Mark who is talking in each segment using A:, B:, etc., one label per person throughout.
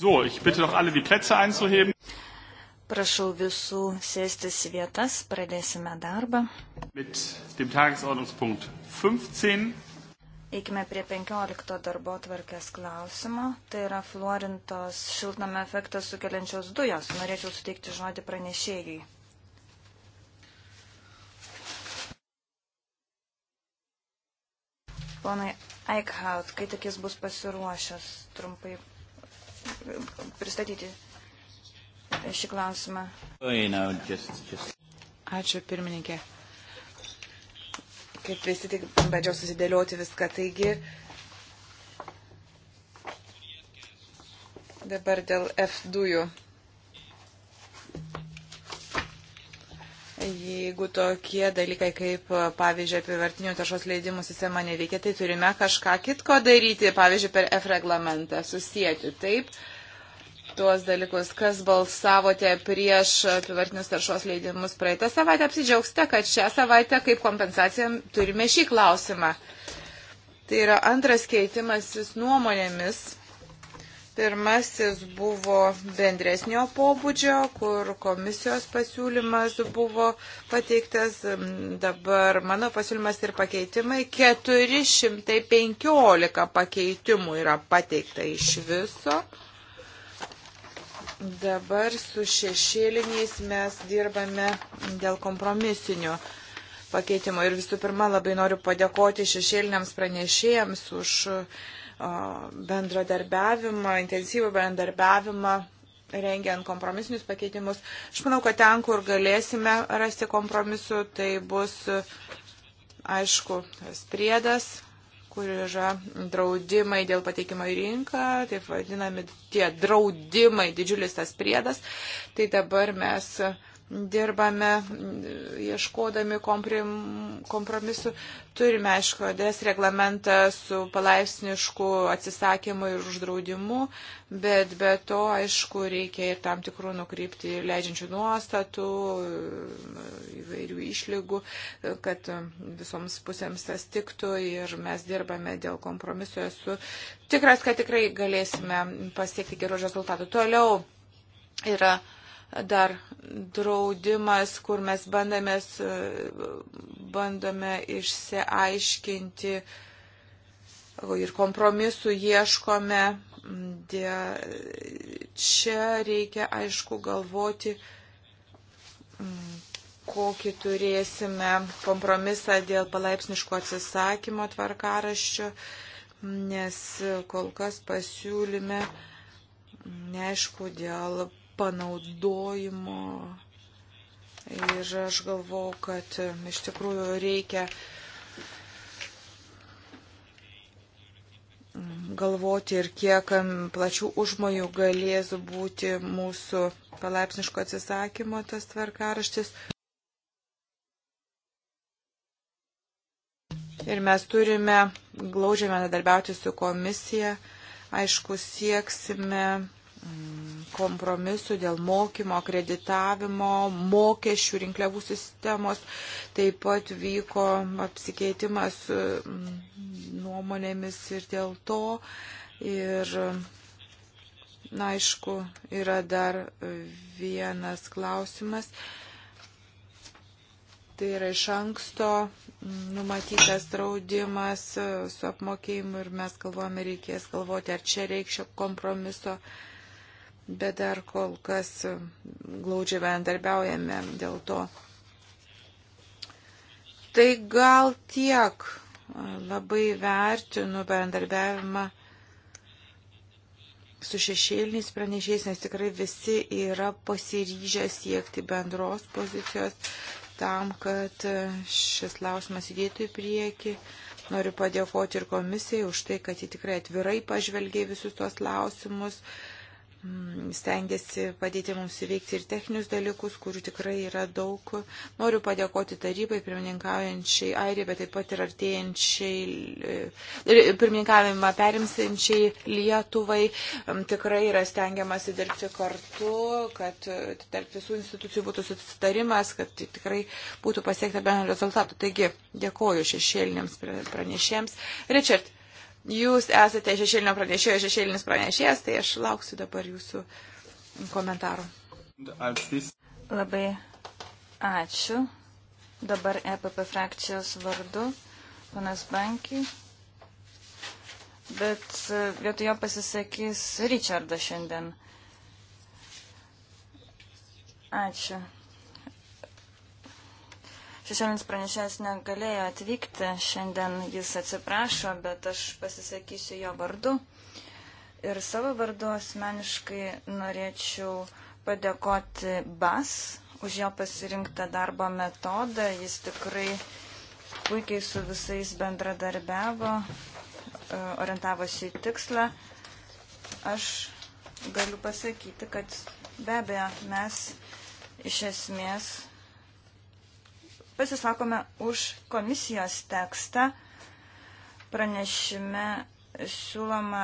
A: So, ich bitte doch alle, die Plätze einzuheben.
B: Prašau visų sėstis vietas, pradėsime darbą.
A: Mit dem Tagesordnungspunkt 15.
B: Eikime prie 15 darbo tvarkės klausimo. Tai yra fluorintos šiltnamio efektą sukeliančios dujos. Norėčiau suteikti žodį pranešėjui. Ponai Eichhaut, kai tik jis bus pasiruošęs, trumpai pristatyti šį klausimą. Oh, Ačiū, pirmininkė. Kaip visi tik
C: bandžiau susidėlioti viską, taigi dabar dėl F dujų. Jeigu tokie dalykai kaip, pavyzdžiui, apivartinių taršos leidimų sistema neveikia, tai turime kažką kitko daryti, pavyzdžiui, per F reglamentą susijęti. Taip, tuos dalykus, kas balsavote prieš apivartinius taršos leidimus praeitą savaitę, apsidžiaugsite, kad šią savaitę kaip kompensaciją turime šį klausimą. Tai yra antras keitimasis nuomonėmis Pirmasis buvo bendresnio pobūdžio, kur komisijos pasiūlymas buvo pateiktas. Dabar mano pasiūlymas ir pakeitimai. 415 pakeitimų yra pateikta iš viso. Dabar su šešėliniais mes dirbame dėl kompromisinio pakeitimo. Ir visų pirma, labai noriu padėkoti šešėliniams pranešėjams už. Uh, bendradarbiavimą, intensyvų bendradarbiavimą rengiant kompromisinius pakeitimus. Aš manau, kad ten, kur galėsime rasti kompromisu, tai bus, aišku, tas priedas, kur yra draudimai dėl pateikimo į rinką, taip vadinami tie draudimai, didžiulis tas priedas. Tai dabar mes uh, dirbame ieškodami kompromisų. Turime, aišku, ADS reglamentą su palaipsnišku atsisakymu ir uždraudimu, bet be to, aišku, reikia ir tam tikrų nukrypti ir leidžiančių nuostatų, įvairių išlygų, kad visoms pusėms tas tiktų ir mes dirbame dėl kompromiso. Esu tikras, kad tikrai galėsime pasiekti gerų rezultatų. Toliau yra dar draudimas, kur mes bandame, bandome išsiaiškinti ir kompromisų ieškome. Čia reikia, aišku, galvoti, kokį turėsime kompromisą dėl palaipsniško atsisakymo tvarkaraščio, nes kol kas pasiūlyme neaišku dėl panaudojimo. Ir aš galvau, kad um, iš tikrųjų reikia um, galvoti ir kiek um, plačių užmojų galės būti mūsų palaipsniško atsisakymo tas tvarkaraštis. Ir mes turime glaudžiame nedarbiauti su komisija, aišku, sieksime kompromisų dėl mokymo, akreditavimo, mokesčių rinkliavų sistemos. Taip pat vyko apsikeitimas mm, nuomonėmis ir dėl to. Ir, na, aišku, yra dar vienas klausimas. Tai yra iš anksto numatytas draudimas su apmokėjimu ir mes galvojame, reikės galvoti, ar čia reikšio kompromiso. Uh, bet dar kol kas glaudžiai bendarbiaujame dėl to. Tai gal tiek labai vertinu bendarbiavimą su šešėliniais pranešėjais, nes tikrai visi yra pasiryžę siekti bendros pozicijos tam, kad šis klausimas judėtų į priekį. Noriu padėkoti ir komisijai už tai, kad ji tikrai atvirai pažvelgė visus tuos klausimus. Uh, Mm, stengiasi padėti mums įveikti ir techninius dalykus, kurių tikrai yra daug. Noriu padėkoti tarybai, pirmininkaujančiai Airijai, bet taip pat ir artėjančiai, e, pirmininkavimą perimsinčiai Lietuvai. Mm, tikrai yra stengiamasi dirbti kartu, kad tarp visų institucijų būtų susitarimas, kad tikrai būtų pasiekta bendro rezultato. Taigi, dėkoju šešėliniams pranešėms. Richard, Jūs esate šešėlinio pranešėjo šešėlinis pranešėjas, tai aš lauksiu
B: dabar jūsų komentarų. Labai ačiū. Dabar EPP frakcijos vardu, panas Bankiai. Bet e, vietoje pasisakys Richardas šiandien. Ačiū. Šešėlinis pranešėjas negalėjo atvykti, šiandien jis atsiprašo, bet aš pasisakysiu jo vardu. Ir savo vardu asmeniškai norėčiau padėkoti BAS už jo pasirinktą darbo metodą. Jis tikrai puikiai su visais bendradarbiavo, e, orientavosi į tikslą. Aš galiu pasakyti, kad be abejo mes iš esmės pasisakome už komisijos tekstą. Pranešime siūloma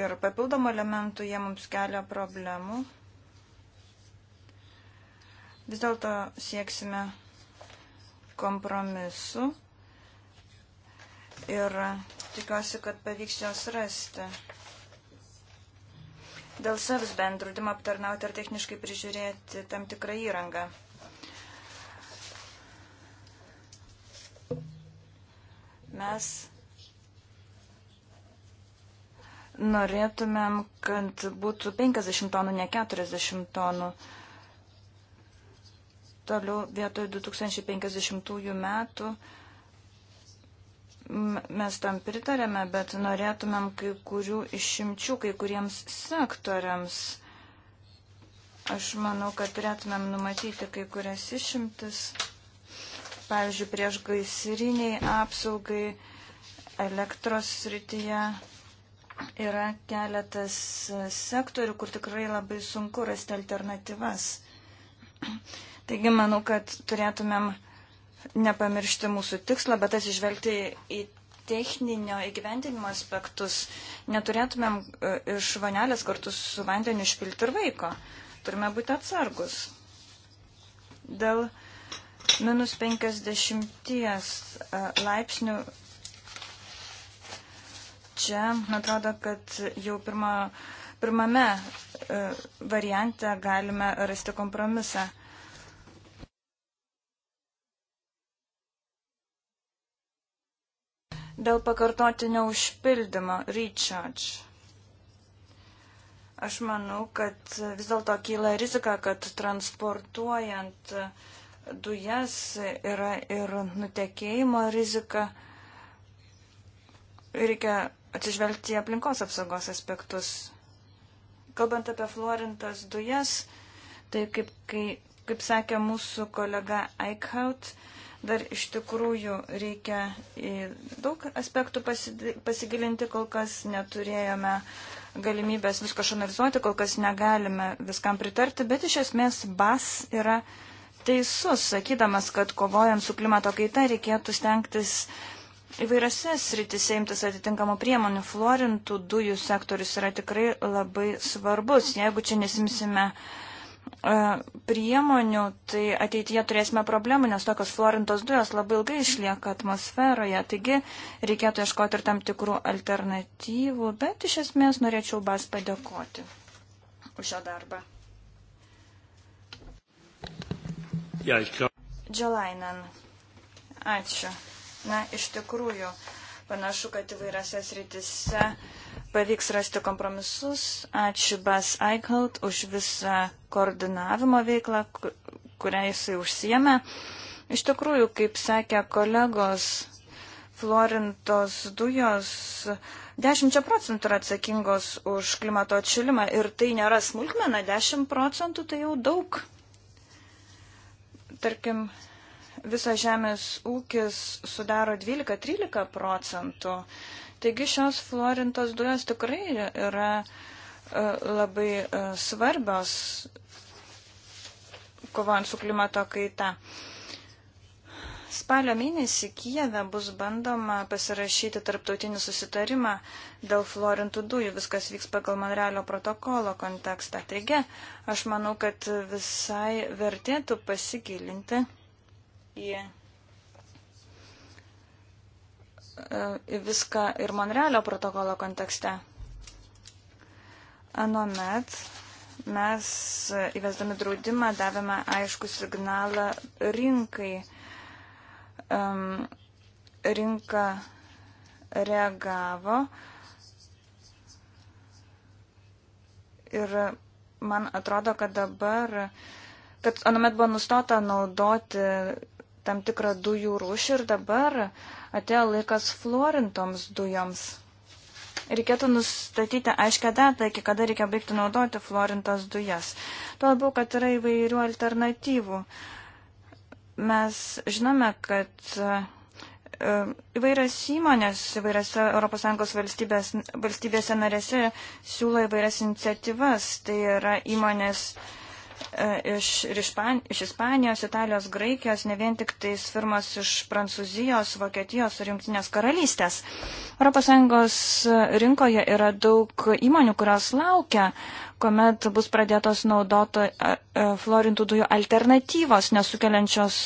B: ir papildomų elementų, jie mums kelia problemų. Vis dėlto sieksime kompromisu ir tikiuosi, kad pavyks jos rasti. Dėl savs bendrudimo aptarnauti ar techniškai prižiūrėti tam tikrą įrangą. Mes norėtumėm, kad būtų 50 tonų, ne 40 tonų. Toliau vietoj 2050 metų mes tam pritarėme, bet norėtumėm kai kurių išimčių, kai kuriems sektoriams. Aš manau, kad turėtumėm numatyti kai kurias išimtis pavyzdžiui, prieš gaisriniai apsaugai elektros srityje yra keletas sektorių, kur tikrai labai sunku rasti alternatyvas. Taigi manau, kad turėtumėm nepamiršti mūsų tikslą, bet atsižvelgti į techninio įgyvendinimo aspektus. Neturėtumėm e, iš vanelės kartu su vandeniu išpilti ir vaiko. Turime būti atsargus. Dėl uh, minus 50 e, laipsnių. Čia, man atrodo, kad jau pirma, pirmame e, variante galime rasti kompromisą. Dėl pakartotinio užpildymo, recharge. Aš manau, kad vis dėlto kyla rizika, kad transportuojant uh, dujas, yra ir nutekėjimo rizika. Reikia atsižvelgti į aplinkos apsaugos aspektus. Kalbant apie fluorintas dujas, tai kaip, kai, kaip sakė mūsų kolega Eichhout, dar iš tikrųjų reikia į daug aspektų pasigilinti, kol kas neturėjome galimybės visko šanalizuoti, kol kas negalime viskam pritarti, bet iš esmės BAS yra teisus, sakydamas, kad kovojant su klimato kaita reikėtų stengtis įvairiose sritise imtis atitinkamų priemonių. Florintų dujų sektorius yra tikrai labai svarbus. Jeigu čia nesimsime e, priemonių, tai ateityje turėsime problemų, nes tokios florintos dujos labai ilgai išlieka atmosferoje, taigi reikėtų ieškoti ir tam tikrų alternatyvų, bet iš esmės norėčiau Bas padėkoti už šio darbą. Ja, glaub... Džiolainan. Ačiū. Na, iš tikrųjų, panašu, kad įvairiose sritise pavyks rasti kompromisus. Ačiū Bas Eichhout už visą koordinavimo veiklą, kurią jisai užsiemė. Iš tikrųjų, kaip sakė kolegos, fluorintos dujos 10 procentų yra atsakingos už klimato atšilimą ir tai nėra smulkmena, 10 procentų tai jau daug tarkim, visas žemės ūkis sudaro 12-13 procentų. Taigi šios fluorintos dujos tikrai yra e, labai e, svarbios kovojant su klimato kaita. Uh, Spalio mėnesį Kijeve bus bandoma pasirašyti tarptautinį susitarimą dėl florintų dujų. Viskas vyks pagal Monrealio protokolo kontekstą. Taigi, aš manau, kad visai vertėtų pasigilinti į, e, į viską ir Monrealio protokolo kontekste. Anomet mes įvesdami draudimą davėme aišku signalą rinkai um, rinka reagavo ir man atrodo, kad dabar, kad anuomet buvo nustota naudoti tam tikrą dujų rūšį ir dabar atėjo laikas fluorintoms dujoms. Reikėtų nustatyti aiškę datą, iki kada reikia baigti naudoti fluorintas dujas. Tuo labiau, kad yra įvairių alternatyvų. Uh, Mes žinome, kad e, įvairias įmonės įvairiose ES valstybės, valstybėse narėse siūlo įvairias iniciatyvas. Tai yra įmonės e, iš, Ispan, iš Ispanijos, Italijos, Graikijos, ne vien tik tais firmas iš Prancūzijos, Vokietijos ir Junktinės karalystės. ES rinkoje yra daug įmonių, kurios laukia kuomet bus pradėtos naudoto e, e, florintų dujų alternatyvos, nesukeliančios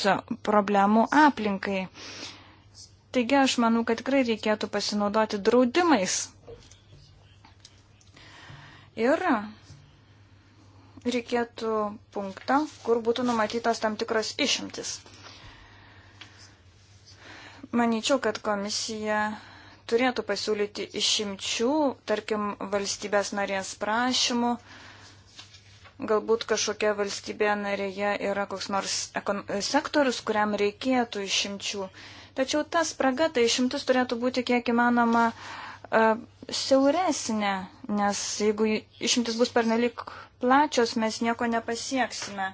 B: problemų aplinkai. Taigi aš manau, kad tikrai reikėtų pasinaudoti draudimais. Ir reikėtų punktą, kur būtų numatytas tam tikros išimtis. Maničiau, kad komisija turėtų pasiūlyti išimčių, tarkim, valstybės narės prašymų. Galbūt kažkokia valstybė narėje yra koks nors sektorius, kuriam reikėtų išimčių. Tačiau ta spraga, tai išimtis turėtų būti kiek įmanoma e, siauresnė, nes jeigu išimtis bus pernelik plačios, mes nieko nepasieksime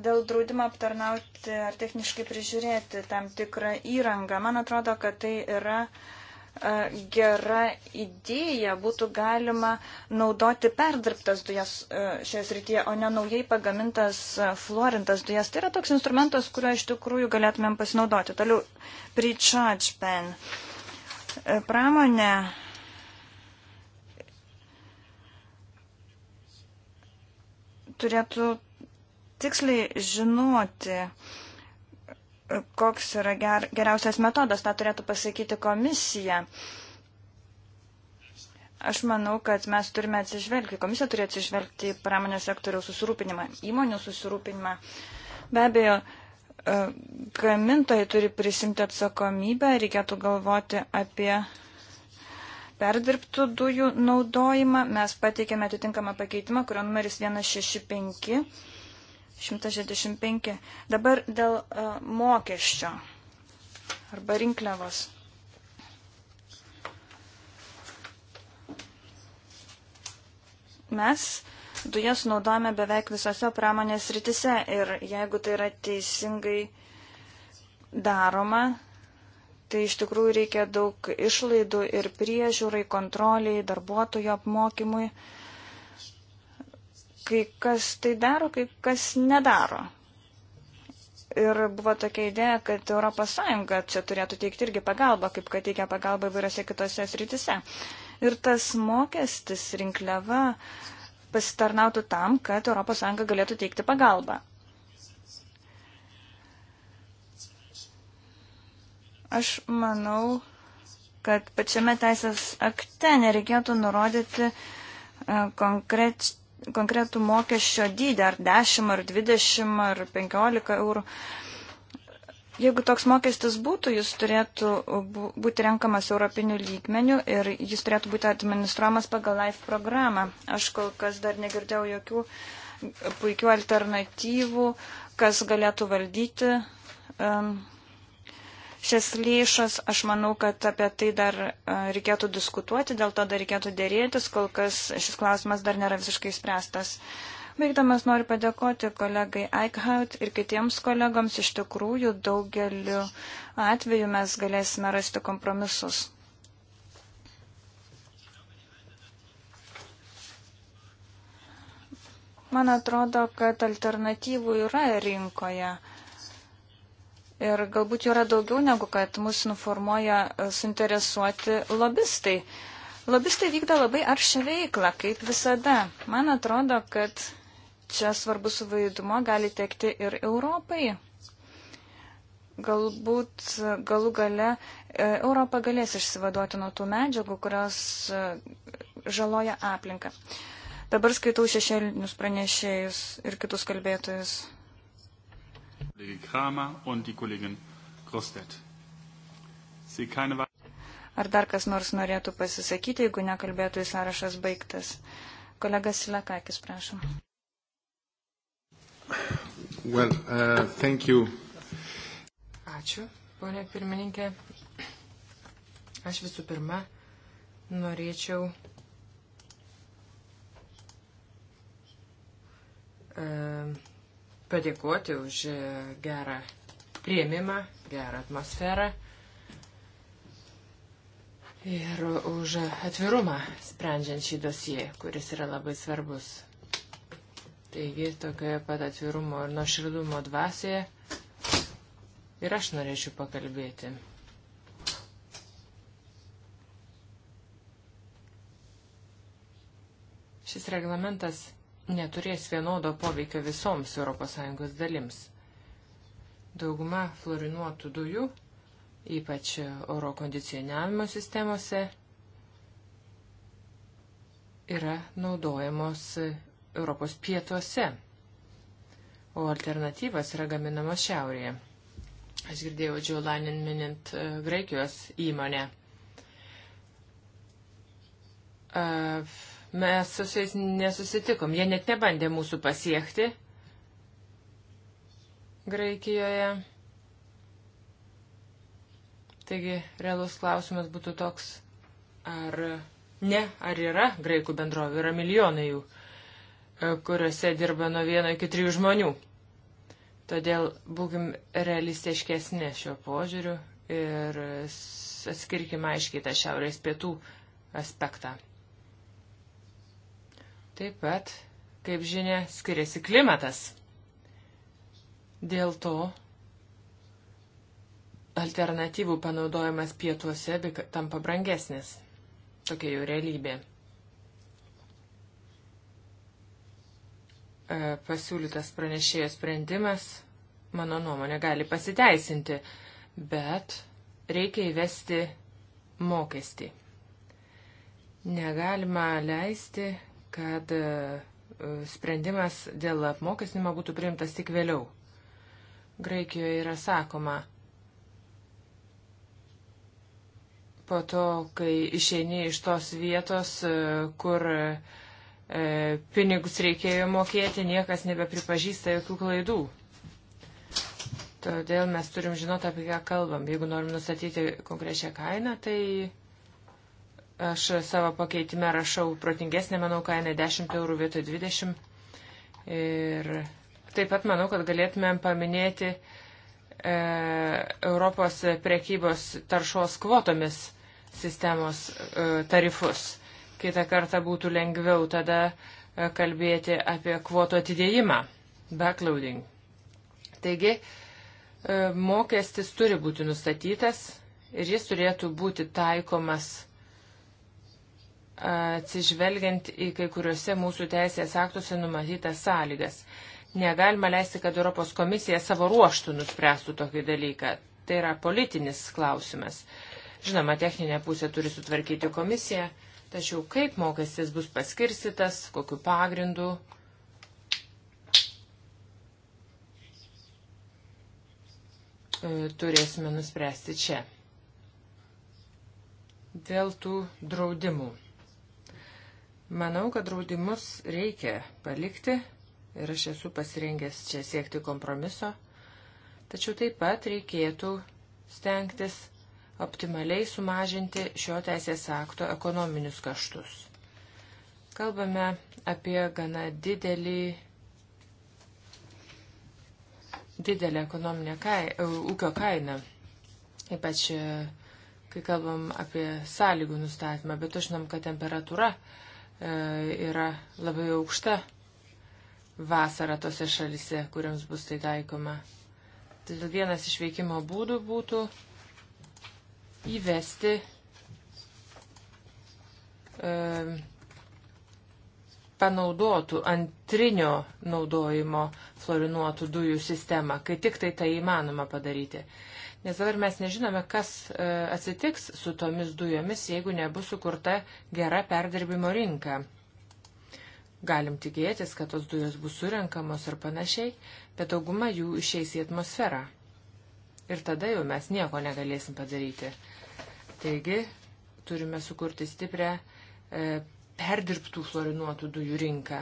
B: dėl draudimo aptarnauti ar techniškai prižiūrėti tam tikrą įrangą. Man atrodo, kad tai yra uh, E, gera idėja, būtų galima naudoti perdirbtas dujas e, šioje srityje, o ne naujai pagamintas e, florintas dujas. Tai yra toks instrumentas, kuriuo iš tikrųjų galėtumėm pasinaudoti. Toliau, pre-charge pen. Pramonė. turėtų tiksliai žinoti, uh, koks yra ger, geriausias metodas, tą turėtų pasakyti komisija. Aš manau, kad mes turime atsižvelgti, komisija turi atsižvelgti į pramonės sektoriaus susirūpinimą, įmonių susirūpinimą. Be abejo, e, gamintojai turi prisimti atsakomybę, reikėtų galvoti apie perdirbtų dujų naudojimą. Mes pateikėme atitinkamą pakeitimą, kurio numeris 165 165. Dabar dėl e, mokesčio arba rinkliavos. Mes dujas naudojame beveik visose pramonės rytise ir jeigu tai yra teisingai daroma, tai iš tikrųjų reikia daug išlaidų ir priežiūrai, kontroliai, darbuotojų apmokymui. Uh, kai kas tai daro, kai kas nedaro. Ir buvo tokia idėja, kad ES čia turėtų teikti irgi pagalbą, kaip kad teikia pagalbą įvairiose kitose srityse. Ir tas mokestis rinkliava pasitarnautų tam, kad ES galėtų teikti pagalbą. Aš manau, kad pačiame teisės akte nereikėtų nurodyti e, konkreč, konkretų mokesčio dydį, ar 10, ar 20, ar 15 eurų. Jeigu toks mokestis būtų, jis turėtų būti renkamas europinių lygmenių ir jis turėtų būti administruojamas pagal LIFE programą. Aš kol kas dar negirdėjau jokių puikių alternatyvų, kas galėtų valdyti um, šias lėšas. Aš manau, kad apie tai dar e, reikėtų diskutuoti, dėl to dar reikėtų dėrėtis, kol kas šis klausimas dar nėra visiškai spręstas. Baigdamas noriu padėkoti kolegai Eichhout ir kitiems kolegoms. Iš tikrųjų, daugeliu atveju mes galėsime rasti kompromisus. Man atrodo, kad alternatyvų yra rinkoje. Ir galbūt jų yra daugiau negu kad mūsų informuoja e, suinteresuoti lobistai. Lobistai vykdo labai aršią veiklą, kaip visada. Man atrodo, kad čia svarbus vaidmuo gali tekti ir Europai. Galbūt e, galų gale e, Europa galės išsivaduoti nuo tų medžiagų, kurios žaloja aplinką. Dabar skaitau šešėlinius pranešėjus ir kitus kalbėtojus. Ar dar kas nors norėtų pasisakyti, jeigu nekalbėtų į sąrašas baigtas? Kolega Silakakis, prašom.
C: Well, uh, thank you.
A: Ačiū, ponė pirmininkė. Aš visų pirma norėčiau uh, padėkoti už gerą prieimimą, gerą atmosferą ir už atvirumą sprendžiant šį dosiją, kuris yra labai svarbus. Taigi, tokioje pat atvirumo ir nuoširdumo dvasioje ir aš norėčiau pakalbėti. Šis reglamentas neturės vienodo poveikio visoms ES dalims. Dauguma fluorinuotų dujų, ypač oro kondicionavimo sistemose, yra naudojamos Europos pietuose, o alternatyvas yra gaminamas šiaurėje. Aš girdėjau Džiulanin minint e, Graikijos įmonę. Uh, Mes su jais nesusitikom. Jie net nebandė mūsų pasiekti Graikijoje. Taigi, realus klausimas būtų toks, ar ne, ar yra graikų bendrovė, yra milijonai jų, e, kuriuose dirba nuo vieno iki trijų žmonių. Todėl būkim realistiškesni šio požiūriu ir atskirkime aiškiai tą šiaurės pietų aspektą. Taip pat, kaip žinia, skiriasi klimatas. Dėl to alternatyvų panaudojimas pietuose tampa brangesnis. Tokia jau realybė. E, pasiūlytas pranešėjo sprendimas, mano nuomonė, gali pasiteisinti, bet reikia įvesti mokestį. Negalima leisti, kad e, e, sprendimas dėl apmokestinimo būtų priimtas tik vėliau. Graikijoje yra sakoma, po to, kai išeini iš tos vietos, e, kur pinigus reikėjo mokėti, niekas nebepripažįsta jokių klaidų. Todėl mes turim žinoti, apie ką kalbam. Jeigu norim nustatyti konkrečią kainą, tai Aš savo pakeitime rašau protingesnė, manau, kaina 10 eurų vietoj 20. Ir taip pat manau, kad galėtumėm paminėti e, Europos prekybos taršos kvotomis sistemos e, tarifus. Kita kartą būtų lengviau tada e, kalbėti apie kvotų atidėjimą, backloading. Taigi, e, mokestis turi būti nustatytas ir jis turėtų būti taikomas atsižvelgiant į kai kuriuose mūsų teisės aktuose numatytas sąlygas. Negalima leisti, kad Europos komisija savo ruoštų nuspręstų tokį dalyką. Tai yra politinis klausimas. Žinoma, techninė pusė turi sutvarkyti komisija, tačiau kaip mokestis bus paskirstytas, kokiu pagrindu. E, turėsime nuspręsti čia. Dėl tų draudimų. Manau, kad draudimus reikia palikti ir aš esu pasirengęs čia siekti kompromiso, tačiau taip pat reikėtų stengtis optimaliai sumažinti šio teisės akto ekonominius kaštus. Kalbame apie gana didelį, didelę ekonominę kai, ūkio kainą, ypač e, kai kalbam apie sąlygų nustatymą, bet žinom, kad temperatūra uh, E, yra labai aukšta vasara tose šalise, kuriams bus tai taikoma. Todėl vienas iš veikimo būdų būtų įvesti e, panaudotų antrinio naudojimo florinuotų dujų sistemą, kai tik tai tai įmanoma padaryti. E, Nes dabar mes nežinome, kas e, atsitiks su tomis dujomis, jeigu nebus sukurta gera perdirbimo rinka. Galim tikėtis, kad tos dujos bus surinkamos ir panašiai, bet dauguma jų išeis į atmosferą. Ir tada jau mes nieko negalėsim padaryti. Taigi, turime sukurti stiprią e, perdirbtų florinuotų dujų rinką.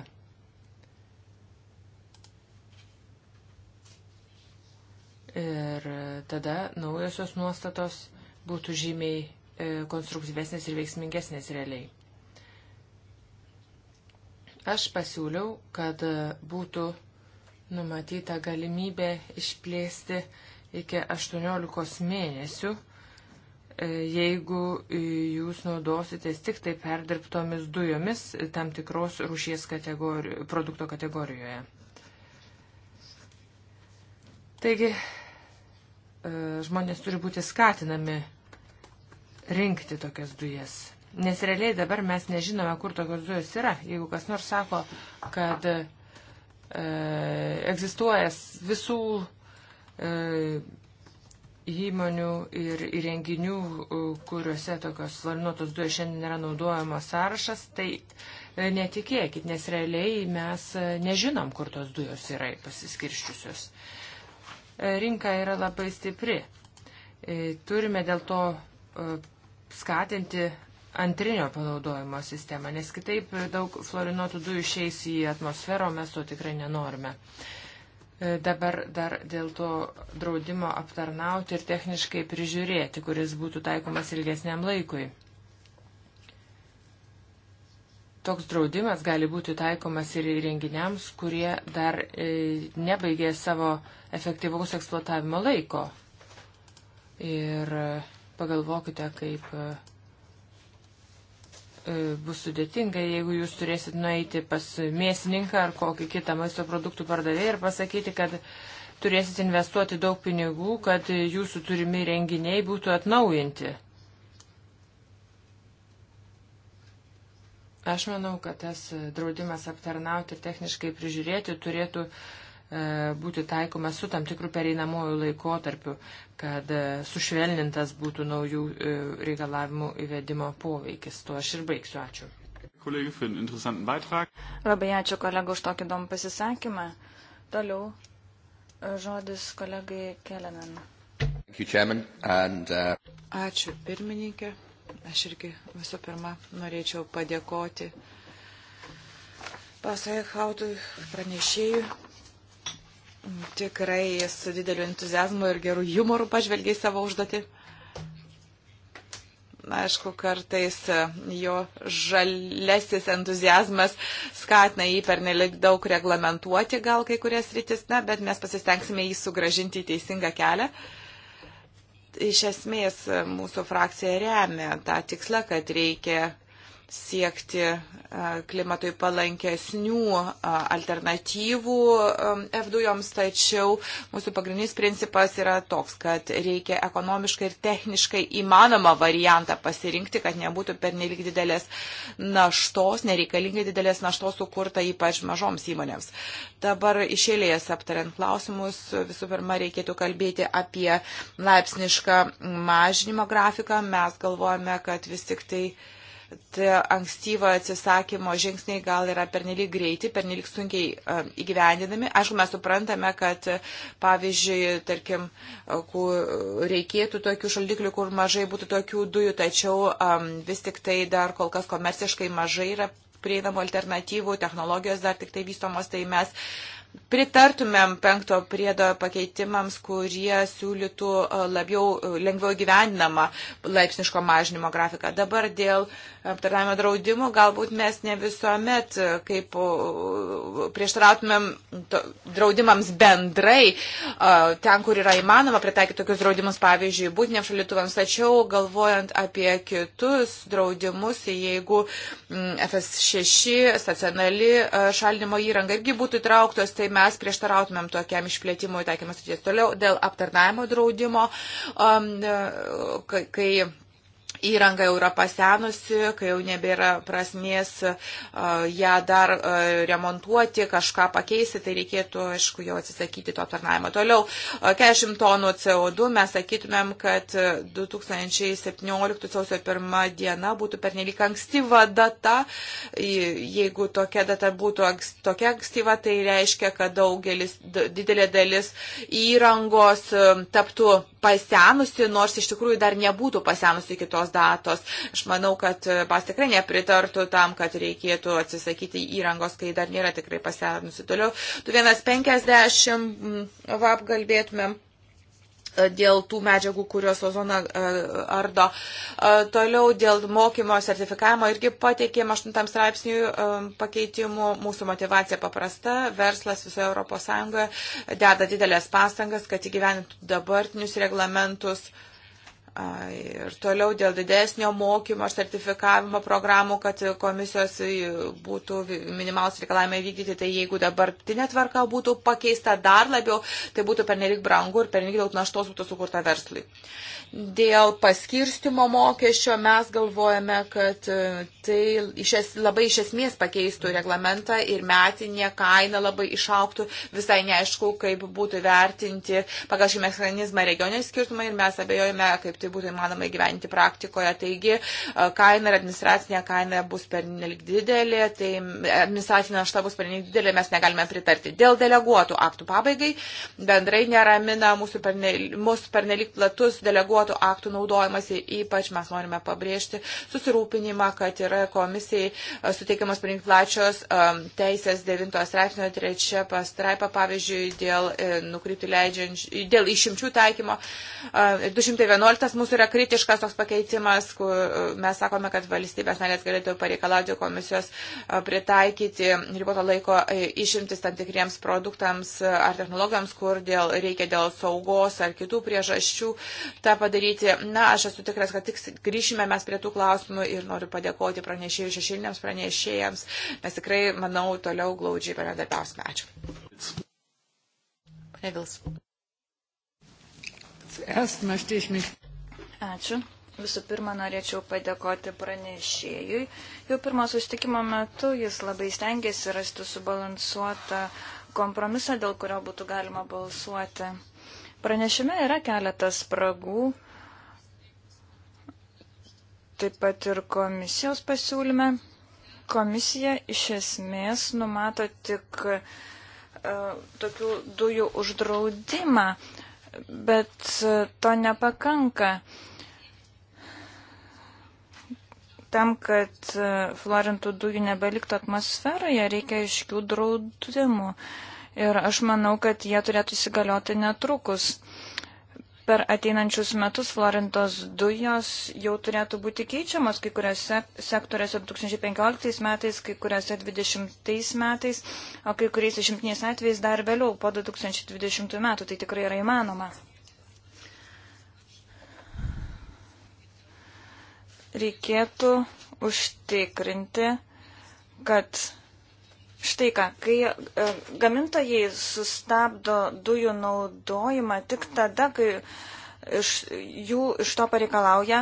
A: Ir tada naujosios nuostatos būtų žymiai e, konstruktyvesnės ir veiksmingesnės realiai. Aš pasiūliau, kad e, būtų numatyta galimybė išplėsti iki 18 mėnesių, e, jeigu jūs naudositės tik tai perdirbtomis dujomis tam tikros rūšies kategori produkto kategorijoje. Taigi, E, žmonės turi būti skatinami rinkti tokias dujas. Nes realiai dabar mes nežinome, kur tokios dujos yra. Jeigu kas nors sako, kad e, egzistuoja visų e, įmonių ir įrenginių, e, kuriuose tokios slaninuotos dujos šiandien yra naudojamos sąrašas, tai e, netikėkit, nes realiai mes nežinom, kur tos dujos yra pasiskirščiusios. E, rinka yra labai stipri. E, turime dėl to e, skatinti antrinio panaudojimo sistemą, nes kitaip daug florinuotų dujų išeis į atmosferą, o mes to tikrai nenorime. E, dabar dar dėl to draudimo aptarnauti ir techniškai prižiūrėti, kuris būtų taikomas ilgesniam laikui. Toks draudimas gali būti taikomas ir įrenginiams, kurie dar e, nebaigė savo efektyvaus eksploatavimo laiko. Ir e, pagalvokite, kaip e, e, bus sudėtinga, jeigu jūs turėsit nueiti pas mėsininką ar kokį kitą maisto produktų pardavėją ir pasakyti, kad turėsit investuoti daug pinigų, kad jūsų turimi renginiai būtų atnaujinti. Aš manau, kad tas draudimas aptarnauti ir techniškai prižiūrėti turėtų e, būti taikomas su tam tikrų pereinamojų laikotarpių, kad e, sušvelnintas būtų naujų e, reikalavimų įvedimo poveikis. Tuo aš ir baigsiu. Ačiū.
B: Labai ačiū kolega už tokį įdomų pasisakymą. Toliau žodis kolegai Kelenan.
A: Uh,
B: ačiū pirmininkė. Aš irgi
C: visų pirma norėčiau padėkoti pasaihautui pranešėjui. Tikrai su dideliu entuzijazmu ir gerų humorų pažvelgiai savo užduotį. Aišku, kartais jo žalesis entuzijazmas skatina jį per nelik daug reglamentuoti gal kai kurias rytis, na, bet mes pasistengsime jį sugražinti į teisingą kelią. Uh, iš esmės mūsų frakcija remia tą tikslą, kad reikia siekti e, klimatui palankesnių e, alternatyvų e, F2joms, tačiau mūsų pagrindinis principas yra toks, kad reikia ekonomiškai ir techniškai įmanomą variantą pasirinkti, kad nebūtų pernelyg didelės naštos, nereikalingai didelės naštos sukurta ypač mažoms įmonėms. Dabar išėlės aptariant klausimus, visų pirma, reikėtų kalbėti apie laipsnišką mažinimo grafiką. Mes galvojame, kad vis tik tai tai ankstyvo atsisakymo žingsniai gal yra pernelyg greiti, pernelyg sunkiai e, įgyvendinami. Aišku, mes suprantame, kad e, pavyzdžiui, tarkim, e, reikėtų tokių šaldiklių, kur mažai būtų tokių dujų, tačiau vis tik tai dar kol kas komerciškai mažai yra prieinamų alternatyvų, technologijos dar tik tai vystomos, tai mes uh, pritartumėm penkto priedo pakeitimams, kurie siūlytų e, labiau e, lengviau gyvendinamą laipsniško mažinimo grafiką. Dabar dėl aptarnavimo draudimų galbūt mes ne visuomet, e, kaip prieštarautumėm draudimams bendrai, ten, kur yra įmanoma pritaikyti tokius draudimus, pavyzdžiui, būtiniam šalituvams, tačiau galvojant apie kitus draudimus, jeigu mm, FS6 stacionali šalinimo įranga irgi būtų įtrauktos, tai tai mes prieštarautumėm tokiam išplėtimui taikymas srities. Toliau dėl aptarnaimo draudimo, um, kai įranga jau yra pasenusi, kai jau nebėra prasmės ją dar remontuoti, kažką pakeisti, tai reikėtų, aišku, jau atsisakyti to aptarnavimo. Toliau, 40 tonų CO2 mes sakytumėm, kad 2017 sausio 1 diena būtų pernelyg ankstyva data. Jeigu tokia data būtų anks, tokia ankstyva, tai reiškia, kad daugelis, didelė dalis įrangos taptų pasenusi, nors iš tikrųjų dar nebūtų pasenusi kitos datos. Aš manau, kad pas tikrai nepritartų tam, kad reikėtų atsisakyti įrangos, kai dar nėra tikrai pasenusi. Toliau, tu vienas penkiasdešimt mm, apgalbėtumėm dėl tų medžiagų, kurios ozoną e, ardo. E, toliau dėl mokymo sertifikavimo irgi pateikėm 8 straipsnių e, pakeitimų. Mūsų motivacija paprasta. Verslas visoje ES deda didelės pastangas, kad įgyvenintų dabartinius reglamentus. Uh, Ir toliau dėl didesnio mokymo ar sertifikavimo programų, kad komisijos e, būtų minimalus reikalavimai vykdyti, tai jeigu dabartinė tvarka būtų pakeista dar labiau, tai būtų pernelik brangu ir pernelik daug naštos būtų sukurta verslui. Dėl paskirstimo mokesčio mes galvojame, kad e, tai iš es, labai iš esmės pakeistų reglamentą ir metinė kaina labai išauktų, visai neaišku, kaip būtų vertinti pagal šį mechanizmą regioniai skirtumai ir mes abejojame, kaip tai tai būtų įmanoma įgyventi praktikoje. Taigi e, kaina ir administracinė kaina bus pernelik didelė, tai administracinė našta bus pernelik didelė, mes negalime pritarti. Dėl deleguotų aktų pabaigai bendrai neramina mūsų pernelik, mūsų pernelik platus deleguotų aktų naudojimas, ypač mes norime pabrėžti susirūpinimą, kad yra komisijai e, suteikiamas pernelik plačios e, teisės 9 straipsnio 3 pastraipa, pavyzdžiui, dėl nukrypti leidžiančių, dėl išimčių taikymo. 211 mūsų yra kritiškas toks pakeitimas, kur e, mes sakome, kad valstybės narės galėtų pareikalauti komisijos e, pritaikyti riboto laiko e, išimtis tam tikriems produktams ar technologijams, kur dėl, reikia dėl saugos ar kitų priežasčių tą padaryti. Na, aš esu tikras, kad tik grįšime mes prie tų klausimų ir noriu padėkoti pranešėjų šešiliniams pranešėjams. Mes tikrai, manau, toliau glaudžiai bendradarbiausime. Ačiū. Herr Wils.
B: Zuerst möchte ich mich Ačiū. Visų pirma, norėčiau padėkoti pranešėjui. Jau pirmo sustikimo metu jis labai stengiasi rasti subalansuotą kompromisą, dėl kurio būtų galima balsuoti. Pranešime yra keletas spragų, taip pat ir komisijos pasiūlyme. Komisija iš esmės numato tik uh, tokių dujų uždraudimą. Uh, bet e, to nepakanka. Tam, kad e, florintų dujų nebeliktų atmosferoje, reikia iškių draudimų. Ir aš manau, kad jie turėtų įsigalioti netrukus per ateinančius metus florintos dujos jau turėtų būti keičiamos kai kuriuose sektoriuose 2015 metais, kai kuriuose 2020 metais, o kai kuriais išimtiniais atvejais dar vėliau po 2020 metų. Tai tikrai yra įmanoma. Reikėtų užtikrinti, kad Štai ką, kai e, gamintojai sustabdo dujų naudojimą tik tada, kai iš jų iš to pareikalauja,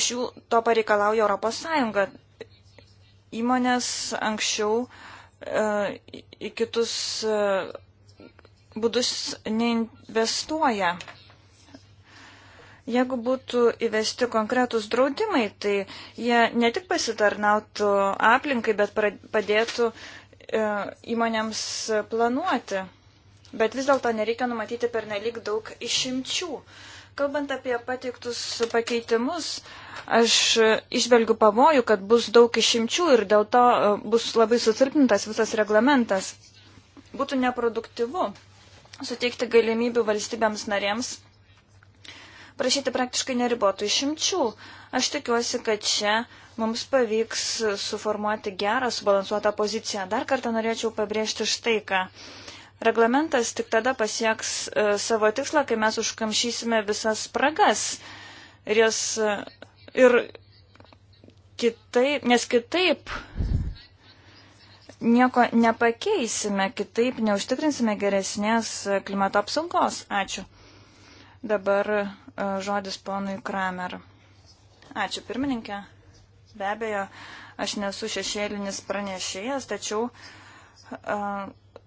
B: iš jų to pareikalauja Europos Sąjunga. Įmonės anksčiau e, į kitus e, būdus neinvestuoja. Jeigu būtų įvesti konkretus draudimai, tai jie ne tik pasitarnautų aplinkai, bet padėtų uh, E, įmonėms planuoti. Bet vis dėlto nereikia numatyti per nelik daug išimčių. Kalbant apie pateiktus pakeitimus, aš išvelgiu pavojų, kad bus daug išimčių ir dėl to e, bus labai susilpnintas visas reglamentas. Būtų neproduktyvu suteikti galimybių valstybėms narėms prašyti praktiškai neribotų išimčių. Aš tikiuosi, kad čia mums pavyks suformuoti gerą, subalansuotą poziciją. Dar kartą norėčiau pabrėžti štai ką. Reglamentas tik tada pasieks e, savo tikslą, kai mes užkamšysime visas spragas. Ir, jas, e, ir kitaip, nes kitaip nieko nepakeisime, kitaip neužtikrinsime geresnės klimato apsaugos. Ačiū. Dabar e, žodis ponui Kramer. Ačiū pirmininkė. Be abejo, aš nesu šešėlinis pranešėjas, tačiau a, e,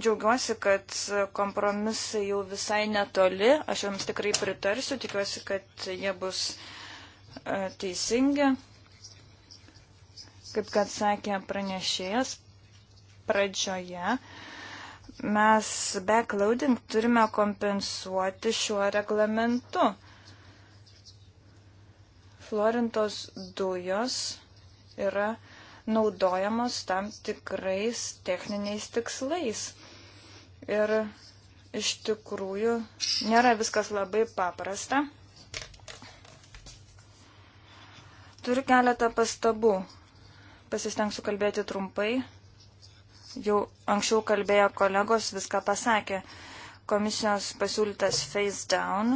B: džiaugiuosi, kad kompromisai jau visai netoli. Aš jums tikrai pritarsiu, tikiuosi, kad jie bus a, e, teisingi. Kaip kad sakė pranešėjas pradžioje, mes backloading turime kompensuoti šiuo reglamentu. Florintos dujos yra naudojamos tam tikrais techniniais tikslais. Ir iš tikrųjų nėra viskas labai paprasta. Turiu keletą pastabų. Pasistengsiu kalbėti trumpai jau anksčiau kalbėjo kolegos, viską pasakė. Komisijos pasiūlytas face down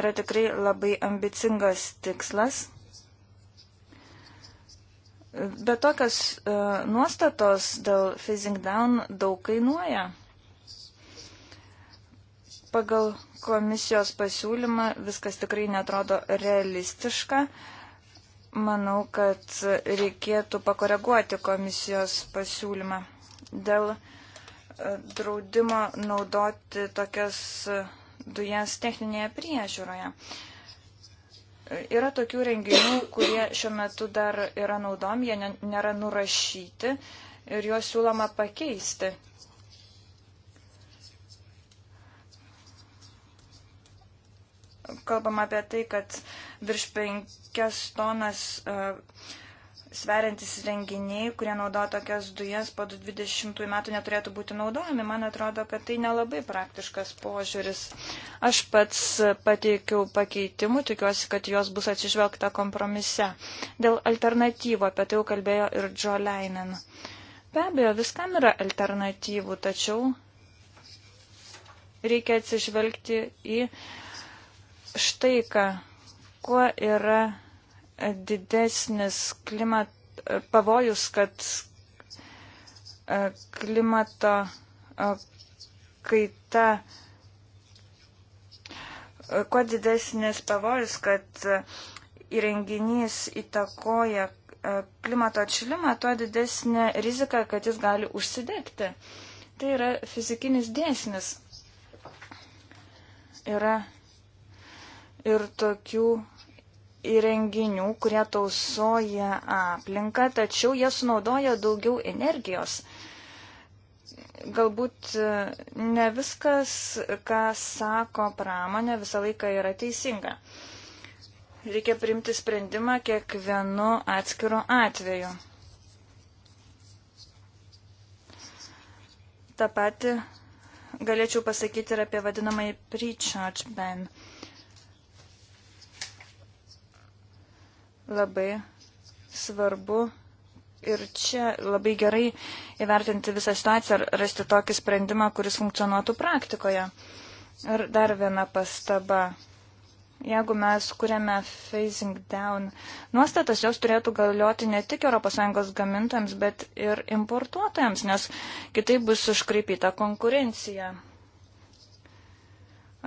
B: yra tikrai labai ambicingas tikslas. Bet tokios uh, nuostatos dėl phasing down daug kainuoja. Pagal komisijos pasiūlymą viskas tikrai netrodo realistiška. Manau, kad reikėtų pakoreguoti komisijos pasiūlymą dėl e, draudimo naudoti tokias dujas techninėje priežiūroje. E, yra tokių renginių, kurie šiuo metu dar yra naudomi, jie nėra nurašyti ir juos siūloma pakeisti. Kalbam apie tai, kad virš penkias tonas uh, sveriantis renginiai, kurie naudoja tokias dujas po 20 metų neturėtų būti naudojami. Man atrodo, kad tai nelabai praktiškas požiūris. Aš pats pateikiau pakeitimų, tikiuosi, kad jos bus atsižvelgta kompromise. Dėl alternatyvų apie tai jau kalbėjo ir Džo Leinen. Be abejo, viskam yra alternatyvų, tačiau reikia atsižvelgti į štai ką, kuo yra didesnis klimat, pavojus, kad e, klimato e, kaita, e, kuo didesnis pavojus, kad įrenginys įtakoja klimato atšilimą, tuo didesnė rizika, kad jis gali užsidegti. Tai yra fizikinis dėsnis. Yra ir tokių įrenginių, kurie tausoja aplinką, tačiau jie sunaudoja daugiau energijos. Galbūt e, ne viskas, ką sako pramonė, visą laiką yra teisinga. Reikia priimti sprendimą kiekvienu atskiru atveju. Ta pati galėčiau pasakyti ir apie vadinamąjį pre-charge ban. labai svarbu ir čia labai gerai įvertinti visą situaciją ir rasti tokį sprendimą, kuris funkcionuotų praktikoje. Ir dar viena pastaba. Jeigu mes kuriame phasing down nuostatas, jos turėtų galioti ne tik ES gamintams, bet ir importuotojams, nes kitaip bus iškreipyta konkurencija.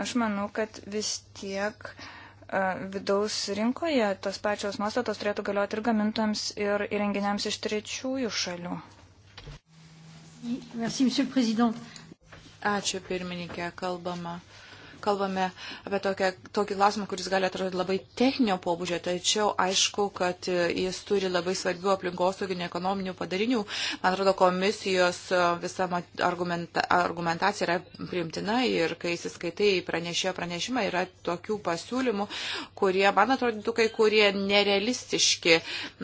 B: Aš manau, kad vis tiek uh, vidaus rinkoje tos pačios nuostatos turėtų galioti ir gamintojams, ir įrenginiams iš trečiųjų šalių. Merci,
C: Ačiū pirmininkė, kalbama kalbame apie tokią, tokį klausimą, kuris gali atrodyti labai techninio pobūdžio, tačiau aišku, kad jis turi labai svarbių aplinkosauginių ekonominių padarinių. Man atrodo, komisijos e, visa argumenta, argumentacija yra priimtina ir kai įsiskaitai pranešėjo pranešimą, yra tokių pasiūlymų, kurie, man atrodytų, kai kurie nerealistiški.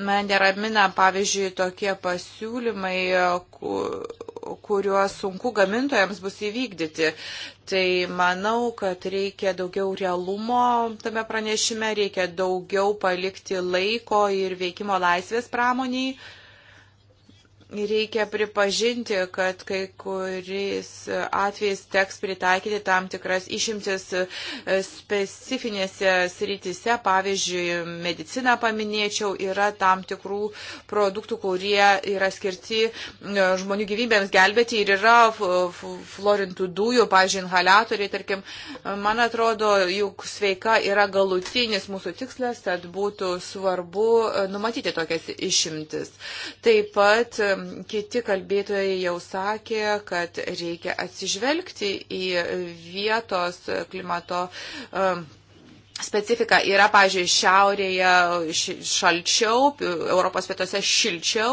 C: Man neramina, pavyzdžiui, tokie pasiūlymai, kuriuos sunku gamintojams bus įvykdyti. Tai manau, kad reikia daugiau realumo tame pranešime, reikia daugiau palikti laiko ir veikimo laisvės pramoniai Reikia pripažinti, kad kai kuriais atvejais teks pritaikyti tam tikras išimtis e, specifinėse srityse. Pavyzdžiui, mediciną paminėčiau, yra tam tikrų produktų, kurie yra skirti e, žmonių gyvybėms gelbėti ir yra florintų dujų, pavyzdžiui, inhaliatoriai, tarkim. Man atrodo, juk sveika yra galutinis mūsų tikslas, tad būtų svarbu e, numatyti tokias išimtis. Taip pat Kiti kalbėtojai jau sakė, kad reikia atsižvelgti į vietos klimato um, specifika yra, pažiūrėjau, šiaurėje šalčiau, Europos vietose šilčiau,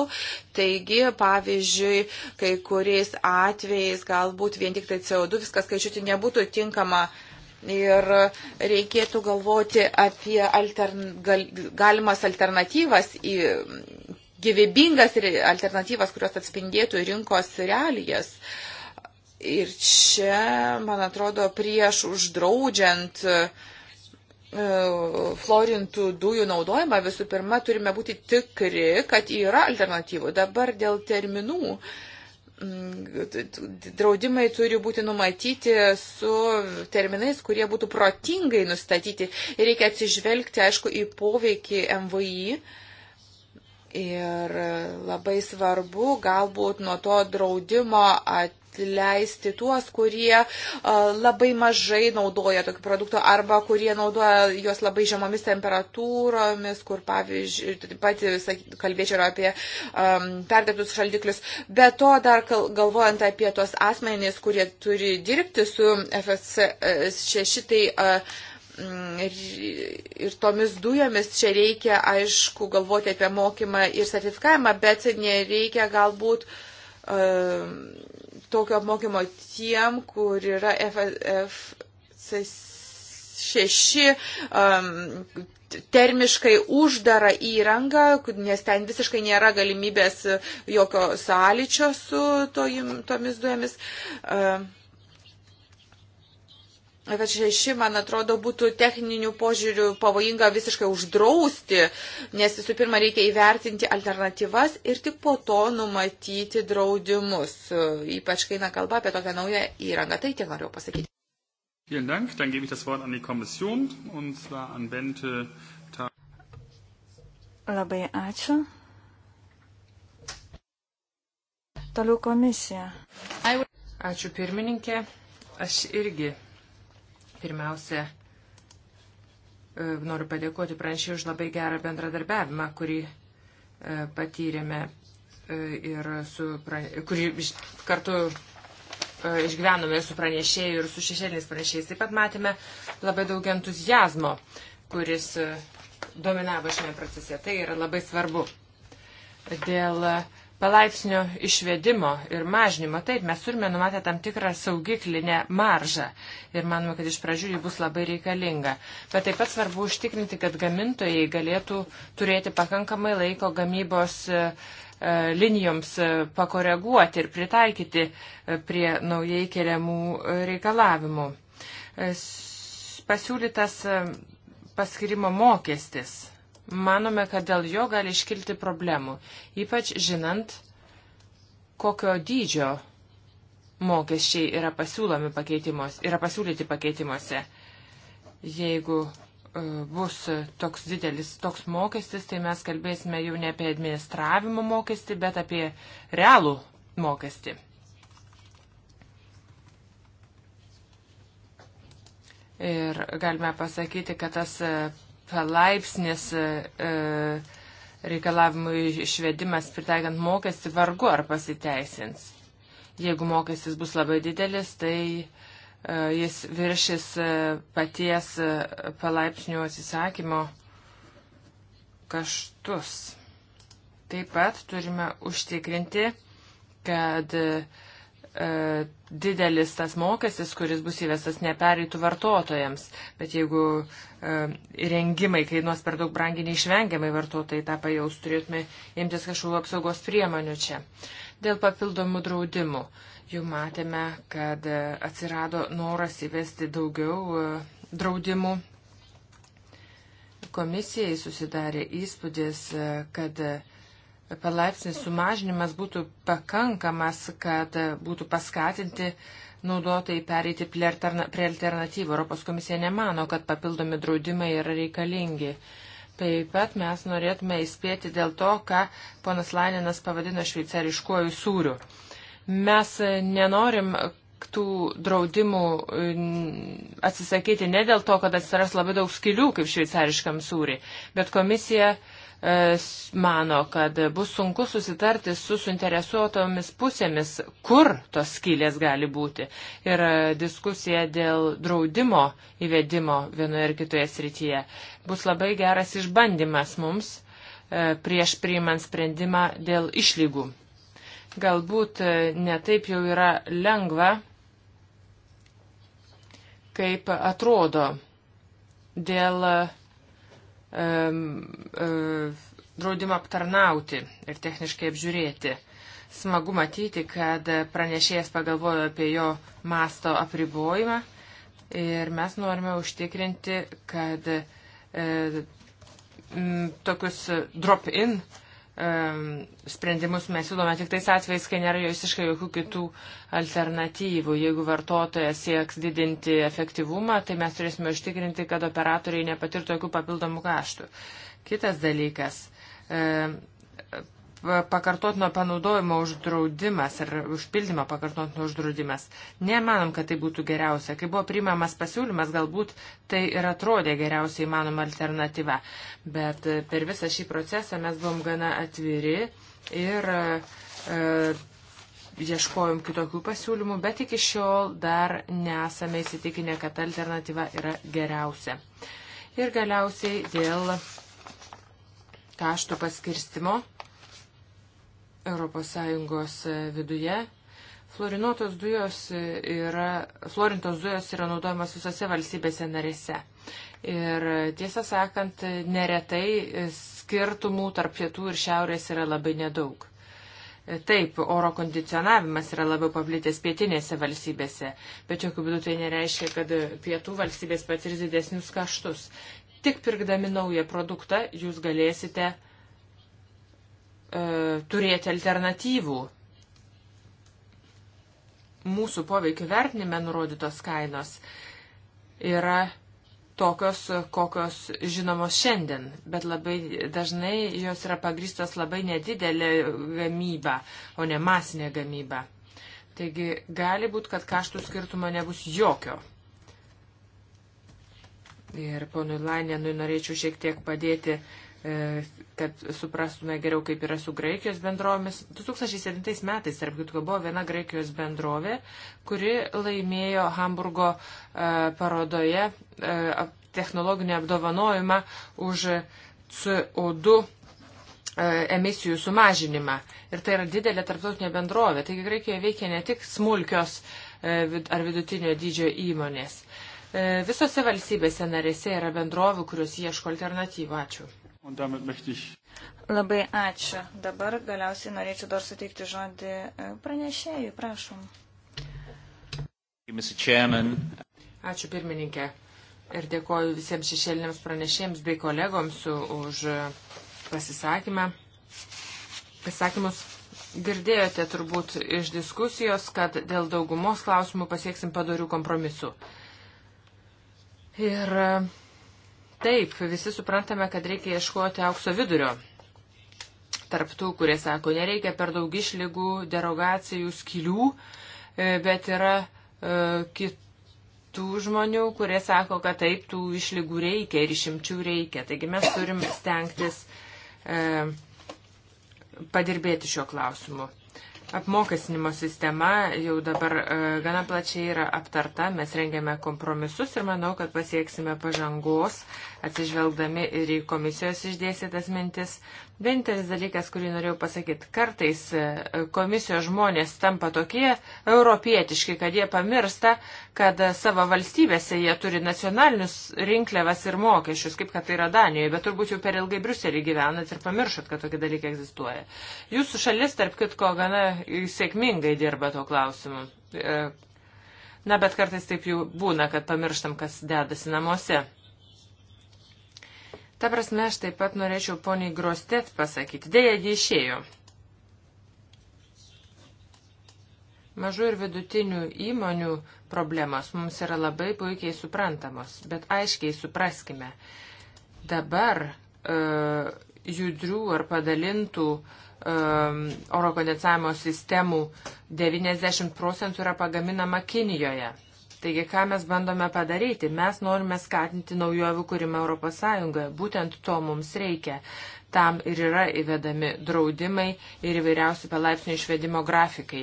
C: taigi, pavyzdžiui, kai kuriais atvejais galbūt vien tik tai CO2 viskas skaičiuoti nebūtų tinkama. Ir reikėtų galvoti apie altern, gal, galimas alternatyvas į gyvybingas alternatyvas, kurios atspindėtų rinkos realijas. Ir čia, man atrodo, prieš uždraudžiant e, florintų dujų naudojimą, visų pirma, turime būti tikri, kad yra alternatyvų. Dabar dėl terminų mm, draudimai turi būti numatyti su terminais, kurie būtų protingai nustatyti. Ir reikia atsižvelgti, aišku, į poveikį MVI. Uh, Ir labai svarbu galbūt nuo to draudimo atleisti tuos, kurie labai mažai naudoja tokių produktų arba kurie naudoja juos labai žemomis temperatūromis, kur pavyzdžiui, taip pat kalbėčiau ir apie um, perdėtus šaldiklius. Be to dar galvojant apie tos asmenys, kurie turi dirbti su FSC6, tai uh, Mm, ir, ir tomis dujomis čia reikia, aišku, galvoti apie mokymą ir sertifikavimą, bet nereikia galbūt uh, tokio apmokymo tiem, kur yra FCS6 um, termiškai uždara įranga, nes ten visiškai nėra galimybės jokio sąlyčio su to, tomis dujomis. Uh, Bet šeši, man atrodo, būtų techninių požiūrių pavojinga visiškai uždrausti, nes visų pirma reikia įvertinti alternatyvas ir tik po to numatyti draudimus, ypač kai eina kalba apie tokią naują įrangą. Tai tiek noriu pasakyti.
A: Vielen Dank. Dann gebe ich das Wort an die Kommission und zwar an Bente. Ta
B: Labai ačiū. Toliau komisija.
A: Ačiū pirmininkė. Aš irgi Pirmiausia, e, noriu padėkoti pranešėjui už labai gerą bendradarbiavimą, kurį e, patyrėme e, ir su, kurį kartu išgyvenome su pranešėjai ir su šešėliniais pranešėjais. Taip pat matėme labai daug entuzijazmo, kuris dominavo šiame procese. Tai yra labai svarbu. Dėl uh, palaipsnio išvedimo ir mažinimo. Taip, mes turime numatę tam tikrą saugiklinę maržą ir manome, kad iš pradžių ji bus labai reikalinga. Bet taip pat svarbu užtikrinti, kad gamintojai galėtų turėti pakankamai laiko gamybos e, e, linijoms e, pakoreguoti ir pritaikyti prie naujai keliamų reikalavimų. Pasiūlytas paskirimo mokestis Manome, kad dėl jo gali iškilti problemų, ypač žinant, kokio dydžio mokesčiai yra, yra pasiūlyti pakeitimuose. Jeigu e, bus toks didelis toks mokestis, tai mes kalbėsime jau ne apie administravimo mokestį, bet apie realų mokestį. Ir galime pasakyti, kad tas e, palaipsnis e, e, reikalavimų išvedimas pritaikant mokestį vargu ar pasiteisins. Jeigu mokestis bus labai didelis, tai e, jis viršis paties palaipsnių atsisakymo kaštus. Taip pat turime užtikrinti, kad uh, E, didelis tas mokestis, kuris bus įvestas, nepereitų vartotojams. Bet jeigu e, įrengimai kainuos per daug brangiai, neišvengiamai vartotojai tą pajaus, turėtume imtis kažkokių apsaugos priemonių čia. Dėl papildomų draudimų. Jau matėme, kad e, atsirado noras įvesti daugiau draudimų. Komisijai susidarė įspūdis, kad palaipsnis sumažinimas būtų pakankamas, kad būtų paskatinti naudotojai pereiti prie alternatyvų. Europos komisija nemano, kad papildomi draudimai yra reikalingi. Taip pat mes norėtume įspėti dėl to, ką ponas Laninas pavadino šveicariškuoju sūriu. Mes nenorim tų draudimų atsisakyti ne dėl to, kad atsiras labai daug skilių kaip šveicariškam sūriui, bet komisija uh, E, mano, kad bus sunku susitarti su suinteresuotomis pusėmis, kur tos skylės gali būti. Ir diskusija dėl draudimo įvedimo vienoje ir kitoje srityje bus labai geras išbandymas mums e, prieš priimant sprendimą dėl išlygų. Galbūt e, netaip jau yra lengva, kaip atrodo dėl E, draudimo aptarnauti ir techniškai apžiūrėti. Smagu matyti, kad pranešėjas pagalvojo apie jo masto apribojimą ir mes norime užtikrinti, kad e, m, tokius drop-in e, sprendimus mes siūlome tik tais atvejais, kai nėra visiškai jokių kitų alternatyvų. Jeigu vartotojas sieks didinti efektyvumą, tai mes turėsime užtikrinti, kad operatoriai nepatirtų jokių papildomų kaštų. Kitas dalykas. E, pakartotino panaudojimo uždraudimas ir užpildymo pakartotino uždraudimas. Nemanom, kad tai būtų geriausia. Kai buvo priimamas pasiūlymas, galbūt tai ir atrodė geriausiai įmanoma alternatyva. Bet e, per visą šį procesą mes buvom gana atviri ir e, e, ieškojom kitokių pasiūlymų, bet iki šiol dar nesame įsitikinę, kad alternatyva yra geriausia. Ir galiausiai dėl kaštų paskirstimo ES e, viduje. Fluorinuotos dujos e, yra, fluorintos dujos yra naudojamos visose valstybėse narėse. Ir e, tiesą sakant, neretai skirtumų tarp pietų ir šiaurės yra labai nedaug. Taip, oro kondicionavimas yra labiau paplitęs pietinėse valstybėse, bet jokių būdų tai nereiškia, kad pietų valstybės patirs didesnius kaštus. Tik pirkdami naują produktą jūs galėsite uh, E, turėti alternatyvų. Mūsų poveikio vertinime nurodytos kainos yra tokios, kokios žinomos šiandien, bet labai dažnai jos yra pagristos labai nedidelė gamyba, o ne masinė gamyba. Taigi gali būti, kad kaštų skirtumo nebus jokio. Ir ponui Lainenui norėčiau šiek tiek padėti uh, E, kad suprastume geriau, kaip yra su Graikijos bendrovėmis. 2007 metais, tarp kitko, buvo viena Graikijos bendrovė, kuri laimėjo Hamburgo e, parodoje e, technologinį apdovanojimą už CO2 emisijų sumažinimą. Ir tai yra didelė tarptautinė bendrovė. Taigi Graikijoje veikia ne tik smulkios ar vidutinio dydžio įmonės. Visose valstybėse narėse yra bendrovių, kurios ieško alternatyvų. Ačiū.
B: Labai ačiū. Dabar galiausiai norėčiau dar suteikti žodį e, pranešėjui. Prašom.
A: Ačiū pirmininkė. Ir dėkoju visiems šešėliniams pranešėjams bei kolegoms už pasisakymą. Pasisakymus girdėjote turbūt iš diskusijos, kad dėl daugumos klausimų pasieksim padorių kompromisų. Ir Taip, visi suprantame, kad reikia ieškoti aukso vidurio. Tarptų, kurie sako, nereikia per daug išlygų, derogacijų, skilių, e, bet yra e, kitų žmonių, kurie sako, kad taip, tų išlygų reikia ir išimčių reikia. Taigi mes turim stengtis e, padirbėti šiuo klausimu. Apmokestinimo sistema jau dabar e, gana plačiai yra aptarta, mes rengiame kompromisus ir manau, kad pasieksime pažangos, atsižvelgdami ir į komisijos išdėstytas mintis. Vienintelis dalykas, kurį norėjau pasakyti, kartais e, komisijos žmonės tampa tokie europietiški, kad jie pamirsta, kad e, savo valstybėse jie turi nacionalinius rinkliavas ir mokesčius, kaip kad tai yra Danijoje, bet turbūt jau per ilgai Briuselį gyvenat ir pamiršot, kad tokie dalykai egzistuoja. Jūsų šalis, tarp kitko, gana sėkmingai dirba to klausimu. E, na, bet kartais taip jau būna, kad pamirštam, kas dedasi namuose. Ta prasme, aš taip pat norėčiau poniai Grostet pasakyti. Dėja, jie išėjo. Mažų ir vidutinių įmonių problemos mums yra labai puikiai suprantamos, bet aiškiai supraskime. Dabar uh, e, judrių ar padalintų uh, oro kondensavimo sistemų 90 procentų yra pagaminama Kinijoje. Taigi, ką mes bandome padaryti? Mes norime skatinti naujovių kūrimą ES. Būtent to mums reikia. Tam ir yra įvedami draudimai ir įvairiausi palaipsnių išvedimo grafikai.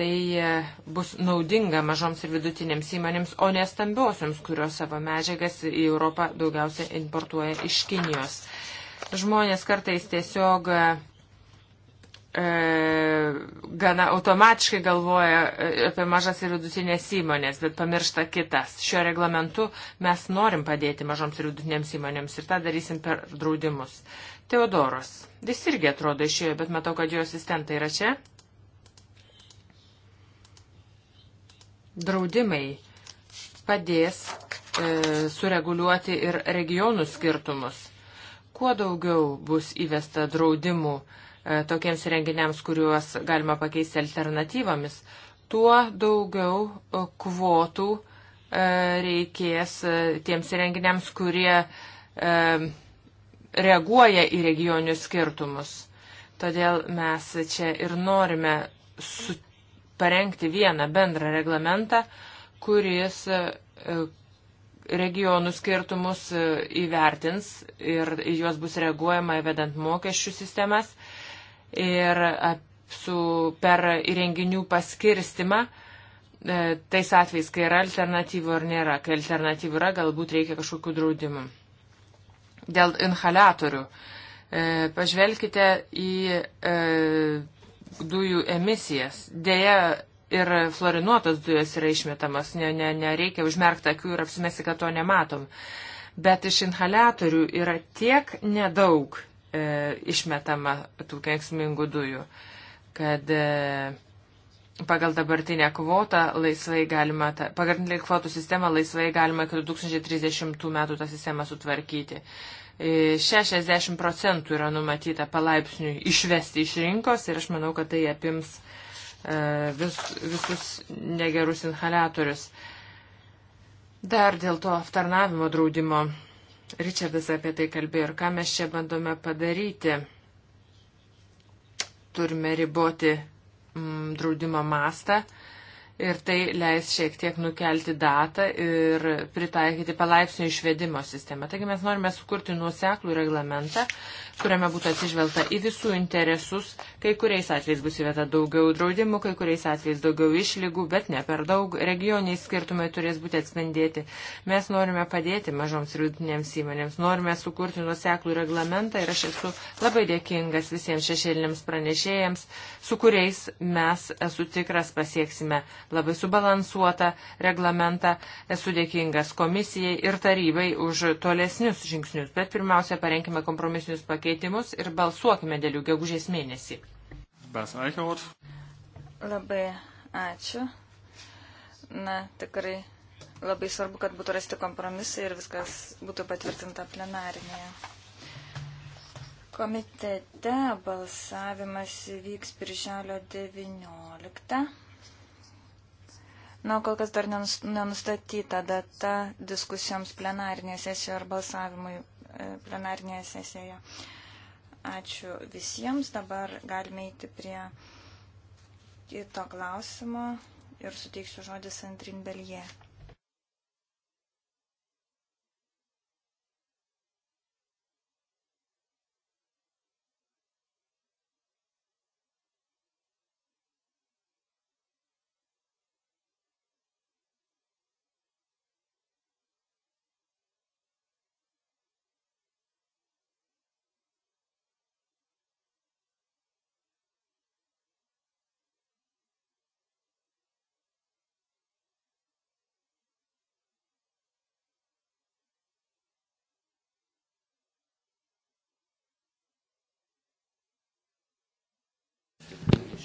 A: Tai e, bus naudinga mažoms ir vidutinėms įmonėms, o ne stambiosioms, kurios savo medžiagas į Europą daugiausia importuoja iš Kinijos. Žmonės kartais tiesiog e, E, gana automatiškai galvoja e, apie mažas ir vidutinės įmonės, bet pamiršta kitas. Šiuo reglamentu mes norim padėti mažoms ir vidutinėms įmonėms ir tą darysim per draudimus. Teodoros. Jis irgi atrodo išėjo, bet matau, kad jo asistentai yra čia. Draudimai padės e, sureguliuoti ir regionų skirtumus. Kuo daugiau bus įvesta draudimų, e, E, tokiems renginiams, kuriuos galima pakeisti alternatyvomis, tuo daugiau e, kvotų e, reikės tiems renginiams, kurie reaguoja į regionius skirtumus. Todėl mes čia ir norime su, parengti vieną bendrą reglamentą, kuris regionų skirtumus įvertins ir juos bus reaguojama įvedant mokesčių sistemas ir su, per įrenginių paskirstimą e, tais atvejais, kai yra alternatyvų ar nėra. Kai alternatyvų yra, galbūt reikia kažkokių draudimų. Dėl inhalatorių. E, pažvelkite į e, dujų emisijas. Deja, ir florinuotos dujos yra išmetamas, ne, ne, nereikia užmerkti akių ir apsimesti, kad to nematom. Bet iš inhalatorių yra tiek nedaug e, išmetama tų kenksmingų dujų, kad e, pagal dabartinę kvotą laisvai galima, ta, pagal kvotų sistemą laisvai galima iki 2030 metų tą sistemą sutvarkyti. 60 e, procentų yra numatyta palaipsniui išvesti iš rinkos ir aš manau, kad tai apims e, vis, visus negerus inhaliatorius. Dar dėl to aptarnavimo draudimo Ričardas apie tai kalbėjo ir ką mes čia bandome padaryti. Turime riboti mm, draudimo mastą ir tai leis šiek tiek nukelti datą ir pritaikyti palaipsnių išvedimo sistemą. Taigi mes norime sukurti nuoseklų reglamentą, kuriame būtų atsižvelgta į visų interesus, kai kuriais atvejais bus įveta daugiau draudimų, kai kuriais atvejais daugiau išlygų, bet ne per daug, regioniai skirtumai turės būti atspindėti. Mes norime padėti mažoms ir vidutinėms įmonėms, norime sukurti nuseklų reglamentą ir aš esu labai dėkingas visiems šešėlinėms pranešėjams, su kuriais mes, esu tikras, pasieksime labai subalansuotą reglamentą. Esu dėkingas komisijai ir tarybai už tolesnius žingsnius, bet pirmiausia, parenkime kompromisinius pakeitimus pakeitimus ir balsuokime dėl jų gegužės mėnesį.
B: Labai ačiū. Na, tikrai labai svarbu, kad būtų rasti kompromisai ir viskas būtų patvirtinta plenarinėje. Komitete balsavimas vyks birželio 19. Na, kol kas dar nenustatyta data diskusijoms plenarinėje sesijoje ar balsavimui e, plenarinėje sesijoje. Ačiū visiems. Dabar galime eiti prie kito klausimo ir suteiksiu žodį Sandrin Belie.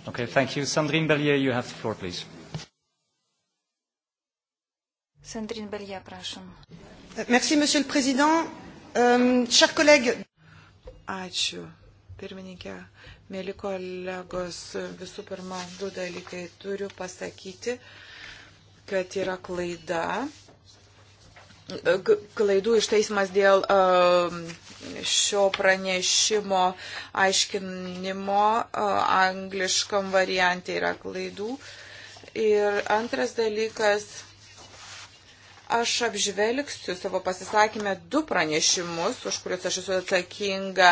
B: Okay, thank you. Sandrine Bellier, you have the floor, please. Sandrine Bellier, prašom. Euh, merci, monsieur le président. Um, chers collègues.
C: Ačiū, pirmininkė. Mėly kolegos, visų pirma, du dalykai turiu pasakyti, kad yra klaida klaidų ištaismas dėl um, šio pranešimo aiškinimo uh, angliškam variantė yra klaidų. Ir antras dalykas, aš apžvelgsiu savo pasisakymę du pranešimus, už kuriuos aš esu atsakinga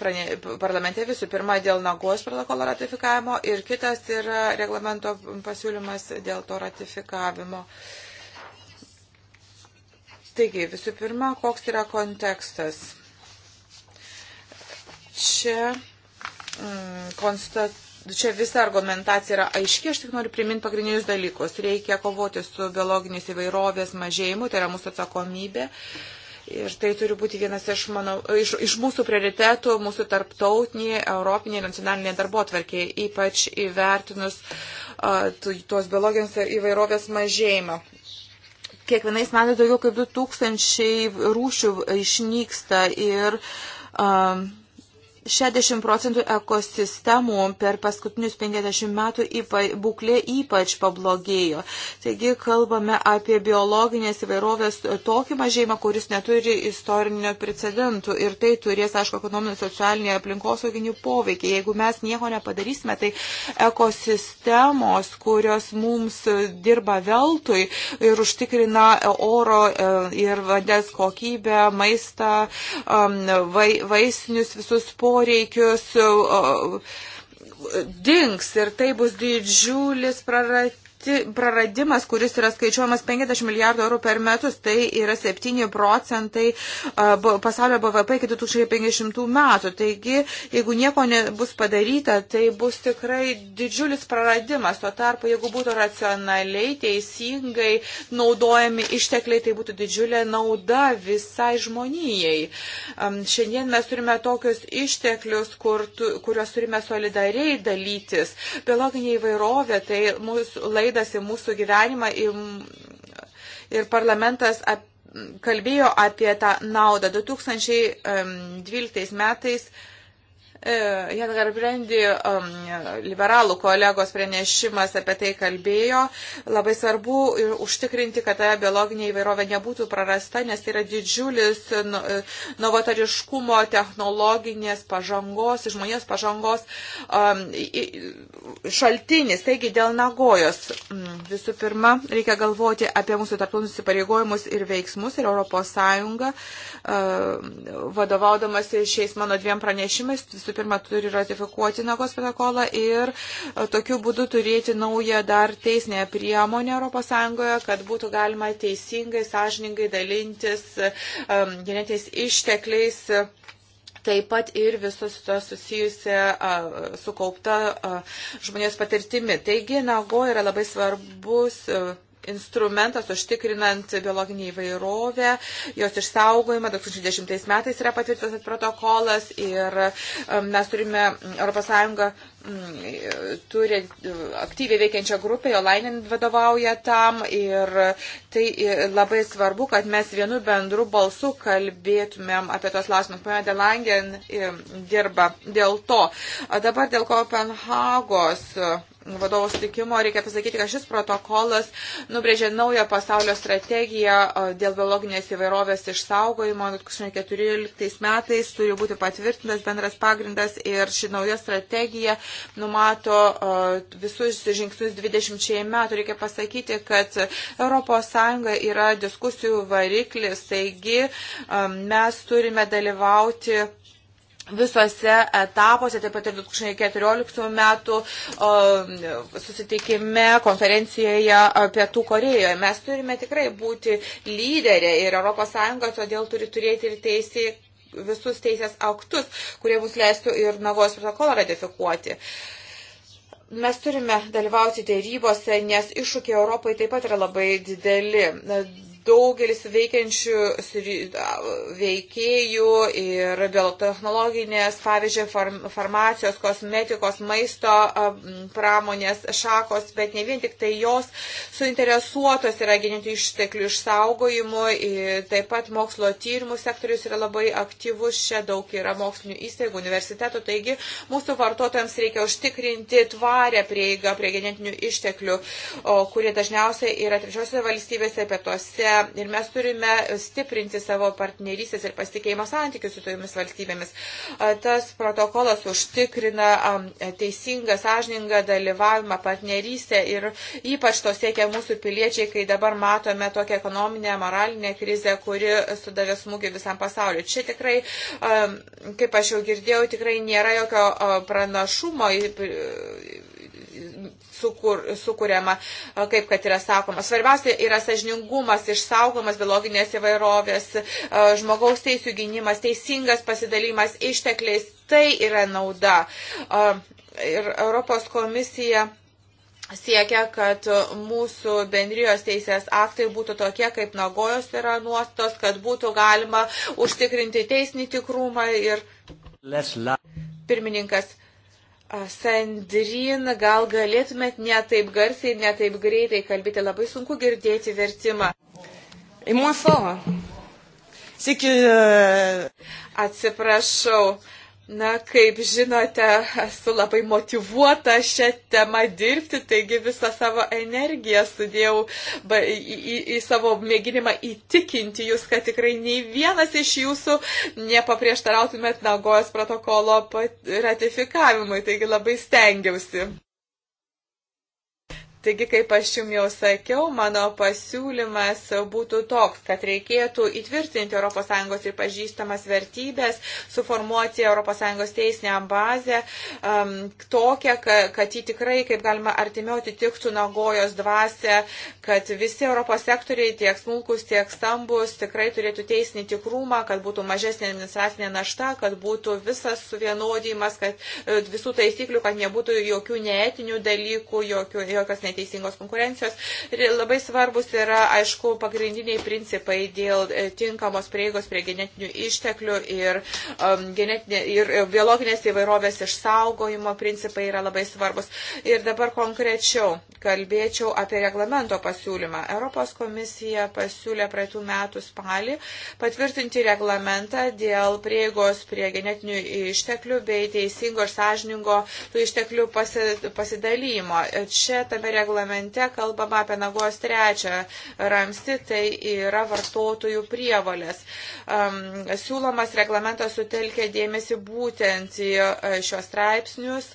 C: prane, parlamente visų pirma dėl Nagos protokolo ratifikavimo ir kitas yra reglamento pasiūlymas dėl to ratifikavimo. Uh, Taigi, visų pirma, koks yra kontekstas. Čia, mm, konstat, čia visa argumentacija yra aiški, aš tik noriu priminti pagrindinius dalykus. Reikia kovoti su biologinės įvairovės mažėjimu, tai yra mūsų atsakomybė. Ir tai turi būti vienas iš, mano, iš, iš mūsų prioritetų, mūsų tarptautinėje, europinėje, nacionalinėje darbo atvarkėje, ypač įvertinus uh, tuos biologinės įvairovės mažėjimą kiekvienais metais daugiau kaip 2000 rūšių išnyksta ir um, 60 procentų ekosistemų per paskutinius 50 metų ypa, būklė ypač pablogėjo. Taigi kalbame apie biologinės įvairovės tokį mažėjimą, kuris neturi istorinio precedentų ir tai turės, aišku, ekonominį, socialinį, aplinkosauginį poveikį. Jeigu mes nieko nepadarysime, tai ekosistemos, kurios mums dirba veltui ir užtikrina oro e, ir vandens kokybę, maistą, vaisinius visus poreikius, poreikius dings ir tai bus didžiulis praradimas prarasti, praradimas, kuris yra skaičiuojamas 50 milijardų eurų per metus, tai yra 7 procentai pasaulio BVP iki 2050 metų. Taigi, jeigu nieko nebus padaryta, tai bus tikrai didžiulis praradimas. Tuo tarpu, jeigu būtų racionaliai, teisingai naudojami ištekliai, tai būtų didžiulė nauda visai žmonijai. Šiandien mes turime tokius išteklius, kur tu, kuriuos turime solidariai dalytis. Biologinė įvairovė, tai mūsų laidą veidas į mūsų gyvenimą į, ir parlamentas ap, kalbėjo apie tą naudą. 2012 metais E, Jangar Brendi, um, liberalų kolegos pranešimas apie tai kalbėjo. Labai svarbu užtikrinti, kad ta biologinė įvairovė nebūtų prarasta, nes tai yra didžiulis nu, e, novatariškumo, technologinės pažangos, žmonės pažangos um, šaltinis. Taigi dėl Nagojos mm, visų pirma reikia galvoti apie mūsų tarptautinius įsipareigojimus ir veiksmus ir ES e, vadovaudamasi šiais mano dviem pranešimais visų pirma turi ratifikuoti Nagos protokolą ir e, tokiu būdu turėti naują dar teisinę priemonę ES, kad būtų galima teisingai, sąžiningai dalintis um, genetiniais ištekliais e, taip pat ir viso su to susijusia sukaupta žmonės patirtimi. Taigi, nago yra labai svarbus instrumentas užtikrinant biologinį įvairovę, jos išsaugojimą. 2010 metais yra patvirtintas protokolas ir um, mes turime ES mm, turi uh, aktyviai veikiančią grupę, jo Lainin vadovauja tam ir tai labai svarbu, kad mes vienu bendru balsu kalbėtumėm apie tos lausimus. Pane Delangen dirba dėl to. O dabar dėl Kopenhagos vadovų sutikimo reikia pasakyti, kad šis protokolas nubrėžė naują pasaulio strategiją dėl biologinės įvairovės išsaugojimo. 2014 metais turi būti patvirtintas bendras pagrindas ir ši nauja strategija numato visus žingsnius 20 metų. Reikia pasakyti, kad ES yra diskusijų variklis, taigi mes turime dalyvauti visose etapuose, taip pat ir 2014 metų o, susitikime, konferencijoje Pietų Korejoje. Mes turime tikrai būti lyderė ir ES todėl turi turėti ir teisį visus teisės aktus, kurie mus leistų ir Nagos protokolą ratifikuoti. Mes turime dalyvauti dėrybose, nes iššūkiai Europai taip pat yra labai dideli daugelis veikiančių veikėjų ir biotechnologinės, pavyzdžiui, farmacijos, kosmetikos, maisto pramonės šakos, bet ne vien tik tai jos suinteresuotos yra genetinių išteklių išsaugojimu, taip pat mokslo tyrimų sektorius yra labai aktyvus, čia daug yra mokslinių įstaigų, universitetų, taigi mūsų vartotojams reikia užtikrinti tvarę prieigą prie genetinių išteklių, kurie dažniausiai yra trečiosiose valstybėse, pietuose, ir mes turime stiprinti savo partnerystės ir pasitikėjimo santykius su tomis valstybėmis. Tas protokolas užtikrina teisingą, sąžiningą dalyvavimą, partnerystę ir ypač to siekia mūsų piliečiai, kai dabar matome tokią ekonominę, moralinę krizę, kuri sudavė smūgį visam pasauliu. Čia tikrai, kaip aš jau girdėjau, tikrai nėra jokio pranašumo sukur, sukuriama, kaip kad yra sakoma. Svarbiausia yra sažiningumas, išsaugomas biologinės įvairovės, žmogaus teisų gynimas, teisingas pasidalymas ištekliais. Tai yra nauda. Ir Europos komisija siekia, kad mūsų bendrijos teisės aktai būtų tokie, kaip Nagojos yra nuostos, kad būtų galima užtikrinti teisinį tikrumą ir pirmininkas. Sandrin, gal galėtumėt ne taip garsiai, ne taip greitai kalbėti, labai sunku girdėti vertimą. Euh, Atsiprašau, Na, kaip žinote, esu labai motivuota šią temą dirbti, taigi visą savo energiją sudėjau ba, į, į, į savo mėginimą įtikinti jūs, kad tikrai nei vienas iš jūsų nepaprieštarautumėt Nagojos protokolo ratifikavimui, taigi labai stengiausi. Taigi, kaip aš jums jau sakiau, mano pasiūlymas būtų toks, kad reikėtų įtvirtinti ES pripažįstamas vertybės, suformuoti ES teisinę bazę um, tokią, kad ji tikrai, kaip galima artimiau atitiktų Nagojos dvasę, kad visi Europos sektoriai, tiek smulkus, tiek stambus, tikrai turėtų teisinį tikrumą, kad būtų mažesnė administracinė našta, kad būtų visas suvienodimas, kad e, visų taisyklių, kad nebūtų jokių neetinių dalykų, jokių, jokios netikėtų neteisingos konkurencijos. Ir labai svarbus yra, aišku, pagrindiniai principai dėl e, tinkamos prieigos prie genetinių išteklių ir, um, genetinė, ir e, biologinės įvairovės išsaugojimo principai yra labai svarbus. Ir dabar konkrečiau kalbėčiau apie reglamento pasiūlymą. Europos komisija pasiūlė praeitų metų spalį patvirtinti reglamentą dėl prieigos prie genetinių išteklių bei teisingo ir sąžiningo tų išteklių pasidalymo. Čia tame reglamente kalbama apie nagos trečią ramstį, tai yra vartotojų prievalės. Siūlomas reglamentas sutelkia dėmesį būtent į e, šios straipsnius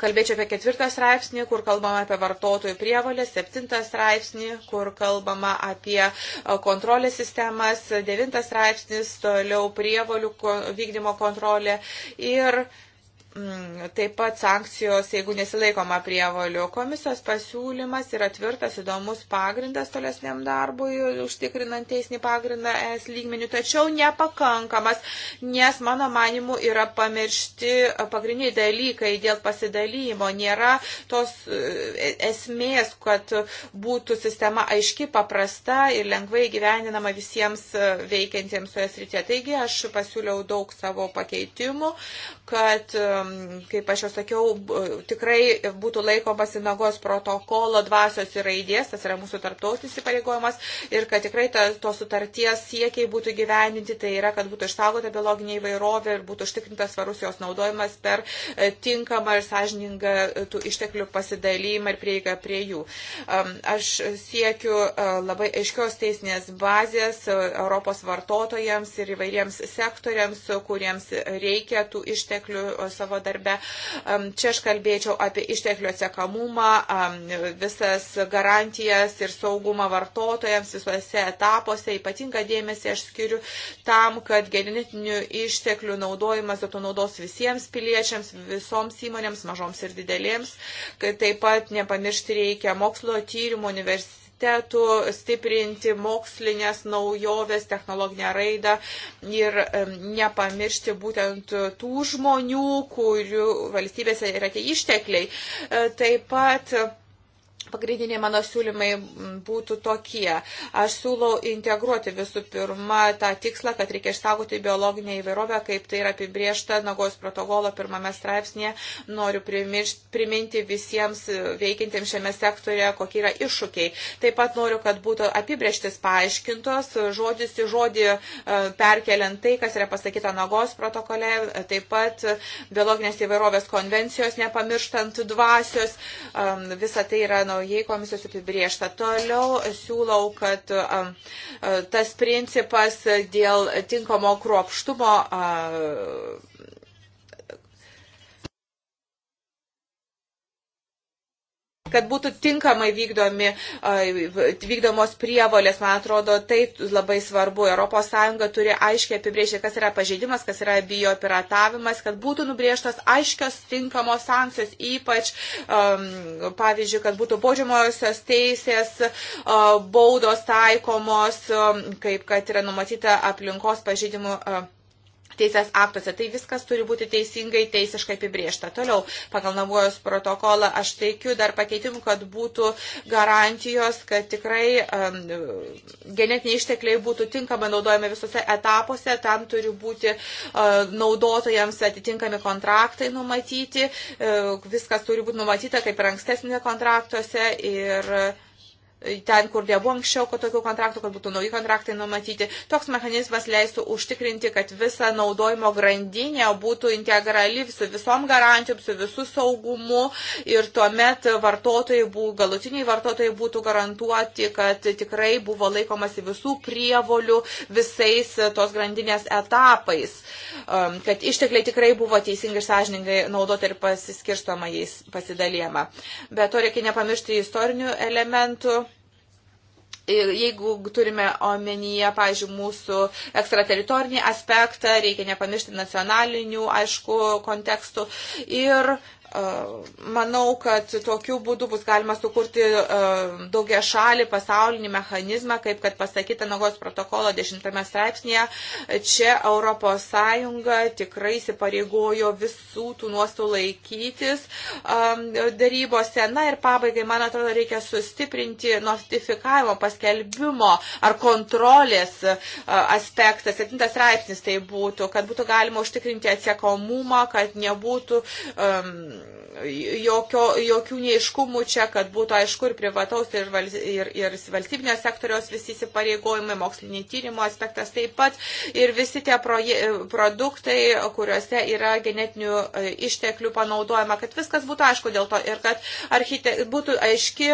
C: kalbėčiau apie ketvirtą straipsnį, kur kalbama apie vartotojų prievalę, septintą straipsnį, kur kalbama apie e, kontrolės sistemas, devintas straipsnis, toliau prievalių vykdymo kontrolė ir uh, Mm, taip pat sankcijos, jeigu nesilaikoma prievalių, komisijos pasiūlymas yra tvirtas įdomus pagrindas tolesniam darbui, užtikrinant teisinį pagrindą es lygmenių, tačiau nepakankamas, nes mano manimu yra pamiršti pagrindiniai dalykai dėl pasidalymo, nėra tos e, esmės, kad būtų sistema aiški, paprasta ir lengvai gyveninama visiems e, veikiantiems toje srityje. Taigi aš pasiūliau daug savo pakeitimų, kad, kaip aš jau sakiau, tikrai būtų laikoma sinagos protokolo dvasios ir raidės, tas yra mūsų tarptautinis įpareigojimas, ir kad tikrai ta, to sutarties siekiai būtų gyveninti, tai yra, kad būtų išsaugota biologinė įvairovė ir būtų užtikrintas svarus jos naudojimas per e, tinkamą ir sąžiningą e, tų išteklių pasidalymą ir prieigą prie jų. Aš siekiu e, labai aiškios teisinės bazės Europos vartotojams ir įvairiems sektoriams, kuriems reikia tų išteklių išteklių savo darbe. Čia aš kalbėčiau apie išteklių atsekamumą, visas garantijas ir saugumą vartotojams visuose etapuose. Ypatinga dėmesį aš skiriu tam, kad genetinių išteklių naudojimas duotų naudos visiems piliečiams, visoms įmonėms, mažoms ir didelėms. Taip pat nepamiršti reikia mokslo tyrimų universitetų universitetų, stiprinti mokslinės naujoves, technologinę raidą ir nepamiršti būtent tų žmonių, kurių valstybėse yra tie ištekliai. E, taip pat Pagrindiniai mano siūlymai būtų tokie. Aš siūlau integruoti visų pirma tą tikslą, kad reikia išsaugoti biologinę įvairovę, kaip tai yra apibriešta Nagos protokolo pirmame straipsnėje. Noriu priminti visiems veikintiems šiame sektorė, kokie yra iššūkiai. Taip pat noriu, kad būtų apibrieštis paaiškintos, žodis į žodį e, perkeliant tai, kas yra pasakyta Nagos protokole, taip pat biologinės įvairovės konvencijos, nepamirštant dvasios. Visa tai yra nauja naujai komisijos apibriešta. Toliau siūlau, kad um, tas principas dėl tinkamo kruopštumo uh, kad būtų tinkamai vykdomi, vykdomos prievolės. Man atrodo, tai labai svarbu. ES turi aiškiai apibrėžti, kas yra pažeidimas, kas yra biopiratavimas, kad būtų nubrėžtos aiškios tinkamos sankcijos, ypač, um, pavyzdžiui, kad būtų baudžiamosios teisės uh, baudos taikomos, um, kaip kad yra numatyta aplinkos pažeidimų. Uh, teisės aktuose. Tai viskas turi būti teisingai, teisiškai apibriešta. Toliau, pagal Nagojos protokolą, aš teikiu dar pakeitimų, kad būtų garantijos, kad tikrai um, genetiniai ištekliai būtų tinkamai naudojami visose etapuose, tam turi būti uh, naudotojams atitinkami kontraktai numatyti, uh, viskas turi būti numatyta kaip ir ankstesnėse kontraktuose. Ir, uh, ten, kur nebuvo anksčiau tokių kontraktų, kad būtų nauji kontraktai numatyti. Toks mechanizmas leistų užtikrinti, kad visa naudojimo grandinė būtų integrali su visom garantijom, su visų saugumu ir tuomet vartotojai, bū, galutiniai vartotojai būtų garantuoti, kad tikrai buvo laikomasi visų prievolių visais tos grandinės etapais, um, kad ištekliai tikrai buvo teisingai ir sąžiningai naudoti ir pasiskirstoma jais pasidalėma. Bet to reikia nepamiršti istorinių elementų Jeigu turime omenyje, pažiūrėjau, mūsų ekstrateritorinį aspektą, reikia nepamiršti nacionalinių, aišku, kontekstų. Ir Manau, kad tokiu būdu bus galima sukurti e, daugia šalį pasaulinį mechanizmą, kaip kad pasakyta Nagos protokolo 10 straipsnėje. Čia ES tikrai įsipareigojo visų tų nuostų laikytis e, darybose. Na ir pabaigai, man atrodo, reikia sustiprinti notifikavimo, paskelbimo ar kontrolės e, aspektą. 7 straipsnis tai būtų, kad būtų galima užtikrinti atsiekomumą, kad nebūtų um, jokio, jokių neiškumų čia, kad būtų aišku ir privataus, ir, val, ir, ir valstybinio sektoriaus visi įsipareigojimai, moksliniai tyrimo aspektas taip pat ir visi tie proje, produktai, kuriuose yra genetinių e, išteklių panaudojama, kad viskas būtų aišku dėl to ir kad archite, būtų aiški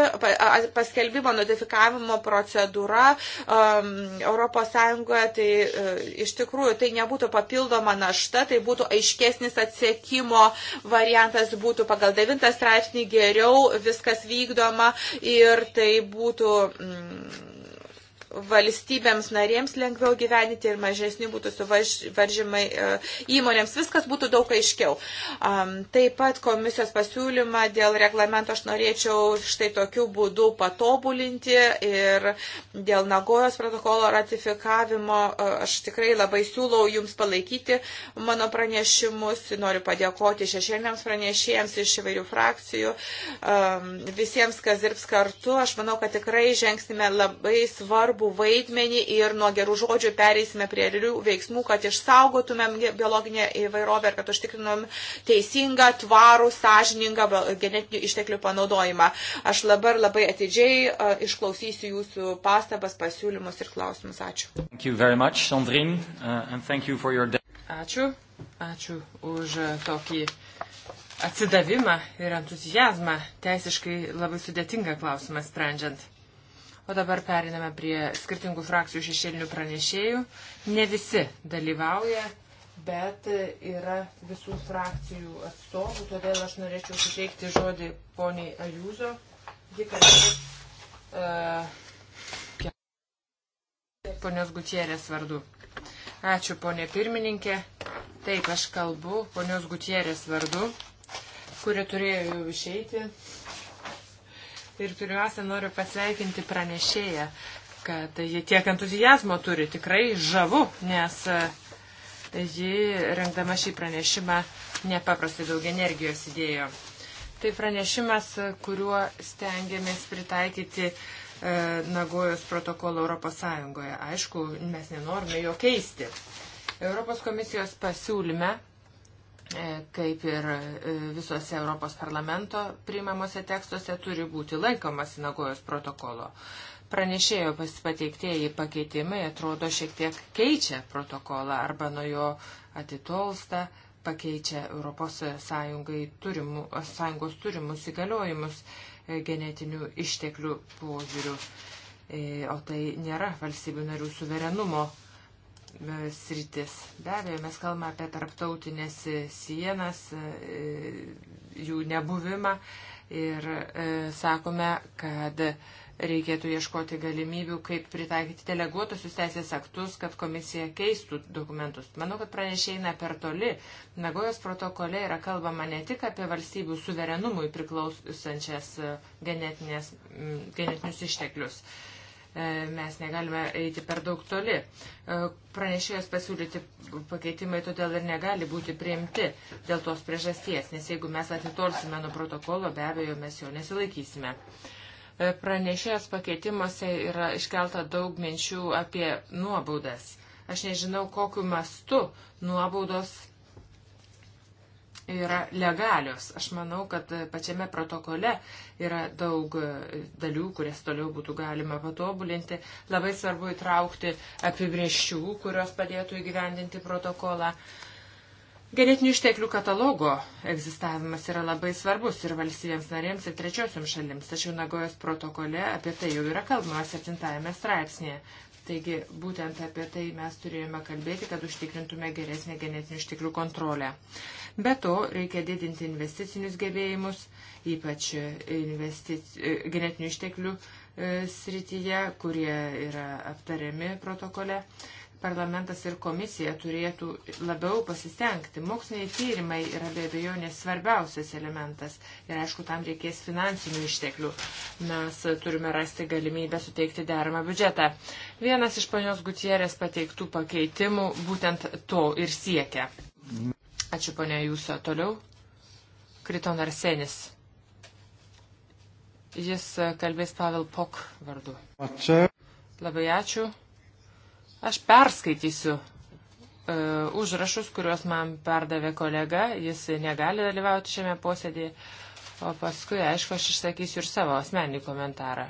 C: paskelbimo notifikavimo procedūra um, ES, tai uh, iš tikrųjų tai nebūtų papildoma našta, tai būtų aiškesnis atsiekimo variantas būtų pagal 9 straipsnį geriau viskas vykdoma ir tai būtų. Mm, valstybėms narėms lengviau gyvenyti ir mažesni būtų suvaržymai e, įmonėms. Viskas būtų daug aiškiau. Taip pat komisijos pasiūlymą dėl reglamento aš norėčiau štai tokiu būdu patobulinti ir dėl Nagojos protokolo ratifikavimo e, aš tikrai labai siūlau jums palaikyti mano pranešimus. Noriu padėkoti šešėliniams pranešėjams iš įvairių frakcijų, visiems, kas dirbs kartu. Aš manau, kad tikrai žengsime labai svarbu svarbų vaidmenį ir nuo gerų žodžių pereisime prie realių veiksmų, kad išsaugotumėm biologinę įvairovę ir kad užtikrinom teisingą, tvarų, sąžiningą genetinių išteklių panaudojimą. Aš dabar labai atidžiai išklausysiu jūsų pastabas, pasiūlymus ir klausimus. Ačiū.
B: Much, Sandrine, uh, your...
A: Ačiū. Ačiū už tokį atsidavimą ir entuzijazmą teisiškai labai sudėtingą klausimą sprendžiant. O dabar periname prie skirtingų frakcijų šešėlinių pranešėjų. Ne visi dalyvauja, bet yra visų frakcijų atstovų, todėl aš norėčiau suteikti žodį poniai Ajūzo. Ji kalbės uh, ponios Gutierės vardu. Ačiū, ponė pirmininkė. Taip, aš kalbu ponios Gutierės vardu, kuri turėjo jau išeiti Ir pirmiausia, noriu pasveikinti pranešėją, kad jie tiek entuzijazmo turi. Tikrai žavu, nes e, ji, rengdama šį pranešimą, nepaprastai daug energijos įdėjo. Tai pranešimas, kuriuo stengiamės pritaikyti e, Nagojos protokolą Europos Sąjungoje. Aišku, mes nenorime jo keisti. Europos komisijos pasiūlyme E, kaip ir e, visuose Europos parlamento priimamuose tekstuose, turi būti laikoma sinagojos protokolo. Pranešėjo pateiktieji pakeitimai atrodo šiek tiek keičia protokolą arba nuo jo atitolsta, pakeičia Europos turimų, Sąjungos turimus įgaliojimus e, genetinių išteklių požiūrių, o tai nėra valstybių narių suverenumo E, sritis. Be abejo, mes kalbame apie tarptautinės sienas, e, jų nebuvimą ir e, sakome, kad reikėtų ieškoti galimybių, kaip pritaikyti deleguotusius teisės aktus, kad komisija keistų dokumentus. Manau, kad pranešėjai eina per toli. Nagojos protokole yra kalbama ne tik apie valstybių suverenumui priklausančias genetinius išteklius. E, mes negalime eiti per daug toli. E, Pranešėjas pasiūlyti pakeitimai todėl ir negali būti priimti dėl tos priežasties, nes jeigu mes atitolsime nuo protokolo, be abejo, mes jo nesilaikysime. E, Pranešėjas pakeitimuose yra iškelta daug minčių apie nuobaudas. Aš nežinau, kokiu mastu nuobaudos yra legalios. Aš manau, kad pačiame protokole yra daug e, dalių, kurias toliau būtų galima patobulinti. Labai svarbu įtraukti apibrieščių, kurios padėtų įgyvendinti protokolą. Genetinių išteklių katalogo egzistavimas yra labai svarbus ir valstybėms narėms, ir trečiosioms šalims, tačiau Nagojos protokole apie tai jau yra kalbama 7 straipsnėje. Taigi būtent apie tai mes turėjome kalbėti, kad užtikrintume geresnę genetinių išteklių kontrolę. Uh, Be to, reikia didinti investicinius gebėjimus, ypač investic... E, genetinių išteklių e, srityje, kurie yra aptariami protokole parlamentas ir komisija turėtų labiau pasistengti. Moksliniai tyrimai yra be abejonės svarbiausias elementas ir aišku, tam reikės finansinių išteklių. Mes turime rasti galimybę suteikti deramą biudžetą. Vienas iš panios Gutierės pateiktų pakeitimų būtent to ir siekia. Ačiū ponia Jūsų. Toliau. Kriton Arsenis. Jis e, kalbės Pavel Pok vardu. Ačiū. Labai ačiū. Aš perskaitysiu uh, e, užrašus, kuriuos man perdavė kolega. Jis negali dalyvauti šiame posėdėje. O paskui, aišku, aš išsakysiu ir savo asmenį komentarą.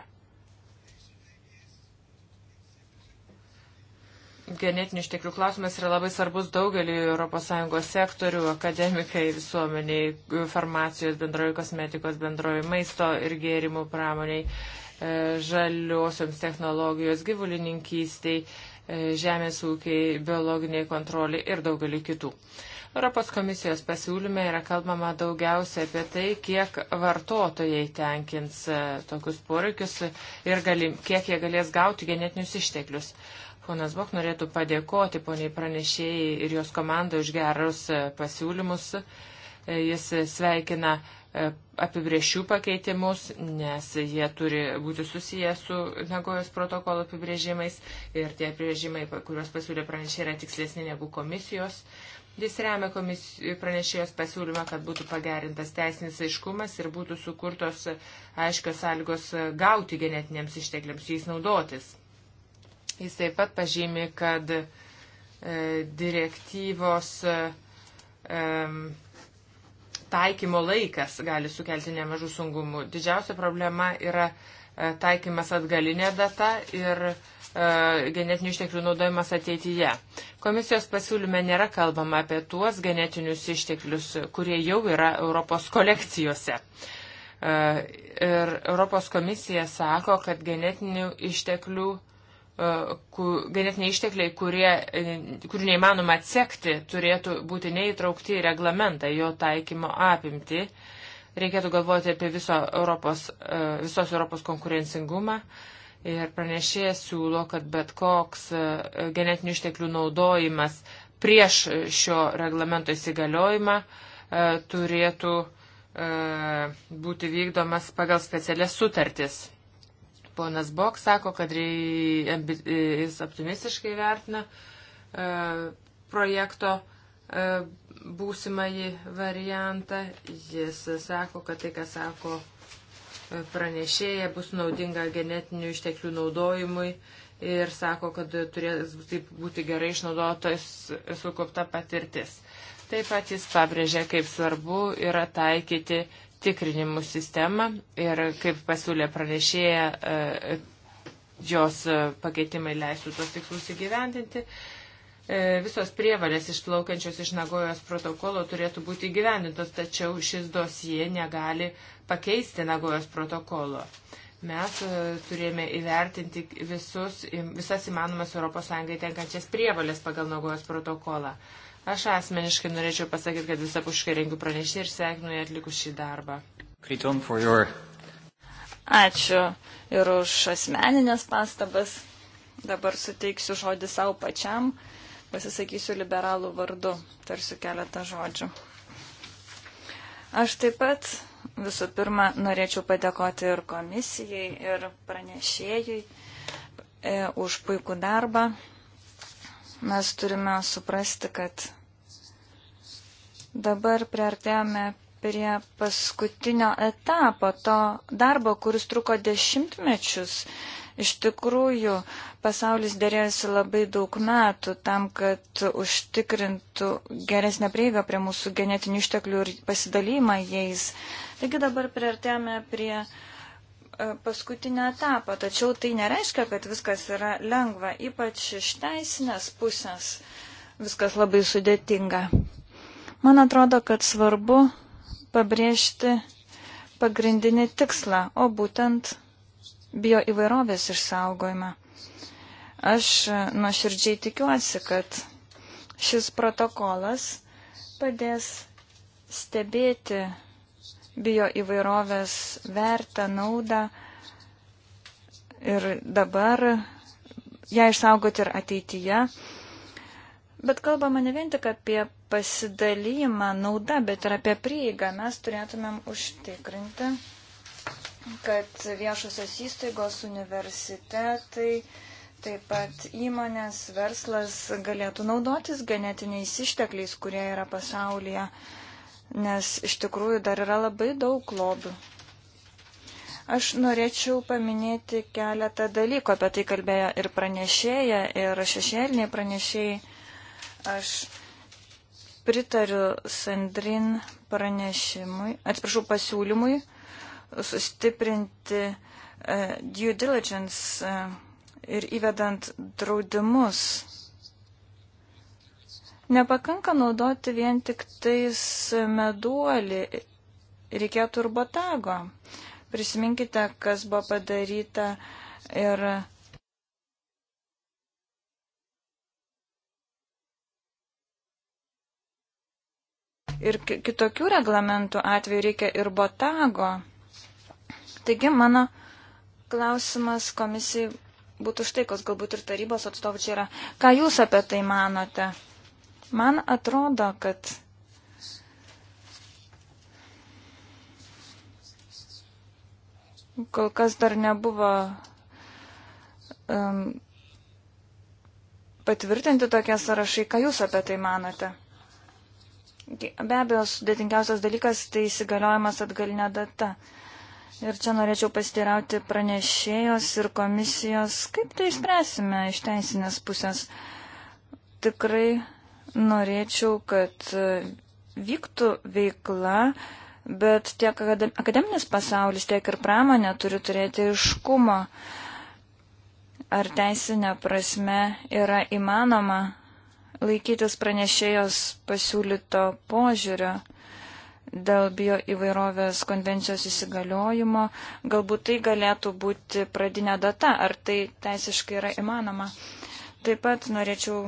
A: genetinių išteklių klausimas yra labai svarbus daugeliu ES sektorių, akademikai, visuomeniai, farmacijos bendroji, kosmetikos bendroji, maisto ir gėrimų pramoniai, e, žaliosioms technologijos, gyvulininkystiai, e, žemės ūkiai, biologiniai kontroliai ir daugeliu kitų. Europos komisijos pasiūlyme yra kalbama daugiausia apie tai, kiek vartotojai tenkins e, tokius poreikius ir galim, kiek jie galės gauti genetinius išteklius. Ponas Bok norėtų padėkoti poniai pranešėjai ir jos komandai už gerus e, pasiūlymus. E, jis sveikina e, apibriešių pakeitimus, nes jie turi būti susiję su Nagojos protokolo apibrėžimais ir tie apibrėžimai, kuriuos pasiūlė pranešėjai, yra tikslesni negu komisijos. Jis remia komis... pranešėjos pasiūlymą, kad būtų pagerintas teisinis aiškumas ir būtų sukurtos aiškios sąlygos gauti genetiniams ištekliams, jais naudotis. Jis taip pat pažymi, kad e, direktyvos e, taikymo laikas gali sukelti nemažų sungumų. Didžiausia problema yra e, taikymas atgalinė data ir e, genetinių išteklių naudojimas ateityje. Komisijos pasiūlyme nėra kalbama apie tuos genetinius išteklius, kurie jau yra Europos kolekcijose. E, ir Europos komisija sako, kad genetinių išteklių genetiniai ištekliai, kurie, kurių neįmanoma atsekti, turėtų būti neįtraukti į reglamentą, jo taikymo apimti. Reikėtų galvoti apie viso Europos, e, visos Europos konkurencingumą. Ir pranešėjas siūlo, kad bet koks e, genetinių išteklių naudojimas prieš šio reglamento įsigaliojimą e, turėtų būti vykdomas pagal specialias sutartis Ponas Bok sako, kad e, jis optimistiškai vertina e, projekto e, būsimąjį variantą. Jis sako, kad tai, ką sako pranešėja, bus naudinga genetinių išteklių naudojimui ir sako, kad turės būti gerai išnaudotas sukaupta patirtis. Taip pat jis pabrėžė, kaip svarbu yra taikyti tikrinimų sistemą ir, kaip pasiūlė pranešėja, e, jos e, pakeitimai leistų tos tikslus įgyvendinti. E, visos prievalės išplaukiančios iš Nagojos protokolo turėtų būti įgyvendintos, tačiau šis dosie negali pakeisti Nagojos protokolo. Mes turėjome įvertinti visus, visas įmanomas ES tenkančias prievalės pagal Nagojos protokolą. Uh, Aš asmeniškai norėčiau pasakyti, kad visapuškai rengiu
B: pranešį ir sveikinu ją atlikus šį darbą. Your... Ačiū ir už asmeninės pastabas. Dabar suteiksiu žodį savo pačiam, pasisakysiu liberalų vardu, tarsiu keletą žodžių. Aš taip pat visų pirma norėčiau padėkoti ir komisijai, ir pranešėjui e, už puikų darbą, Mes turime suprasti, kad dabar priartėjome prie paskutinio etapo to darbo, kuris truko dešimtmečius. Iš tikrųjų, pasaulis dėrėjosi labai daug metų tam, kad užtikrintų geresnę prieigą prie mūsų genetinių išteklių ir pasidalymą jais. Taigi dabar priartėjome prie E, paskutinį etapą, tačiau tai nereiškia, kad viskas yra lengva, ypač iš teisinės pusės viskas labai sudėtinga. Man atrodo, kad svarbu pabrėžti pagrindinį tikslą, o būtent bio įvairovės išsaugojimą. Aš nuoširdžiai tikiuosi, kad šis protokolas padės stebėti bio įvairovės vertę, naudą ir dabar ją išsaugoti ir ateityje. Bet kalbama ne vien tik apie pasidalymą naudą, bet ir apie prieigą. Mes turėtumėm užtikrinti, kad viešosios įstaigos, universitetai, taip pat įmonės, verslas galėtų naudotis genetiniais ištekliais, kurie yra pasaulyje. Uh, nes iš tikrųjų dar yra labai daug lobių. Aš norėčiau paminėti keletą dalykų, apie tai kalbėjo ir pranešėja, ir šešėliniai pranešėjai. Aš pritariu Sandrin pranešimui, atsiprašau, pasiūlymui sustiprinti uh, due diligence uh, ir įvedant draudimus Nepakanka naudoti vien tik tais meduolį, reikėtų ir botago. Prisiminkite, kas buvo padaryta ir. Ir kitokių reglamentų atveju reikia ir botago. Taigi mano klausimas komisijai būtų štai, kas galbūt ir tarybos atstovų čia yra. Ką jūs apie tai manote? Man atrodo, kad kol kas dar nebuvo um, patvirtinti tokie sąrašai. Ką Jūs apie tai manote? Be abejo, sudėtingiausias dalykas tai įsigaliojimas atgalinė data. Ir čia norėčiau pastirauti pranešėjos ir komisijos, kaip tai spręsime iš teisinės pusės. Tikrai norėčiau, kad e, vyktų veikla, bet tiek akademinis pasaulis, tiek ir pramonė turi turėti iškumo, ar teisinė prasme yra įmanoma laikytis pranešėjos pasiūlyto požiūrio dėl bio įvairovės konvencijos įsigaliojimo. Galbūt tai galėtų būti pradinė data, ar tai teisiškai yra įmanoma. Taip pat norėčiau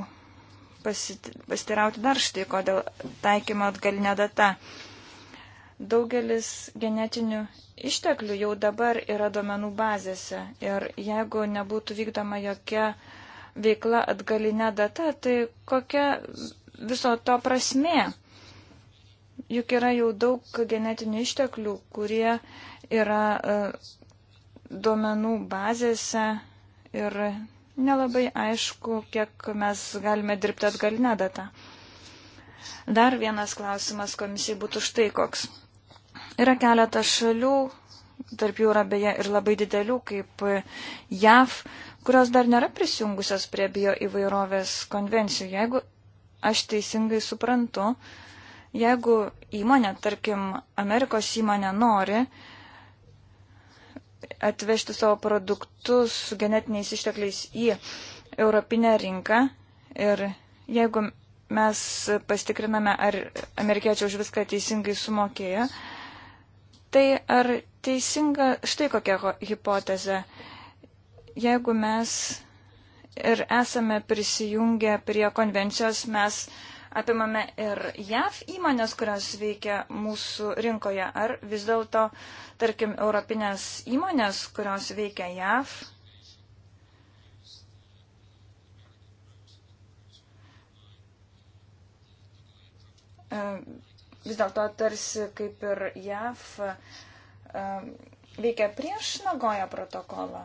B: pastirauti dar štai, kodėl taikymo atgalinė data. Daugelis genetinių išteklių jau dabar yra duomenų bazėse ir jeigu nebūtų vykdoma jokia veikla atgalinė data, tai kokia viso to prasmė? Juk yra jau daug genetinių išteklių, kurie yra e, duomenų bazėse ir nelabai aišku, kiek mes galime dirbti atgalinę datą. Dar vienas klausimas komisijai būtų štai koks. Yra keletas šalių, tarp jų yra beje ir labai didelių, kaip JAV, kurios dar nėra prisijungusios prie bio įvairovės konvencijų. Jeigu aš teisingai suprantu, jeigu įmonė, tarkim, Amerikos įmonė nori, uh, atvežti savo produktus su genetiniais ištekliais į europinę rinką. Ir jeigu mes pastikriname, ar amerikiečiai už viską teisingai sumokėjo, tai ar teisinga štai kokia hipotezė. Jeigu mes ir esame prisijungę prie konvencijos, mes uh, apimame ir JAV įmonės, kurios veikia mūsų rinkoje, ar vis dėlto, tarkim, europinės įmonės, kurios veikia JAV, e, vis dėlto tarsi kaip ir JAV e, veikia prieš Nagoja protokolą.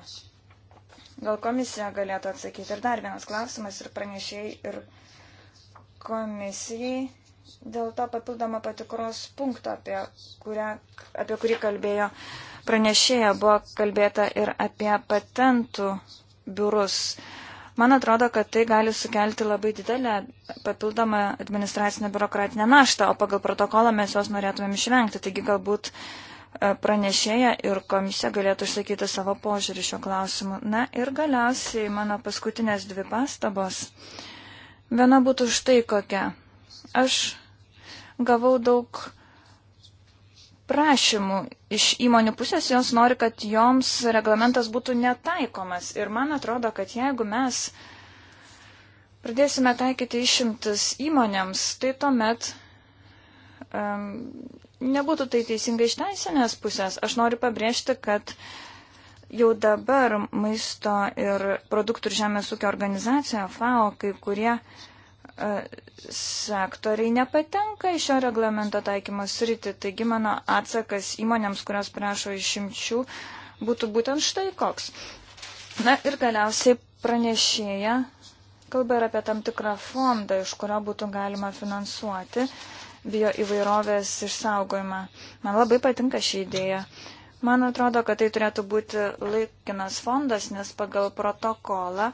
B: Gal komisija galėtų atsakyti. Ir dar vienas klausimas ir pranešėjai, ir komisijai dėl to papildomo patikros punkto, apie, kurią, apie kurį kalbėjo pranešėja, buvo kalbėta ir apie patentų biurus. Man atrodo, kad tai gali sukelti labai didelę papildomą administracinę biurokratinę naštą, o pagal protokolą mes jos norėtumėm išvengti. Taigi galbūt e, pranešėja ir komisija galėtų išsakyti savo požiūrį šio klausimu. Na ir galiausiai mano paskutinės dvi pastabos. Uh, Viena būtų štai kokia. Aš gavau daug prašymų iš įmonių pusės, jos nori, kad joms reglamentas būtų netaikomas. Ir man atrodo, kad jeigu mes pradėsime taikyti išimtis įmonėms, tai tuomet um, nebūtų tai teisinga iš teisinės pusės. Aš noriu pabrėžti, kad uh, Jau dabar maisto ir produktų ir žemės ūkio organizacija FAO kai kurie e, sektoriai nepatenka į šio reglamento taikymo sritį. Taigi mano atsakas įmonėms, kurios prašo išimčių, būtų būtent štai koks. Na ir galiausiai pranešėja kalba ir apie tam tikrą fondą, iš kurio būtų galima finansuoti bio įvairovės išsaugojimą. Man labai patinka ši idėja. Man atrodo, kad tai turėtų būti laikinas fondas, nes pagal protokolą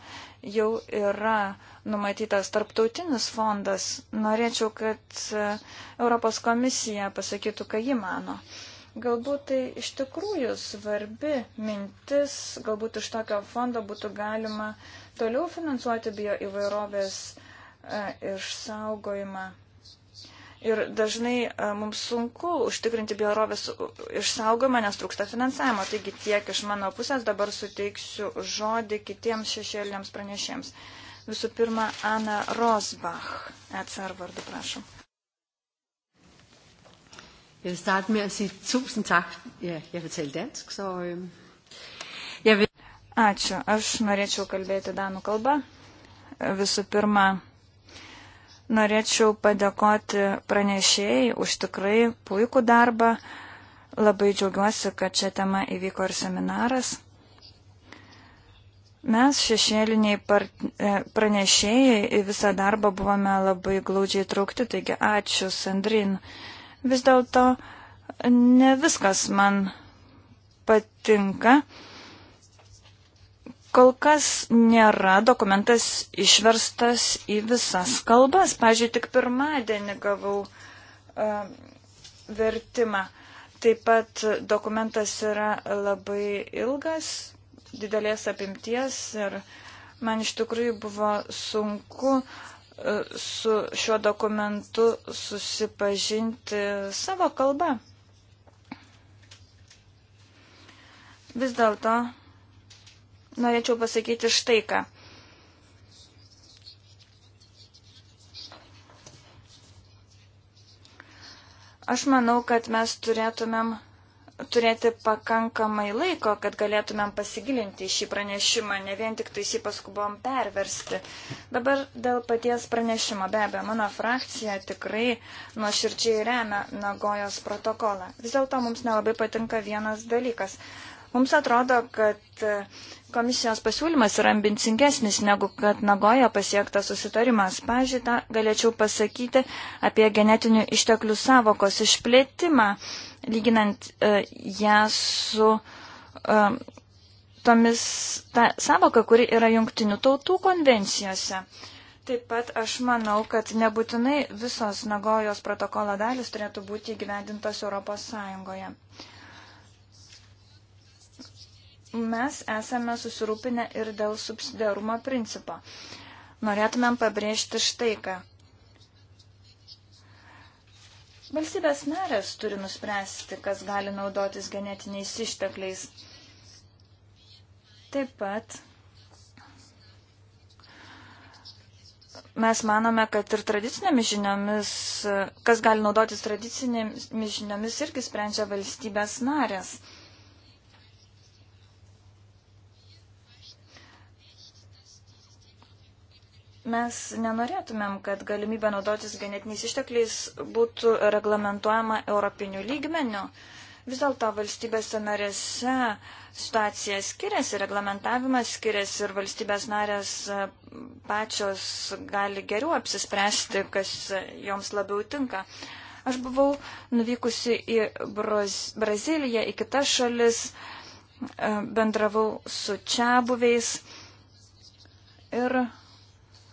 B: jau yra numatytas tarptautinis fondas. Norėčiau, kad e, Europos komisija pasakytų, ką ji mano. Galbūt tai iš tikrųjų svarbi mintis, galbūt iš tokio fondo būtų galima toliau finansuoti bio įvairovės e, išsaugojimą. E, Ir dažnai e, mums sunku užtikrinti biorovės išsaugomą, nes trūksta finansavimo. Taigi tiek iš mano pusės dabar suteiksiu žodį kitiems šešėliniams pranešėjams. Visų pirma, Ana Rosbach. ECR vardu, prašom. Jeg vil starte med at sige tusind tak. Ja, jeg vil tale dansk, så øhm, jeg vil... Ačiū. Aš norėčiau kalbėti danų kalbą. Visų pirma, Norėčiau padėkoti pranešėjai už tikrai puikų darbą. Labai džiaugiuosi, kad čia tema įvyko ir seminaras. Mes šešėliniai e, pranešėjai į visą darbą buvome labai glaudžiai traukti, taigi ačiū, Sandrin. Vis dėlto ne viskas man patinka. Kol kas nėra dokumentas išverstas į visas kalbas. Pavyzdžiui, tik pirmadienį gavau uh, vertimą. Taip pat dokumentas yra labai ilgas, didelės apimties ir man iš tikrųjų buvo sunku uh, su šiuo dokumentu susipažinti savo kalbą. Vis dėlto norėčiau pasakyti štai ką. Aš manau, kad mes turėtumėm turėti pakankamai laiko, kad galėtumėm pasigilinti į šį pranešimą, ne vien tik tai jį paskubom perversti. Dabar dėl paties pranešimo, be abejo, mano frakcija tikrai nuoširčiai remia Nagojos protokolą. Vis dėlto mums nelabai patinka vienas dalykas. Mums atrodo, kad Komisijos pasiūlymas yra ambicingesnis negu kad Nagoje pasiektas susitarimas. Pavyzdžiui, tą galėčiau pasakyti apie genetinių išteklių savokos išplėtimą, lyginant uh, ją su uh, tomis ta savoka, kuri yra jungtinių tautų konvencijose. Taip pat aš manau, kad nebūtinai visos Nagojos protokolo dalis turėtų būti įgyvendintos Europos Sąjungoje. Uh, mes esame susirūpinę ir dėl subsidiarumo principo. Norėtumėm pabrėžti štai ką. Valstybės narės turi nuspręsti, kas gali naudotis genetiniais ištekliais. Taip pat mes manome, kad ir tradicinėmis žiniomis, kas gali naudotis tradicinėmis žiniomis, irgi sprendžia valstybės narės. Mes nenorėtumėm, kad galimybė naudotis genetiniais ištekliais būtų reglamentuojama europiniu lygmeniu. Vis dėlto valstybėse narėse situacija skiriasi, reglamentavimas skiriasi ir valstybės narės e, pačios gali geriau apsispręsti, kas joms labiau tinka. Aš buvau nuvykusi į Braz Braziliją, į kitas šalis, e, bendravau su čia buveis ir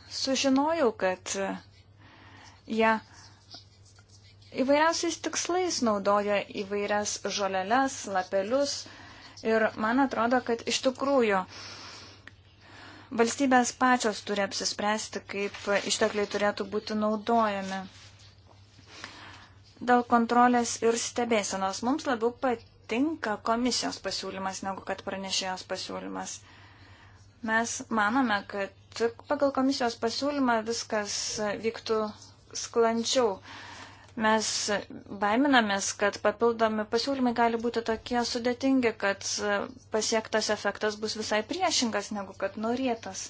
B: sužinojau, kad jie įvairiausiais tikslais naudoja įvairias žoleles, lapelius ir man atrodo, kad iš tikrųjų valstybės pačios turi apsispręsti, kaip ištekliai turėtų būti naudojami. Dėl kontrolės ir stebėsenos mums labiau patinka komisijos pasiūlymas negu kad pranešėjos pasiūlymas. Mes manome, kad pagal komisijos pasiūlymą viskas vyktų sklančiau. Mes baiminamės, kad papildomi pasiūlymai gali būti tokie sudėtingi, kad pasiektas efektas bus visai priešingas negu kad norėtas.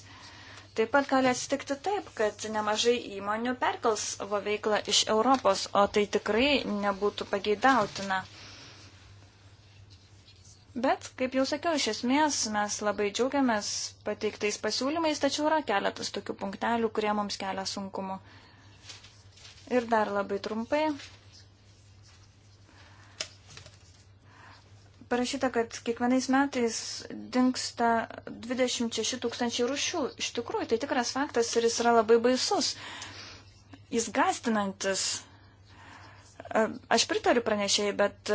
B: Taip pat gali atsitikti taip, kad nemažai įmonių perkels savo veiklą iš Europos, o tai tikrai nebūtų pageidautina. Bet, kaip jau sakiau, iš esmės mes labai džiaugiamės pateiktais pasiūlymais, tačiau yra keletas tokių punktelių, kurie mums kelia sunkumu. Ir dar labai trumpai. Parašyta, kad kiekvienais metais dinksta 26 tūkstančiai rušių. Iš tikrųjų, tai tikras faktas ir jis yra labai baisus. Jis gastinantis Aš pritariu pranešėjai, bet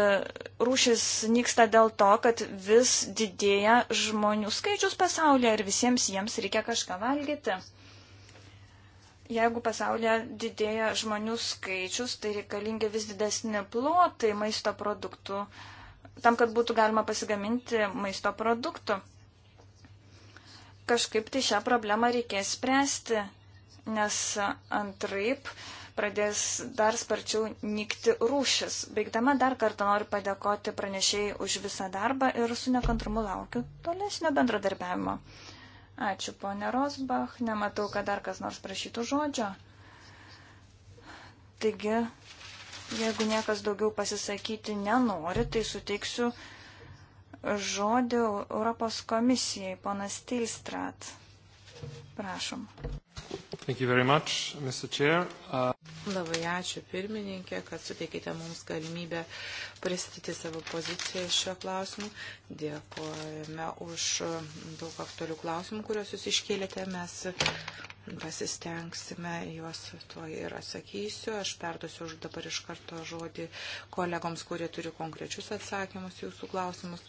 B: rūšis nyksta dėl to, kad vis didėja žmonių skaičius pasaulyje ir visiems jiems reikia kažką valgyti. Jeigu pasaulyje didėja žmonių skaičius, tai reikalingi vis didesni plotai maisto produktų, tam, kad būtų galima pasigaminti maisto produktų. Kažkaip tai šią problemą reikės spręsti, nes antraip uh, pradės dar sparčiau nykti rūšis. Baigdama dar kartą noriu padėkoti pranešėjai už visą darbą ir su nekantrumu laukiu tolesnio bendradarbiavimo. Ačiū, ponė Rosbach, nematau, kad dar kas nors prašytų žodžio. Taigi, jeigu niekas daugiau pasisakyti nenori, tai suteiksiu žodį Europos komisijai, ponas Tilstrat. Prašom.
A: Much, uh...
B: Labai ačiū pirmininkė, kad suteikite mums galimybę
C: pristatyti savo poziciją šio klausimu. Dėkojame už daug aktualių klausimų, kuriuos jūs iškėlėte. Mes pasistengsime juos tuo ir atsakysiu. Aš perduosiu už dabar iš karto žodį kolegoms, kurie turi konkrečius atsakymus jūsų klausimus.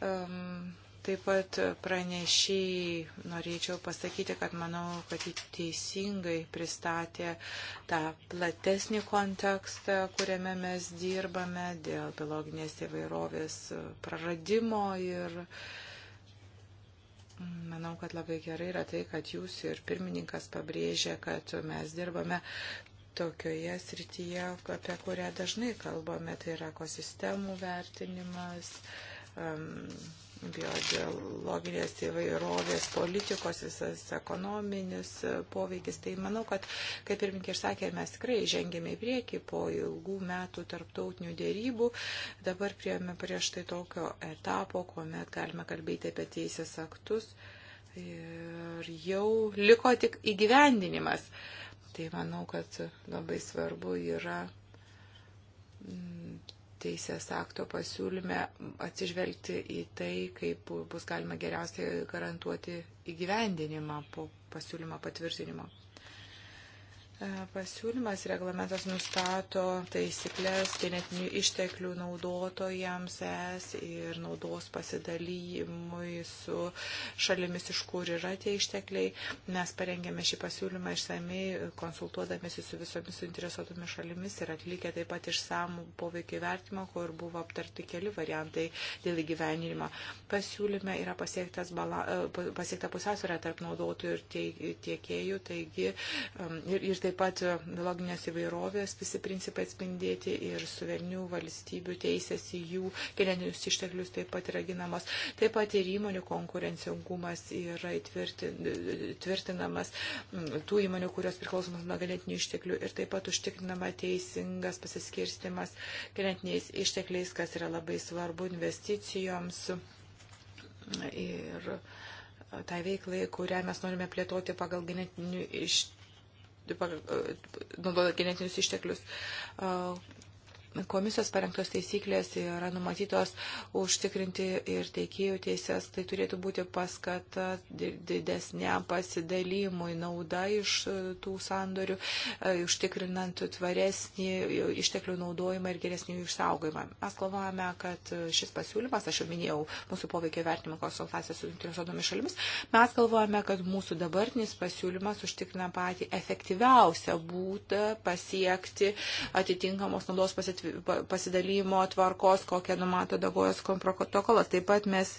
C: Um, Taip pat pranešiai norėčiau pasakyti, kad manau, kad jį teisingai pristatė tą platesnį kontekstą, kuriame mes dirbame dėl biologinės įvairovės praradimo ir manau, kad labai gerai yra tai, kad jūs ir pirmininkas pabrėžė, kad mes dirbame tokioje srityje, apie kurią dažnai kalbame, tai yra ekosistemų vertinimas. Um, biodialoginės įvairovės politikos, visas ekonominis poveikis. Tai manau, kad, kaip ir minkė išsakė, mes tikrai žengėme į priekį po ilgų metų tarptautinių dėrybų. Dabar prieėmė prieš tai tokio etapo, kuomet galime kalbėti apie teisės aktus. Ir jau liko tik įgyvendinimas. Tai manau, kad labai svarbu yra teisės akto pasiūlyme atsižvelgti į tai, kaip bus galima geriausiai garantuoti įgyvendinimą po pasiūlymo patvirtinimo. E, pasiūlymas reglamentas nustato taisyklės genetinių išteklių naudotojams es ir naudos pasidalymui su šalimis, iš kur yra tie ištekliai. Mes parengėme šį pasiūlymą išsamei, konsultuodamėsi su visomis suinteresuotomis šalimis ir atlikę taip pat išsamų poveikį vertimą, kur buvo aptarti keli variantai dėl įgyvenimo. Pasiūlyme yra bala, e, pasiekta pusiausvėra tarp naudotojų ir tiekėjų, taigi ir, ir taip pat biologinės įvairovės visi principai atspindėti ir suverenių valstybių teisės į jų genetinius išteklius taip pat yra ginamos. Taip pat ir įmonių konkurencingumas yra tvirtinamas tų įmonių, kurios priklausomas nuo genetinių išteklių ir taip pat užtikrinama teisingas pasiskirstimas genetiniais ištekliais, kas yra labai svarbu investicijoms. Ir tai veiklai, kurią mes norime plėtoti pagal genetinių iš, E, naudojant genetinius išteklius. E, komisijos parengtos taisyklės yra numatytos užtikrinti ir teikėjų teises, tai turėtų būti paskata didesniam pasidalymui nauda iš e, tų sandorių, e, užtikrinant tvaresnį e, išteklių naudojimą ir geresnį jų išsaugojimą. Mes galvojame, kad šis pasiūlymas, aš jau minėjau, mūsų poveikio vertinimo konsultacija su interesuotomis šalimis, mes galvojame, kad mūsų dabartinis pasiūlymas užtikrina patį efektyviausią būdą pasiekti atitinkamos naudos pasitvirtinimą pasidalymo tvarkos, kokią numato Dagojos protokolas. Taip pat mes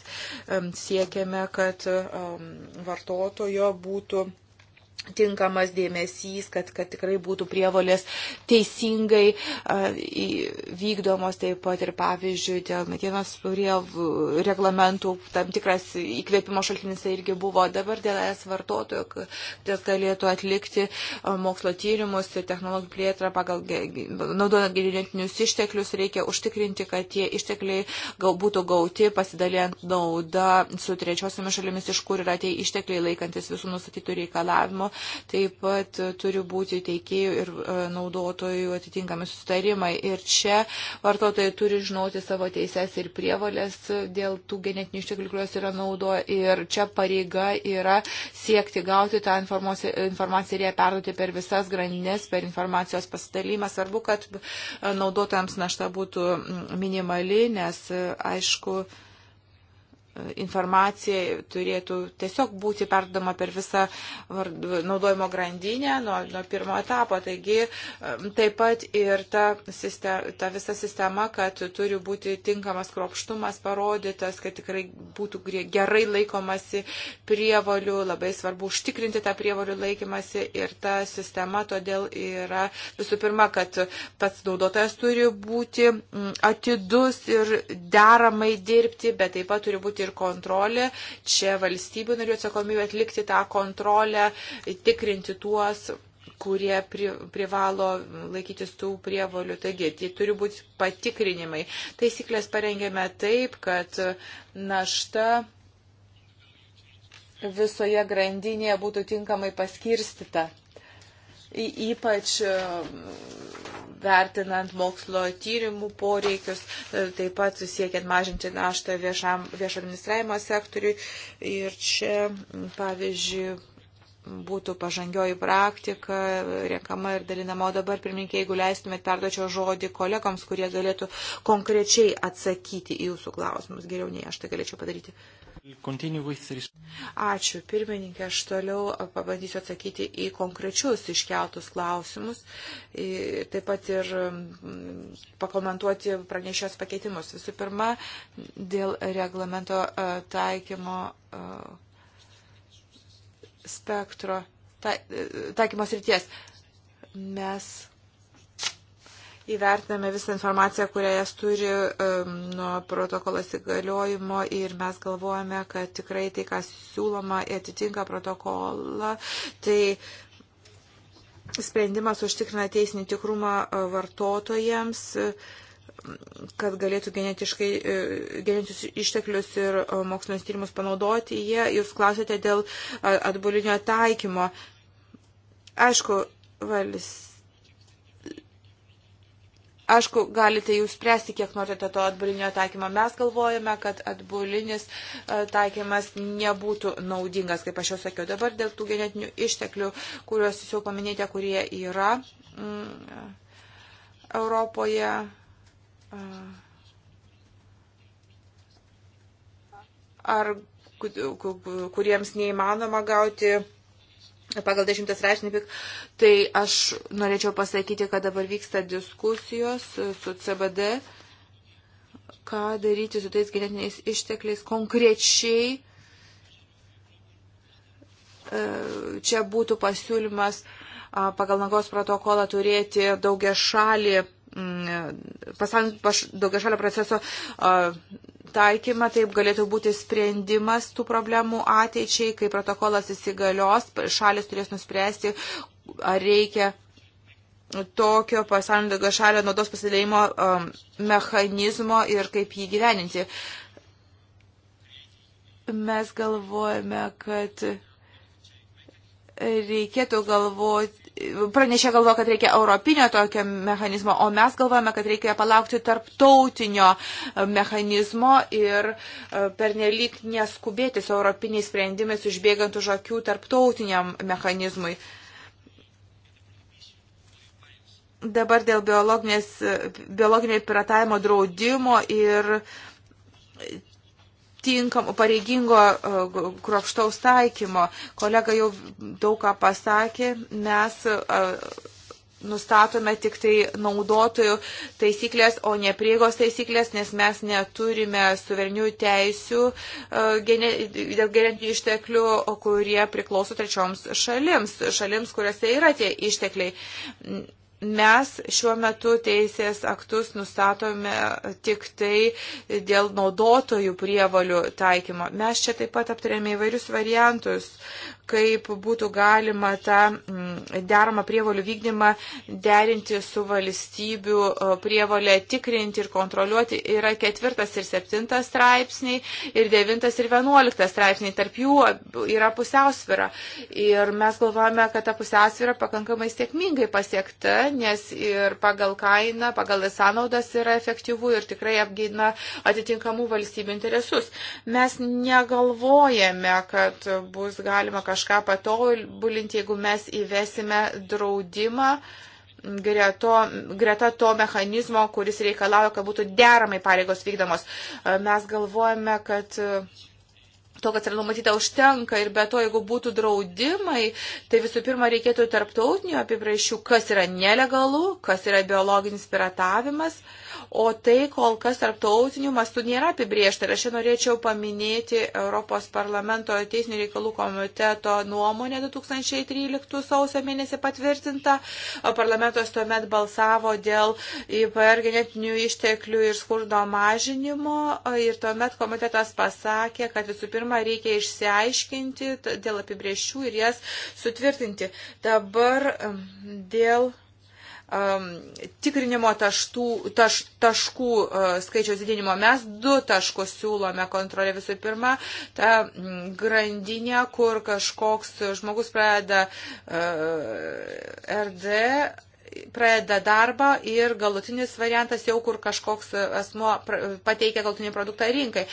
C: siekiame, kad vartotojo būtų tinkamas dėmesys, kad, kad tikrai būtų prievolės teisingai a, vykdomos, taip pat ir pavyzdžiui, dėl medienos reglamentų tam tikras įkvėpimo šaltinis irgi buvo dabar dėl es vartotojų, kas galėtų atlikti mokslo tyrimus ir technologijų plėtrą pagal naudojant genetinius išteklius, reikia užtikrinti, kad tie ištekliai gal, būtų gauti pasidalėjant naudą su trečiosiomis šalimis, iš kur yra tie ištekliai laikantis visų nustatytų reikalavimų reguliavimo, taip pat turi būti teikėjų ir e, naudotojų atitinkami sustarimai. Ir čia vartotojai turi žinoti savo teises ir prievalės dėl tų genetinių išteklių, kurios yra naudoja. Ir čia pareiga yra siekti gauti tą informaciją ir ją perduoti per visas grandinės, per informacijos pasidalymą. Svarbu, kad e, naudotojams našta būtų minimali, nes e, aišku, informacija turėtų tiesiog būti perdama per visą naudojimo grandinę nuo, nuo pirmo etapo. Taigi taip pat ir ta, sistema, ta visa sistema, kad turi būti tinkamas kropštumas parodytas, kad tikrai būtų gerai laikomasi prievalių, labai svarbu užtikrinti tą prievalių laikymasi ir ta sistema todėl yra visų pirma, kad pats naudotojas turi būti atidus ir deramai dirbti, bet taip pat turi būti ir kontrolė. Čia valstybių narių atsakomybė atlikti tą kontrolę, tikrinti tuos kurie pri, privalo laikytis tų prievolių. Taigi, tai turi būti patikrinimai. Taisyklės parengėme taip, kad našta visoje grandinėje būtų tinkamai paskirstita ypač e, vertinant mokslo tyrimų poreikius, e, taip pat siekiant mažinti naštą viešam, viešo administravimo sektoriui. Ir čia, pavyzdžiui, būtų pažangioji praktika, renkama ir dalinama. O dabar, pirmininkė, jeigu leistumėt, perdočiau žodį kolegoms, kurie galėtų konkrečiai atsakyti į jūsų klausimus. Geriau nei aš tai galėčiau padaryti.
A: Ačiū,
C: pirmininkė, aš toliau pabandysiu atsakyti į konkrečius iškeltus klausimus, taip pat ir pakomentuoti pranešios pakeitimus. Visų pirma, dėl reglamento taikymo spektro, tai, e, taikymo srities. Mes įvertiname visą informaciją, kurią jas turi um, nuo protokolo įsigaliojimo ir mes galvojame, kad tikrai tai, kas siūloma, atitinka protokolą. Tai sprendimas užtikrina teisinį tikrumą uh, vartotojams kad galėtų genetiškai, uh, genetinius išteklius ir uh, mokslinius tyrimus panaudoti jie. Jūs klausėte dėl atbulinio taikymo. Aišku, valis Aišku, galite jūs spręsti, kiek norite to atbulinio taikymo. Mes galvojame, kad atbulinis e, taikymas nebūtų naudingas, kaip aš jau sakiau. Dabar dėl tų genetinių išteklių, kuriuos jūs jau paminėjote, kurie yra mm, Europoje. E, ar kuriems neįmanoma gauti pagal dešimtas rašnį, tai aš norėčiau pasakyti, kad dabar vyksta diskusijos su CBD, ką daryti su tais genetiniais ištekliais konkrečiai. E, čia būtų pasiūlymas pagal nagos protokolą turėti daugia šalį Mm, daugiašalio proceso taikymą, taip galėtų būti sprendimas tų problemų ateičiai, kai protokolas įsigalios, šalis turės nuspręsti, ar reikia tokio pasaulio daugiašalio naudos pasidalėjimo mechanizmo ir kaip jį gyveninti. Mes galvojame, kad reikėtų galvoti pranešė galvo, kad reikia europinio tokio mechanizmo, o mes galvojame, kad reikia palaukti tarptautinio e, mechanizmo ir e, pernelyg neskubėti su europiniais sprendimais užbėgant už akių tarptautiniam mechanizmui. Dabar dėl e, biologinio piratavimo draudimo ir tinkamo, pareigingo e, kruopštaus taikymo. Kolega jau daug ką pasakė, mes e, nustatome tik tai naudotojų taisyklės, o ne priegos taisyklės, nes mes neturime suverenių teisių e, dėl gerentinių išteklių, kurie priklauso trečioms šalims, šalims, kuriuose yra tie ištekliai Mes šiuo metu teisės aktus nustatome tik tai dėl naudotojų prievalių taikymo. Mes čia taip pat aptarėme įvairius variantus, kaip būtų galima tą mm, deramą prievolių vykdymą derinti su valstybių prievolė tikrinti ir kontroliuoti. Yra ketvirtas ir septintas straipsniai ir devintas ir vienuoliktas straipsniai. Tarp jų yra pusiausvira. Ir mes galvojame, kad ta pusiausvira pakankamai sėkmingai pasiekta, nes ir pagal kainą, pagal sąnaudas yra efektyvų ir tikrai apgina atitinkamų valstybių interesus. Mes negalvojame, kad bus galima kažką kažką patobulinti, jeigu mes įvesime draudimą greto, greta to mechanizmo, kuris reikalauja, kad būtų deramai pareigos vykdomos. E, mes galvojame, kad e, to, kas yra numatyta, užtenka ir be to, jeigu būtų draudimai, tai visų pirma reikėtų tarptautinių apibraišių, kas yra nelegalu, kas yra biologinis piratavimas. Uh, o tai kol kas tarptautiniu mastu nėra apibriešta. Ir aš čia norėčiau paminėti Europos parlamento teisinių reikalų komiteto nuomonę 2013 sausio mėnesį patvirtintą. Parlamentas tuomet balsavo dėl IPR genetinių išteklių ir skurdo mažinimo. Ir tuomet komitetas pasakė, kad visų pirma reikia išsiaiškinti dėl apibriešių ir jas sutvirtinti. Dabar dėl um, tikrinimo taštų, taš, taškų uh, skaičiaus didinimo. Mes du taškus siūlome kontrolė visų pirma, ta mm, grandinė, kur kažkoks žmogus pradeda uh, RD pradeda darbą ir galutinis variantas jau kur kažkoks asmo pateikia galutinį produktą rinkai.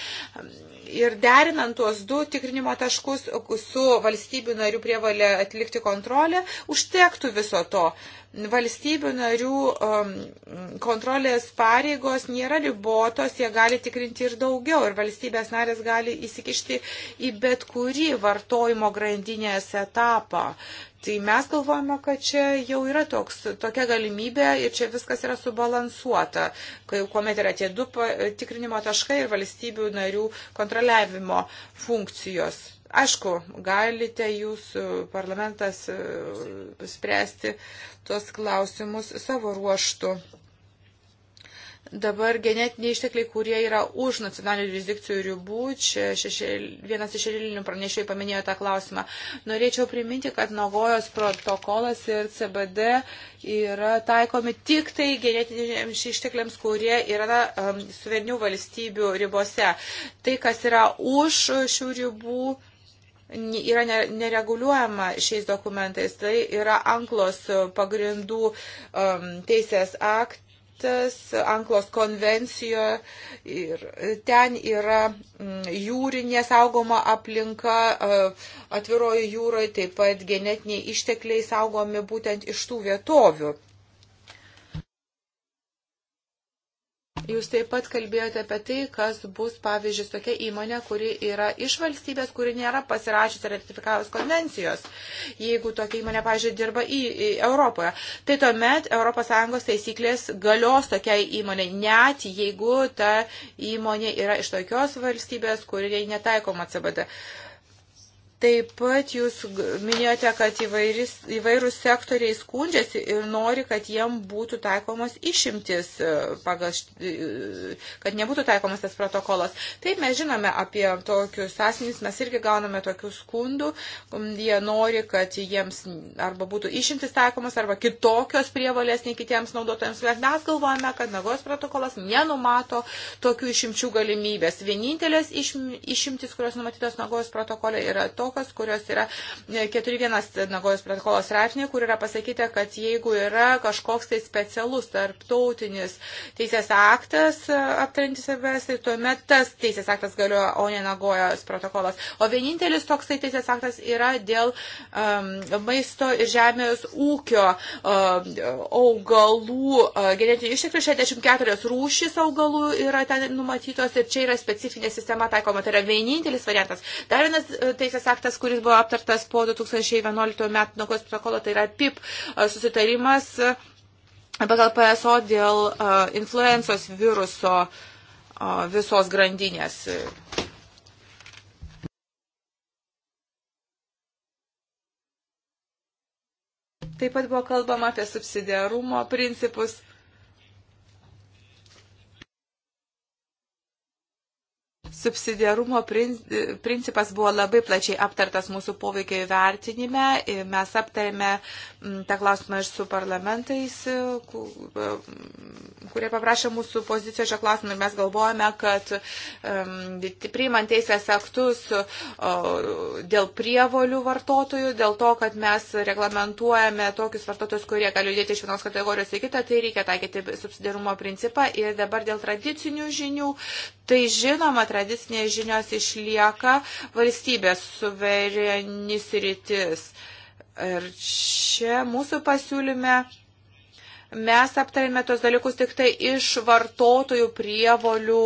C: Ir derinant tuos du tikrinimo taškus su valstybių narių prievalė atlikti kontrolę, užtektų viso to. Valstybių narių um, kontrolės pareigos nėra ribotos, jie gali tikrinti ir daugiau. Ir valstybės narės gali įsikišti į bet kurį vartojimo grandinės etapą. Tai mes galvojame, kad čia jau yra toks, tokia galimybė ir čia viskas yra subalansuota, kai, kuomet yra tie du tikrinimo taškai ir valstybių narių kontroliavimo funkcijos. Aišku, galite jūs e, parlamentas e, spręsti tuos klausimus savo ruoštų. Dabar genetiniai ištekliai, kurie yra už nacionalinių jurisdikcijų ribų, čia šešėl, vienas iš šešėlinių pranešėjų paminėjo tą klausimą. Norėčiau priminti, kad Nagojos protokolas ir CBD yra taikomi tik tai genetiniams ištekliams, kurie yra um, suverenių valstybių ribose. Tai, kas yra už šių ribų, yra nereguliuojama šiais dokumentais. Tai yra Anglos pagrindų um, teisės aktai Anklos konvencijoje ir ten yra mm, jūrinė saugoma aplinka, atviroji jūroje, taip pat genetiniai ištekliai saugomi būtent iš tų vietovių. Jūs taip pat kalbėjote apie tai, kas bus, pavyzdžiui, tokia įmonė, kuri yra iš valstybės, kuri nėra pasirašyta ratifikavus konvencijos. Jeigu tokia įmonė, pavyzdžiui, dirba į, į Europoje, tai tuomet ES taisyklės galios tokiai įmonė, net jeigu ta įmonė yra iš tokios valstybės, kuri netaikoma CBD. Uh, Taip pat jūs minėjote, kad įvairis, įvairūs sektoriai skundžiasi ir nori, kad jiem būtų taikomos išimtis, e, pagal, e, kad nebūtų taikomas tas protokolas. Taip mes žinome apie tokius asmenys, mes irgi gauname tokių skundų, mm, jie nori, kad jiems arba būtų išimtis taikomas, arba kitokios prievalės nei kitiems naudotojams. Mes galvojame, kad Nagos protokolas nenumato tokių išimčių galimybės. Vienintelės išimtis, kurios numatytos Nagos protokole, yra to, savokas, kurios yra 4.1 e, Nagojos protokolos straipsnė, kur yra pasakyta, kad jeigu yra kažkoks tai specialus tarptautinis teisės aktas e, aptarintis abes, tai tuomet tas teisės aktas galioja, o ne Nagojos protokolas. O vienintelis toks tai teisės aktas yra dėl um, maisto ir žemės ūkio um, augalų uh, genetinių išteklių 64 rūšys augalų yra ten numatytos ir čia yra specifinė sistema taikoma. Tai yra vienintelis variantas. Dar vienas teisės aktas aktas, kuris buvo aptartas po 2011 metų Nokos protokolo, tai yra PIP susitarimas pagal PSO dėl influencijos viruso visos grandinės. Taip pat buvo kalbama apie subsidiarumo principus. Subsidiarumo principas buvo labai plačiai aptartas mūsų poveikio įvertinime. Mes aptarėme tą klausimą ir su parlamentais, e, e, kurie paprašė mūsų pozicijos šio klausimu. Ir mes galvojame, kad priimant teisės aktus dėl prievolių vartotojų, dėl to, kad mes reglamentuojame tokius vartotojus, kurie gali judėti iš vienos kategorijos į kitą, tai reikia taikyti subsidiarumo principą. Ir dabar dėl tradicinių žinių, tai žinoma, tradicinių tradicinės žinios išlieka valstybės suverenis rytis. Ir čia mūsų pasiūlyme mes aptarėme tos dalykus tik tai iš vartotojų prievolių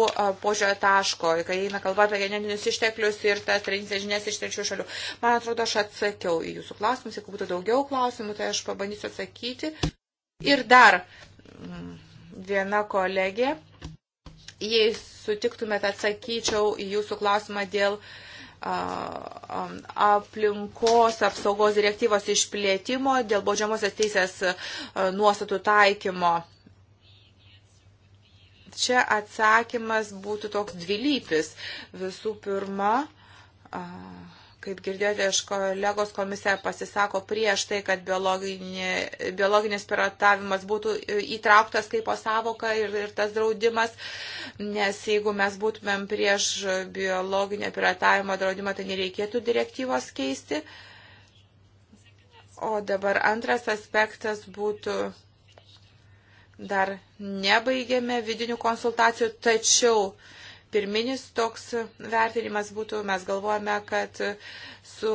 C: požiūrio taško, kai eina kalba apie genetinius išteklius ir tas tradicinės žinias iš trečių šalių. Man atrodo, aš atsakiau į jūsų klausimus, jeigu būtų daugiau klausimų, tai aš pabandysiu atsakyti. Ir dar mm, viena kolegė jei sutiktumėte, atsakyčiau į jūsų klausimą dėl aplinkos apsaugos direktyvos išplėtimo dėl baudžiamosios teisės nuostatų taikymo. Čia atsakymas būtų toks dvilypis. Visų pirma, uh, Kaip girdėjote, iš kolegos komisija pasisako prieš tai, kad biologinė, biologinis piratavimas būtų įtrauktas kaip savoka ir, ir tas draudimas, nes jeigu mes būtumėm prieš biologinę piratavimo draudimą, tai nereikėtų direktyvos keisti. O dabar antras aspektas būtų dar nebaigėme vidinių konsultacijų, tačiau uh, pirminis toks vertinimas būtų, mes galvojame, kad su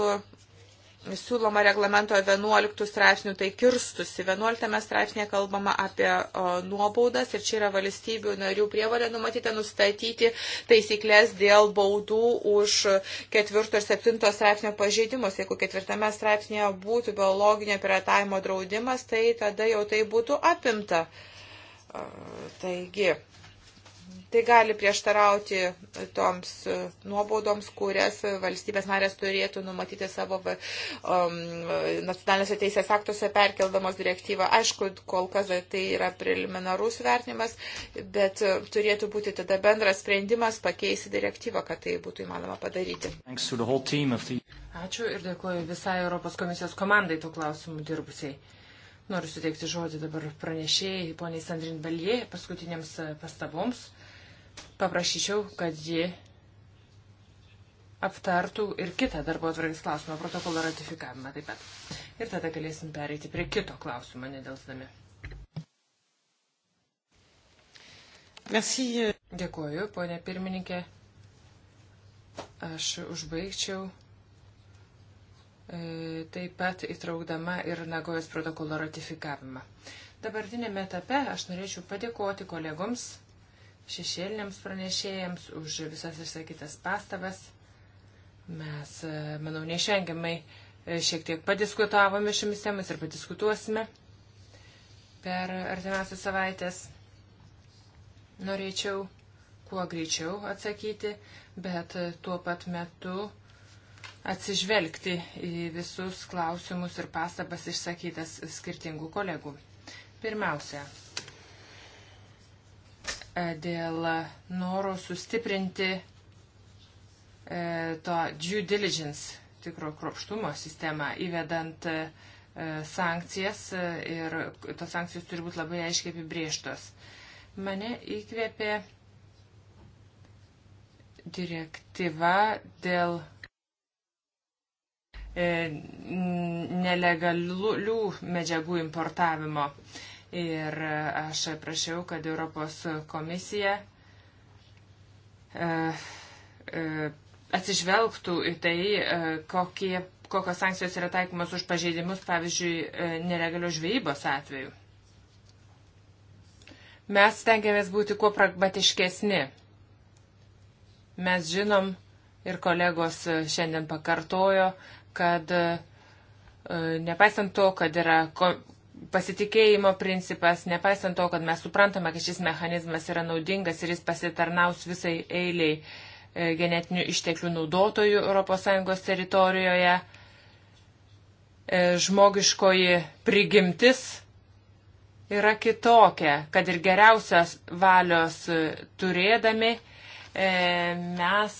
C: siūloma reglamento 11 straipsnių, tai kirstusi. 11 straipsnėje kalbama apie o, nuobaudas ir čia yra valstybių narių prievalė numatyta nustatyti taisyklės dėl baudų už 4 ir 7 straipsnio pažeidimus. Jeigu 4 straipsnėje būtų biologinio piratavimo draudimas, tai tada jau tai būtų apimta. Taigi, Tai gali prieštarauti toms e, nuobaudoms, kurias valstybės narės turėtų numatyti savo um, nacionalinėse teisės aktuose perkeldamos direktyvą. Aišku, kol kas tai yra preliminarus vertinimas, bet e, turėtų būti tada bendras sprendimas pakeisti direktyvą, kad tai būtų įmanoma padaryti.
A: Ačiū ir dėkuoju visai Europos komisijos komandai tų klausimų dirbusiai. Noriu suteikti žodį dabar pranešėjai, poniai Sandrin Belie, paskutiniams e, pastaboms paprašyčiau, kad ji aptartų ir kitą darbo atvarkės klausimą, protokolo ratifikavimą taip pat. Ir tada galėsim pereiti prie kito klausimo, nedelsdami. Merci. Euh. Dėkuoju, ponė pirmininkė. Aš užbaigčiau e, taip pat įtraukdama ir Nagojos protokolo ratifikavimą. Dabartinėme etape aš norėčiau padėkoti kolegoms šešėliniams pranešėjams už visas išsakytas pastabas. Mes, e, manau, neišvengiamai e, šiek tiek padiskutavome šiomis temomis ir padiskutuosime per artimiausias savaitės. Norėčiau kuo greičiau atsakyti, bet e, tuo pat metu atsižvelgti į visus klausimus ir pastabas išsakytas skirtingų kolegų. Pirmiausia, E, dėl noro sustiprinti e, to due diligence tikro kropštumo sistemą įvedant e, sankcijas ir tos sankcijos turi būti labai aiškiai apibrieštos. Mane įkvėpė direktyva dėl nelegalių medžiagų importavimo. E, Ir aš prašiau, kad Europos komisija e, e, atsižvelgtų į tai, e, kokie, kokios sankcijos yra taikomos už pažeidimus, pavyzdžiui, nelegalios žvejybos atveju. Mes stengiamės būti kuo pragmatiškesni. Mes žinom ir kolegos šiandien pakartojo, kad nepaisant to, kad yra pasitikėjimo principas, nepaisant to, kad mes suprantame, kad šis mechanizmas yra naudingas ir jis pasitarnaus visai eiliai e, genetinių išteklių naudotojų ES teritorijoje, e, žmogiškoji prigimtis yra kitokia, kad ir geriausios valios turėdami e, mes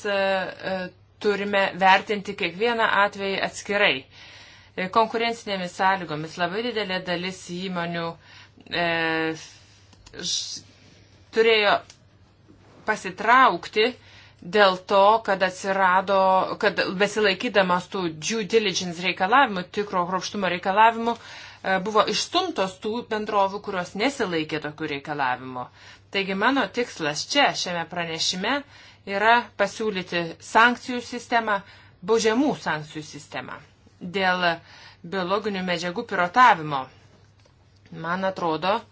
A: turime vertinti kiekvieną atvejį atskirai. E, konkurencinėmis sąlygomis. Labai didelė dalis įmonių e, ž, turėjo pasitraukti dėl to, kad atsirado, kad besilaikydamas tų due diligence reikalavimų, tikro kruopštumo reikalavimų, e, buvo išstumtos tų bendrovių, kurios nesilaikė tokių reikalavimų. Taigi mano tikslas čia, šiame pranešime, yra pasiūlyti sankcijų sistemą, baudžiamų sankcijų sistemą dėl biologinių medžiagų pirotavimo. Man atrodo, e,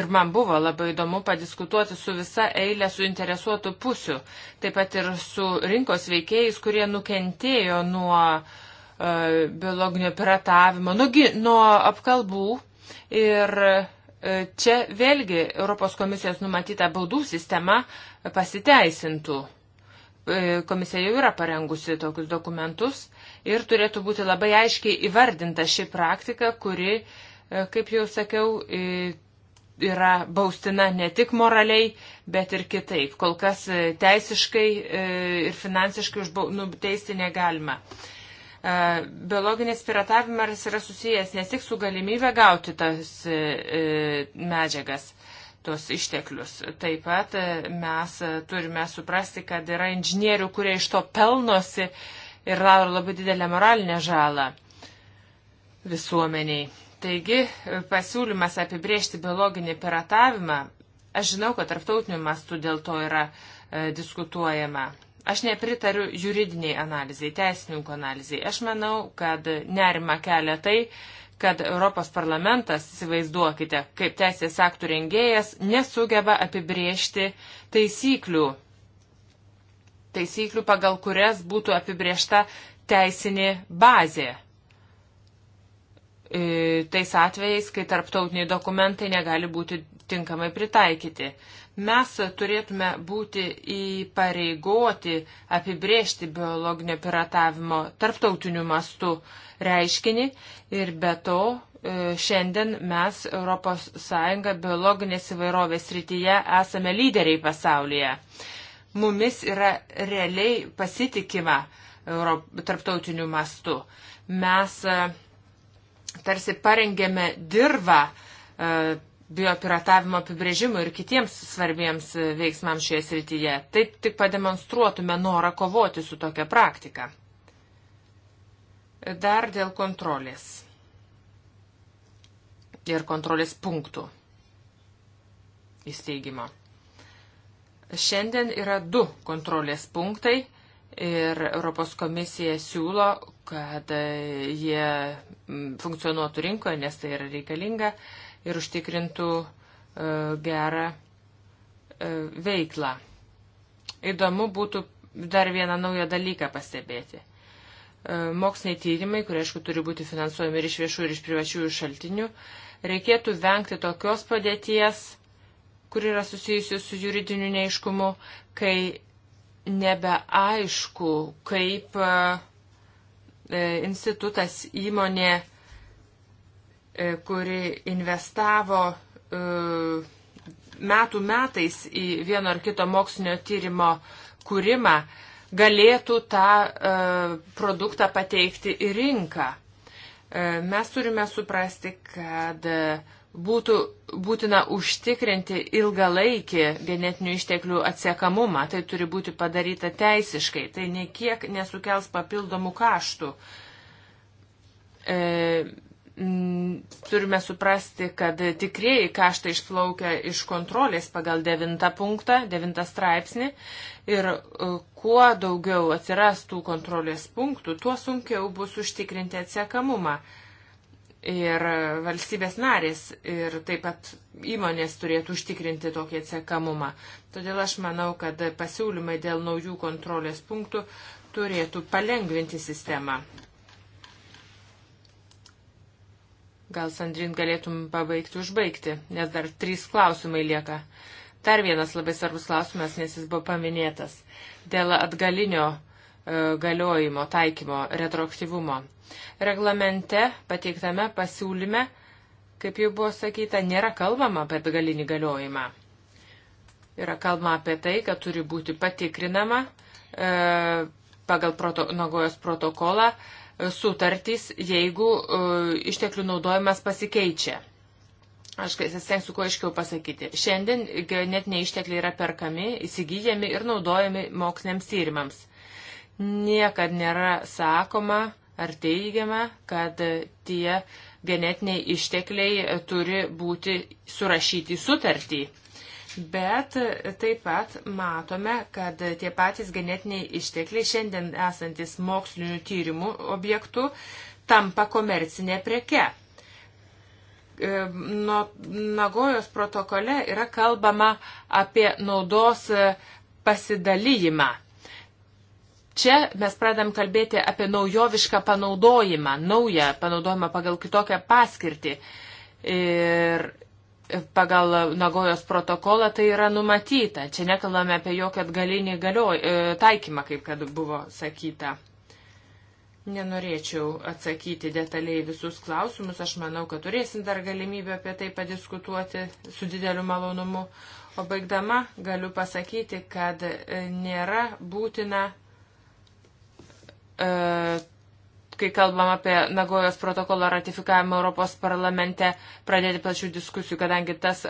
A: ir man buvo labai įdomu padiskutuoti su visa eilė suinteresuotų pusių, taip pat ir su rinkos veikėjais, kurie nukentėjo nuo e, biologinio piratavimo, nugi, nuo apkalbų. Ir e, čia vėlgi Europos komisijos numatyta baudų sistema pasiteisintų. Komisija jau yra parengusi tokius dokumentus ir turėtų būti labai aiškiai įvardinta ši praktika, kuri, e, kaip jau sakiau, e, yra baustina ne tik moraliai, bet ir kitaip. Kol kas e, teisiškai ir finansiškai nuteisti negalima. Biologinis piratavimas yra susijęs ne tik su galimybė gauti tas medžiagas, tuos išteklius. Taip pat mes turime suprasti, kad yra inžinierių, kurie iš to pelnosi, uh, ir daro labai didelę moralinę žalą visuomeniai. Taigi pasiūlymas apibriežti biologinį piratavimą, aš žinau, kad tarptautiniu mastu dėl to yra e, diskutuojama. Aš nepritariu juridiniai analizai, teisininkų analizai. Aš manau, kad nerima kelia tai, kad Europos parlamentas, įsivaizduokite, kaip teisės aktų rengėjas, nesugeba apibriežti taisyklių taisyklių, pagal kurias būtų apibriešta teisinė bazė. E, tais atvejais, kai tarptautiniai dokumentai negali būti tinkamai pritaikyti. Mes turėtume būti įpareigoti apibriežti biologinio piratavimo tarptautiniu mastu reiškinį ir be to e, šiandien mes ES biologinės įvairovės rytyje esame lyderiai pasaulyje mumis yra realiai pasitikima Europ, tarptautiniu mastu. Mes e, tarsi parengėme dirbą e, biopiratavimo apibrėžimui ir kitiems svarbiems e, veiksmams šioje srityje. Taip tik pademonstruotume norą kovoti su tokia praktika. Dar dėl kontrolės ir kontrolės punktų įsteigimo. Šiandien yra du kontrolės punktai ir Europos komisija siūlo, kad jie mm, funkcionuotų rinkoje, nes tai yra reikalinga ir užtikrintų e, gerą e, veiklą. Įdomu būtų dar vieną naują dalyką pastebėti. E, moksliniai tyrimai, kurie aišku turi būti finansuojami ir iš viešų, ir iš privačiųjų šaltinių, reikėtų vengti tokios padėties, kur yra susijusi su juridiniu neiškumu, kai nebeaišku, kaip e, e, institutas įmonė, e, kuri investavo metų metais į vieno ar kito mokslinio tyrimo kūrimą, galėtų tą produktą pateikti į rinką. Mes turime suprasti, kad būtų būtina užtikrinti ilgalaikį genetinių išteklių atsiekamumą. Tai turi būti padaryta teisiškai. Tai niekiek nesukels papildomų kaštų. E, m, turime suprasti, kad tikrieji kaštai išplaukia iš kontrolės pagal devintą punktą, devintą straipsnį. Ir e, kuo daugiau atsiras tų kontrolės punktų, tuo sunkiau bus užtikrinti atsiekamumą. E, ir valstybės narės ir taip pat įmonės turėtų užtikrinti tokį atsekamumą. Todėl aš manau, kad pasiūlymai dėl naujų kontrolės punktų turėtų palengvinti sistemą. Gal Sandrin galėtum pabaigti užbaigti, nes dar trys klausimai lieka. Dar vienas labai svarbus klausimas, nes jis buvo paminėtas. Dėl atgalinio e, galiojimo, taikymo, retroaktyvumo. Reglamente pateiktame pasiūlyme, kaip jau buvo sakyta, nėra kalbama apie galinį galiojimą. Yra kalbama apie tai, kad turi būti patikrinama e, pagal proto, Nagojos protokolą e, sutartys, jeigu e, išteklių naudojimas pasikeičia. Aš stengsiu kuo aiškiau pasakyti. Šiandien genetiniai ištekliai yra perkami, įsigyjami ir naudojami moksliniams tyrimams. Niekad nėra sakoma, Ar teigiama, kad tie genetiniai ištekliai turi būti surašyti sutartį? Bet taip pat matome, kad tie patys genetiniai ištekliai šiandien esantis mokslinių tyrimų objektų tampa komercinė preke. E, nuo Nagojos protokole yra kalbama apie naudos pasidalyjimą. Čia mes pradam kalbėti apie naujovišką panaudojimą, naują panaudojimą pagal kitokią paskirtį. Ir pagal Nagojos protokolą tai yra numatyta. Čia nekalbame apie jokį atgalinį galioj, e, taikymą, kaip kad buvo sakyta. Nenorėčiau atsakyti detaliai visus klausimus, aš manau, kad turėsim dar galimybę apie tai padiskutuoti su dideliu malonumu. O baigdama galiu pasakyti, kad e, nėra būtina E, kai kalbam apie Nagojos protokolo ratifikavimą Europos parlamente, pradėti plačių diskusijų, kadangi tas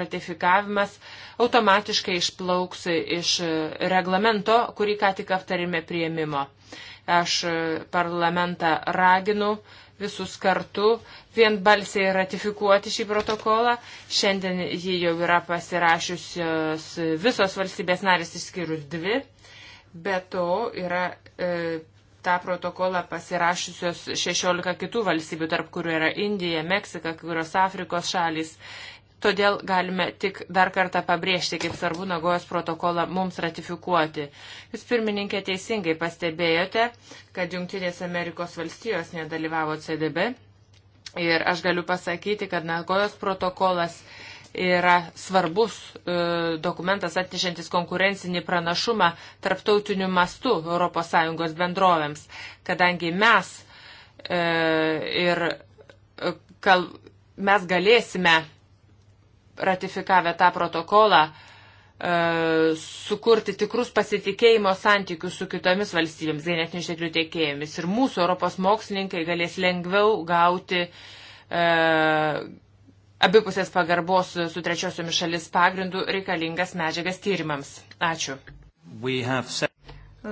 A: ratifikavimas automatiškai išplauks iš reglamento, kurį ką tik aptarėme prieimimo. Aš parlamentą raginu visus kartu vienbalsiai ratifikuoti šį protokolą. Šiandien jį jau yra pasirašiusios visos valstybės narės išskyrus dvi. Be to yra e, tą protokolą pasirašysios 16 kitų valstybių, tarp kurių yra Indija, Meksika, kurios Afrikos šalys. Todėl galime tik dar kartą pabrėžti, kaip svarbu Nagojos protokolą mums ratifikuoti. Jūs pirmininkė teisingai pastebėjote, kad Junktinės Amerikos valstijos nedalyvavo CDB. Ir aš galiu pasakyti, kad Nagojos protokolas yra svarbus e, dokumentas atnešantis konkurencinį pranašumą tarptautiniu mastu ES bendrovėms, kadangi mes e, ir e, kal, mes galėsime ratifikavę tą protokolą e, sukurti tikrus pasitikėjimo santykius su kitomis valstybėms, genetinių išteklių tiekėjomis. Ir mūsų Europos mokslininkai galės lengviau gauti e, abipusės pagarbos su trečiosiomis šalis pagrindų reikalingas medžiagas tyrimams. Ačiū.
B: Have...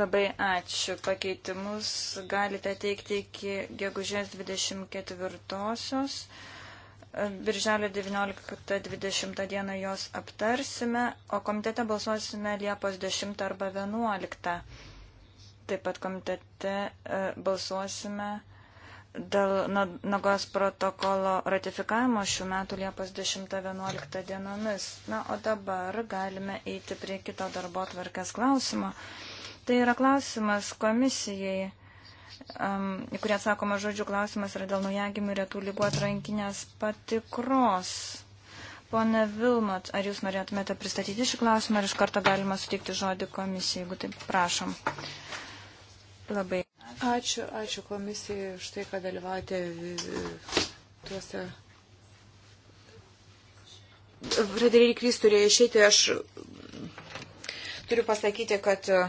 B: Labai ačiū. Pakeitimus galite teikti iki gegužės 24-osios. Birželio 19-20 dieną jos aptarsime, o komitete balsuosime Liepos 10 arba 11. Taip pat komitete e, balsuosime dėl Nagos protokolo ratifikavimo šių metų Liepos 10-11 dienomis. Na, o dabar galime eiti prie kito darbo tvarkės klausimo. Tai yra klausimas komisijai, um, į kurį atsakoma žodžių klausimas yra dėl naujagimių retų lygų atrankinės patikros. Pone Vilmat, ar jūs norėtumėte pristatyti šį klausimą, ar iš karto galima sutikti žodį komisijai, jeigu taip prašom.
C: Labai. Ačiū, ačiū komisijai už tai, kad dalyvavote tuose. Frederik Krys turėjo išėti, aš Turiu pasakyti, kad e,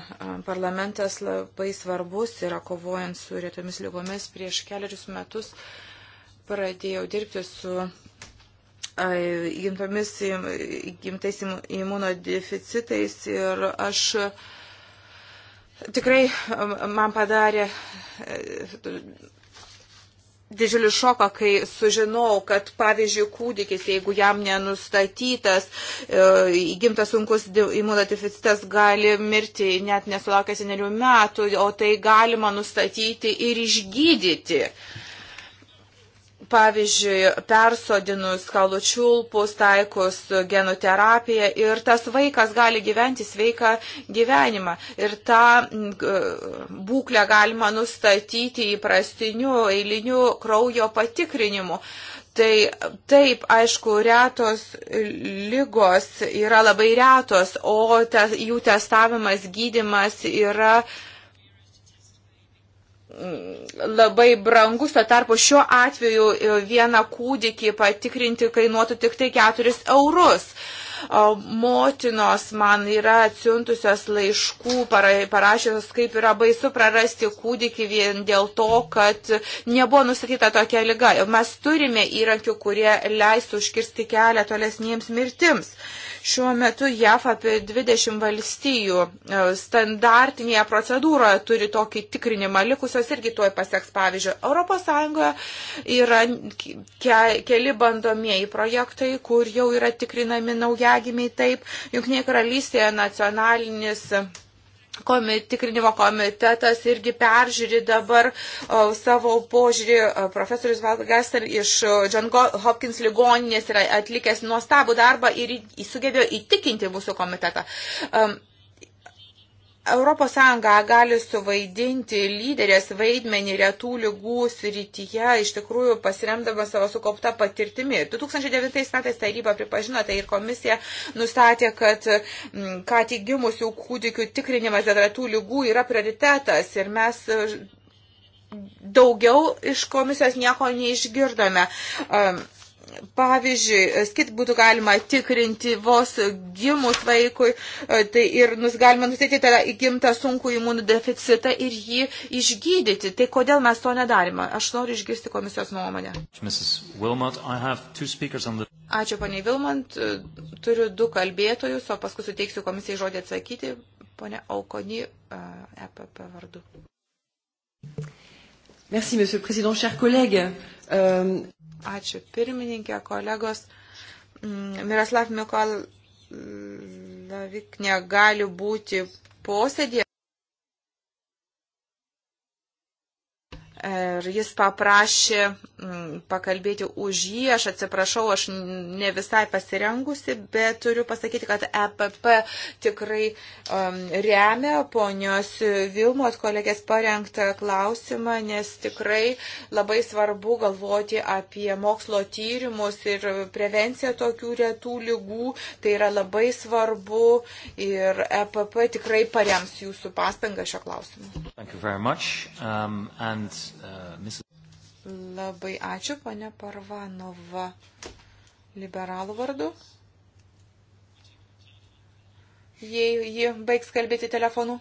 C: parlamentas labai svarbus yra kovojant su retomis lygomis. Prieš keliarius metus pradėjau dirbti su gimtomis, gimtais imunodeficitais ir aš tikrai um, man padarė e, didžiulį šoką, kai sužinojau, kad pavyzdžiui kūdikis, jeigu jam nenustatytas e, įgimtas sunkus imunodeficitas, gali mirti net nesulaukęs senelių metų, o tai galima nustatyti ir išgydyti. Uh, pavyzdžiui, persodinus kalučiulpus, taikus genoterapiją ir tas vaikas gali gyventi sveiką gyvenimą. Ir tą mm, būklę galima nustatyti įprastiniu eiliniu kraujo patikrinimu. Tai taip, aišku, retos lygos yra labai retos, o ta, jų testavimas, gydimas yra uh, Mm, labai brangus, tuo tarpu šiuo atveju e, vieną kūdikį patikrinti kainuotų tik tai 4 eurus. Motinos man yra atsiuntusios laiškų, parašytos, kaip yra baisu prarasti kūdikį vien dėl to, kad nebuvo nustatyta tokia lyga. Mes turime įrankių, kurie leistų užkirsti kelią tolesniems mirtims. Uh, Šiuo metu JAF apie 20 valstijų e, standartinėje procedūroje turi tokį tikrinimą, likusios irgi tuoj pasieks pavyzdžio. ES yra ke, keli bandomieji projektai, kur jau yra tikrinami naujagimiai taip. Junknėje karalystėje nacionalinis komit, tikrinimo komitetas irgi peržiūri dabar o, savo požiūrį. Profesorius Valgastel iš John Hopkins ligoninės yra atlikęs nuostabų darbą ir sugebėjo įtikinti mūsų komitetą. Um, Europos Sąjunga gali suvaidinti lyderės vaidmenį retų lygų srityje, iš tikrųjų pasiremdama savo sukauptą patirtimi. 2009 metais taryba pripažino tai ir komisija nustatė, kad mm, ką tik gimusių kūdikių tikrinimas dėl retų lygų yra prioritetas ir mes e, daugiau iš komisijos nieko neišgirdome. Um, Pavyzdžiui, skit būtų galima tikrinti vos gimus vaikui e, tai ir nus, galima nustatyti tą įgimtą sunkų imunų deficitą ir jį išgydyti. Tai kodėl mes to nedarime? Aš noriu išgirsti komisijos nuomonę.
B: Wilmot, the...
C: Ačiū, poniai Vilmant. Turiu du kalbėtojus, o paskui suteiksiu komisijai žodį atsakyti. Pone Aukoni, EPP e vardu. Merci, monsieur le président, chers collègues. Euh... Ačiū pirmininkė, kolegos. Mm, Miroslav Mikol Lavik negali būti posėdėje. Ir jis paprašė mm, pakalbėti už jį, aš atsiprašau, aš ne visai pasirengusi, bet turiu pasakyti, kad EPP tikrai um, remia ponios Vilmos kolegės parengtą klausimą, nes tikrai labai svarbu galvoti apie mokslo tyrimus ir prevenciją tokių retų lygų. Tai yra labai svarbu ir EPP tikrai parems jūsų pastangą šio klausimu.
B: Um, and... Uh, Mrs.
C: Labai ačiū, ponia Parvanova, liberalų vardu. Jei ji baigs kalbėti telefonu.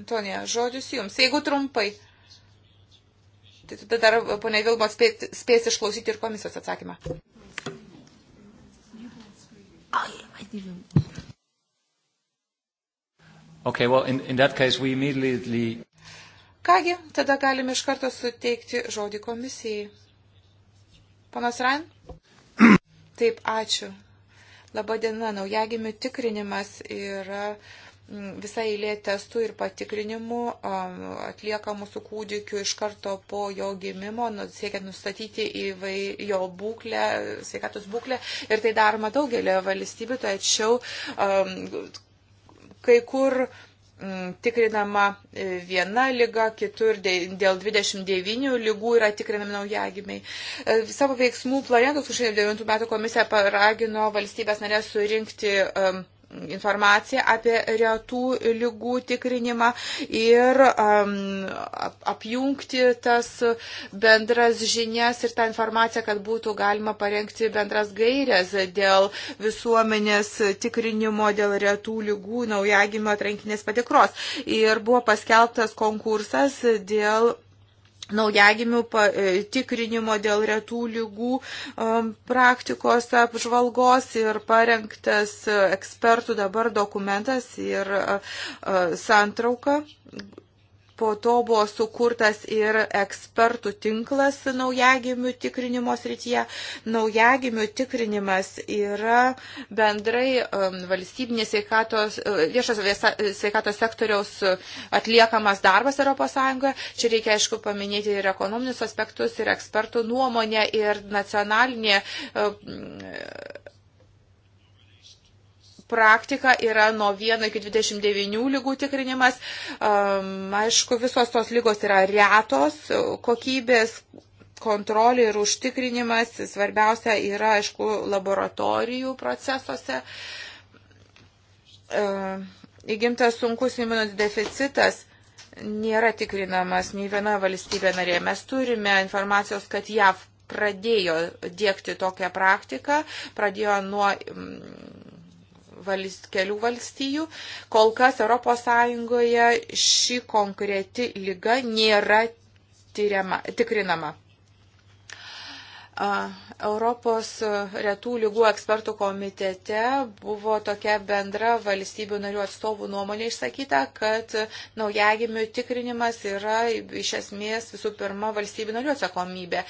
C: Antonija, žodis jums, jeigu trumpai. Tai tada dar, ponia Vilmo, spės, spės išklausyti ir komisijos atsakymą.
A: Okay, well, in, in that case, we immediately
C: Kągi, tada galime iš karto suteikti žodį komisijai. Panas Ran? Taip, ačiū. Labadiena, naujagimių tikrinimas yra mm, visai eilė testų ir patikrinimų atliekamų su kūdikiu iš karto po jo gimimo, nu, siekiant nustatyti įvai, jo būklę, sveikatos būklę. Ir tai daroma daugelio valstybių, tačiau kai kur Mm, tikrinama e, viena lyga, kitur dėl 29 lygų yra tikrinami naujagimiai. E, savo veiksmų plane 2009 metų komisija paragino valstybės narės surinkti um, informaciją apie retų lygų tikrinimą ir um, apjungti tas bendras žinias ir tą informaciją, kad būtų galima parengti bendras gairias dėl visuomenės tikrinimo, dėl retų lygų naujagimio atrankinės patikros. Ir buvo paskelbtas konkursas dėl naujagimių e, tikrinimo dėl retų lygų e, praktikos apžvalgos ir parengtas ekspertų dabar dokumentas ir e, santrauka Po to buvo sukurtas ir ekspertų tinklas naujagimių tikrinimo srityje. Naujagimių tikrinimas yra bendrai um, valstybinės sveikatos, uh, viešas sveikatos sektoriaus atliekamas darbas ES. Čia reikia, aišku, paminėti ir ekonominius aspektus, ir ekspertų nuomonę, ir nacionalinė uh, praktika yra nuo 1 iki 29 lygų tikrinimas. Aišku, visos tos lygos yra retos, kokybės kontrolė ir užtikrinimas svarbiausia yra, aišku, laboratorijų procesuose. Įgimtas sunkus imunodeficitas nėra tikrinamas nei viena valstybė narė. Mes turime informacijos, kad JAV pradėjo dėkti tokią praktiką, pradėjo nuo valst, kelių valstijų. Kol kas ES ši konkreti lyga nėra tyriama, tikrinama. Uh Europos retų lygų ekspertų komitete buvo tokia bendra valstybių narių atstovų nuomonė išsakyta, kad naujagimių tikrinimas yra iš esmės visų pirma valstybių narių atsakomybė.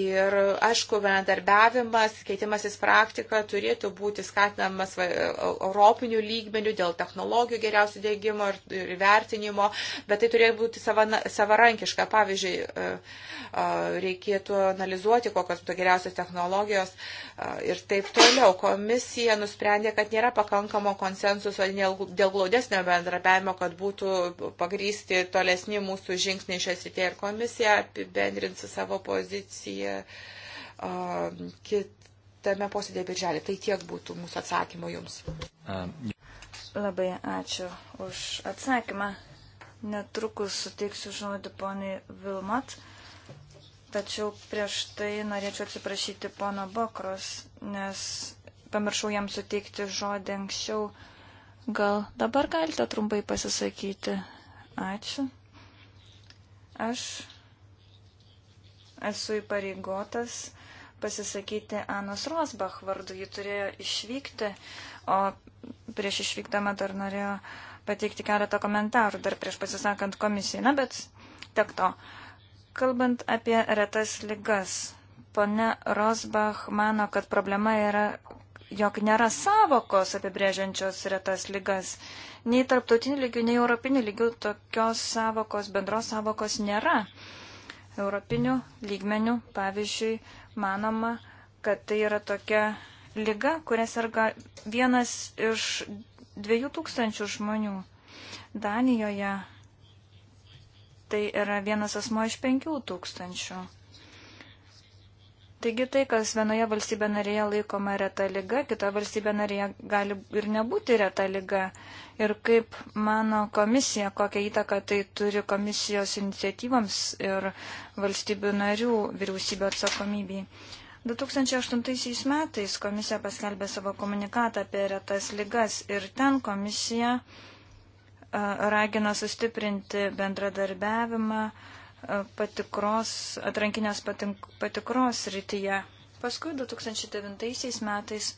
C: Ir aišku, bendarbiavimas, keitimasis praktika turėtų būti skatinamas europinių lygmenių dėl technologijų geriausių dėgymo ir vertinimo, bet tai turėtų būti savarankiška. Pavyzdžiui, e, e, reikėtų analizuoti, kokios būtų geriausios technologijos technologijos ir taip toliau. Komisija nusprendė, kad nėra pakankamo konsensuso dėl glaudesnio bendrabiavimo, kad būtų pagrysti tolesni mūsų žingsniai šią sritį ir komisija apibendrinsi savo poziciją kitame posėdėje birželį. Tai tiek būtų mūsų atsakymo jums.
B: Labai ačiū už atsakymą. Netrukus suteiksiu žodį poniai Vilmat Tačiau prieš tai norėčiau atsiprašyti pono Bokros, nes pamiršau jam suteikti žodį anksčiau. Gal dabar galite trumpai pasisakyti? Ačiū. Aš esu įpareigotas pasisakyti Anos Rosbach vardu. Ji turėjo išvykti, o prieš išvykdama dar norėjo pateikti keletą komentarų, dar prieš pasisakant komisijai. Na, bet tiek to. Uh, Kalbant apie retas ligas, pone Rosbach mano, kad problema yra, jog nėra savokos apibrėžiančios retas ligas. Nei tarptautinių lygių, nei europinių lygių tokios savokos, bendros savokos nėra. Europinių lygmenių, pavyzdžiui, manoma, kad tai yra tokia lyga, kuria serga vienas iš dviejų tūkstančių žmonių. Danijoje tai yra vienas asmo iš penkių tūkstančių. Taigi tai, kas vienoje valstybė narėje laikoma reta lyga, kitoje valstybė narėje gali ir nebūti reta lyga. Ir kaip mano komisija, kokią įtaką tai turi komisijos iniciatyvams ir valstybių narių vyriausybių atsakomybei. 2008 metais komisija paskelbė savo komunikatą apie retas lygas ir ten komisija uh, ragino sustiprinti bendradarbiavimą e, patikros, atrankinės patink, patikros rytyje. Paskui 2009 metais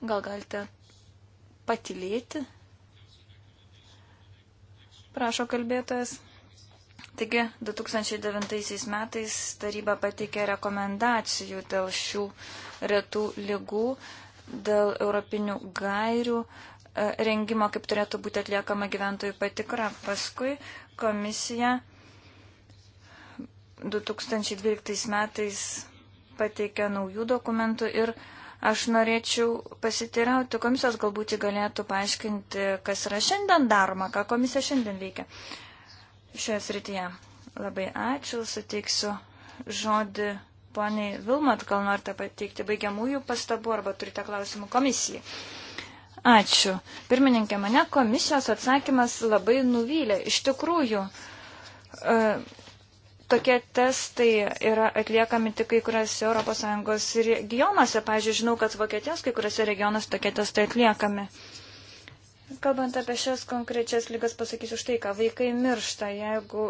B: gal galite patilėti, prašo kalbėtojas. Taigi 2009 metais taryba pateikė rekomendacijų dėl šių retų lygų, dėl europinių gairių, uh, E, rengimo, kaip turėtų būti atliekama gyventojų patikra. Paskui komisija 2012 metais pateikė naujų dokumentų ir aš norėčiau pasitirauti komisijos, galbūt jį galėtų paaiškinti, kas yra šiandien daroma, ką komisija šiandien veikia šioje srityje. Labai ačiū, suteiksiu žodį poniai Vilmat, gal norite pateikti baigiamųjų pastabų arba turite klausimų komisijai. Ačiū. Pirmininkė, mane komisijos atsakymas labai nuvylė. Iš tikrųjų, e, tokie testai yra atliekami tik kai kuriuose ES regionuose. Pavyzdžiui, žinau, kad Vokietijos kai kuriuose regionuose tokie testai atliekami. Kalbant apie šias konkrečias lygas, pasakysiu štai ką. Vaikai miršta, jeigu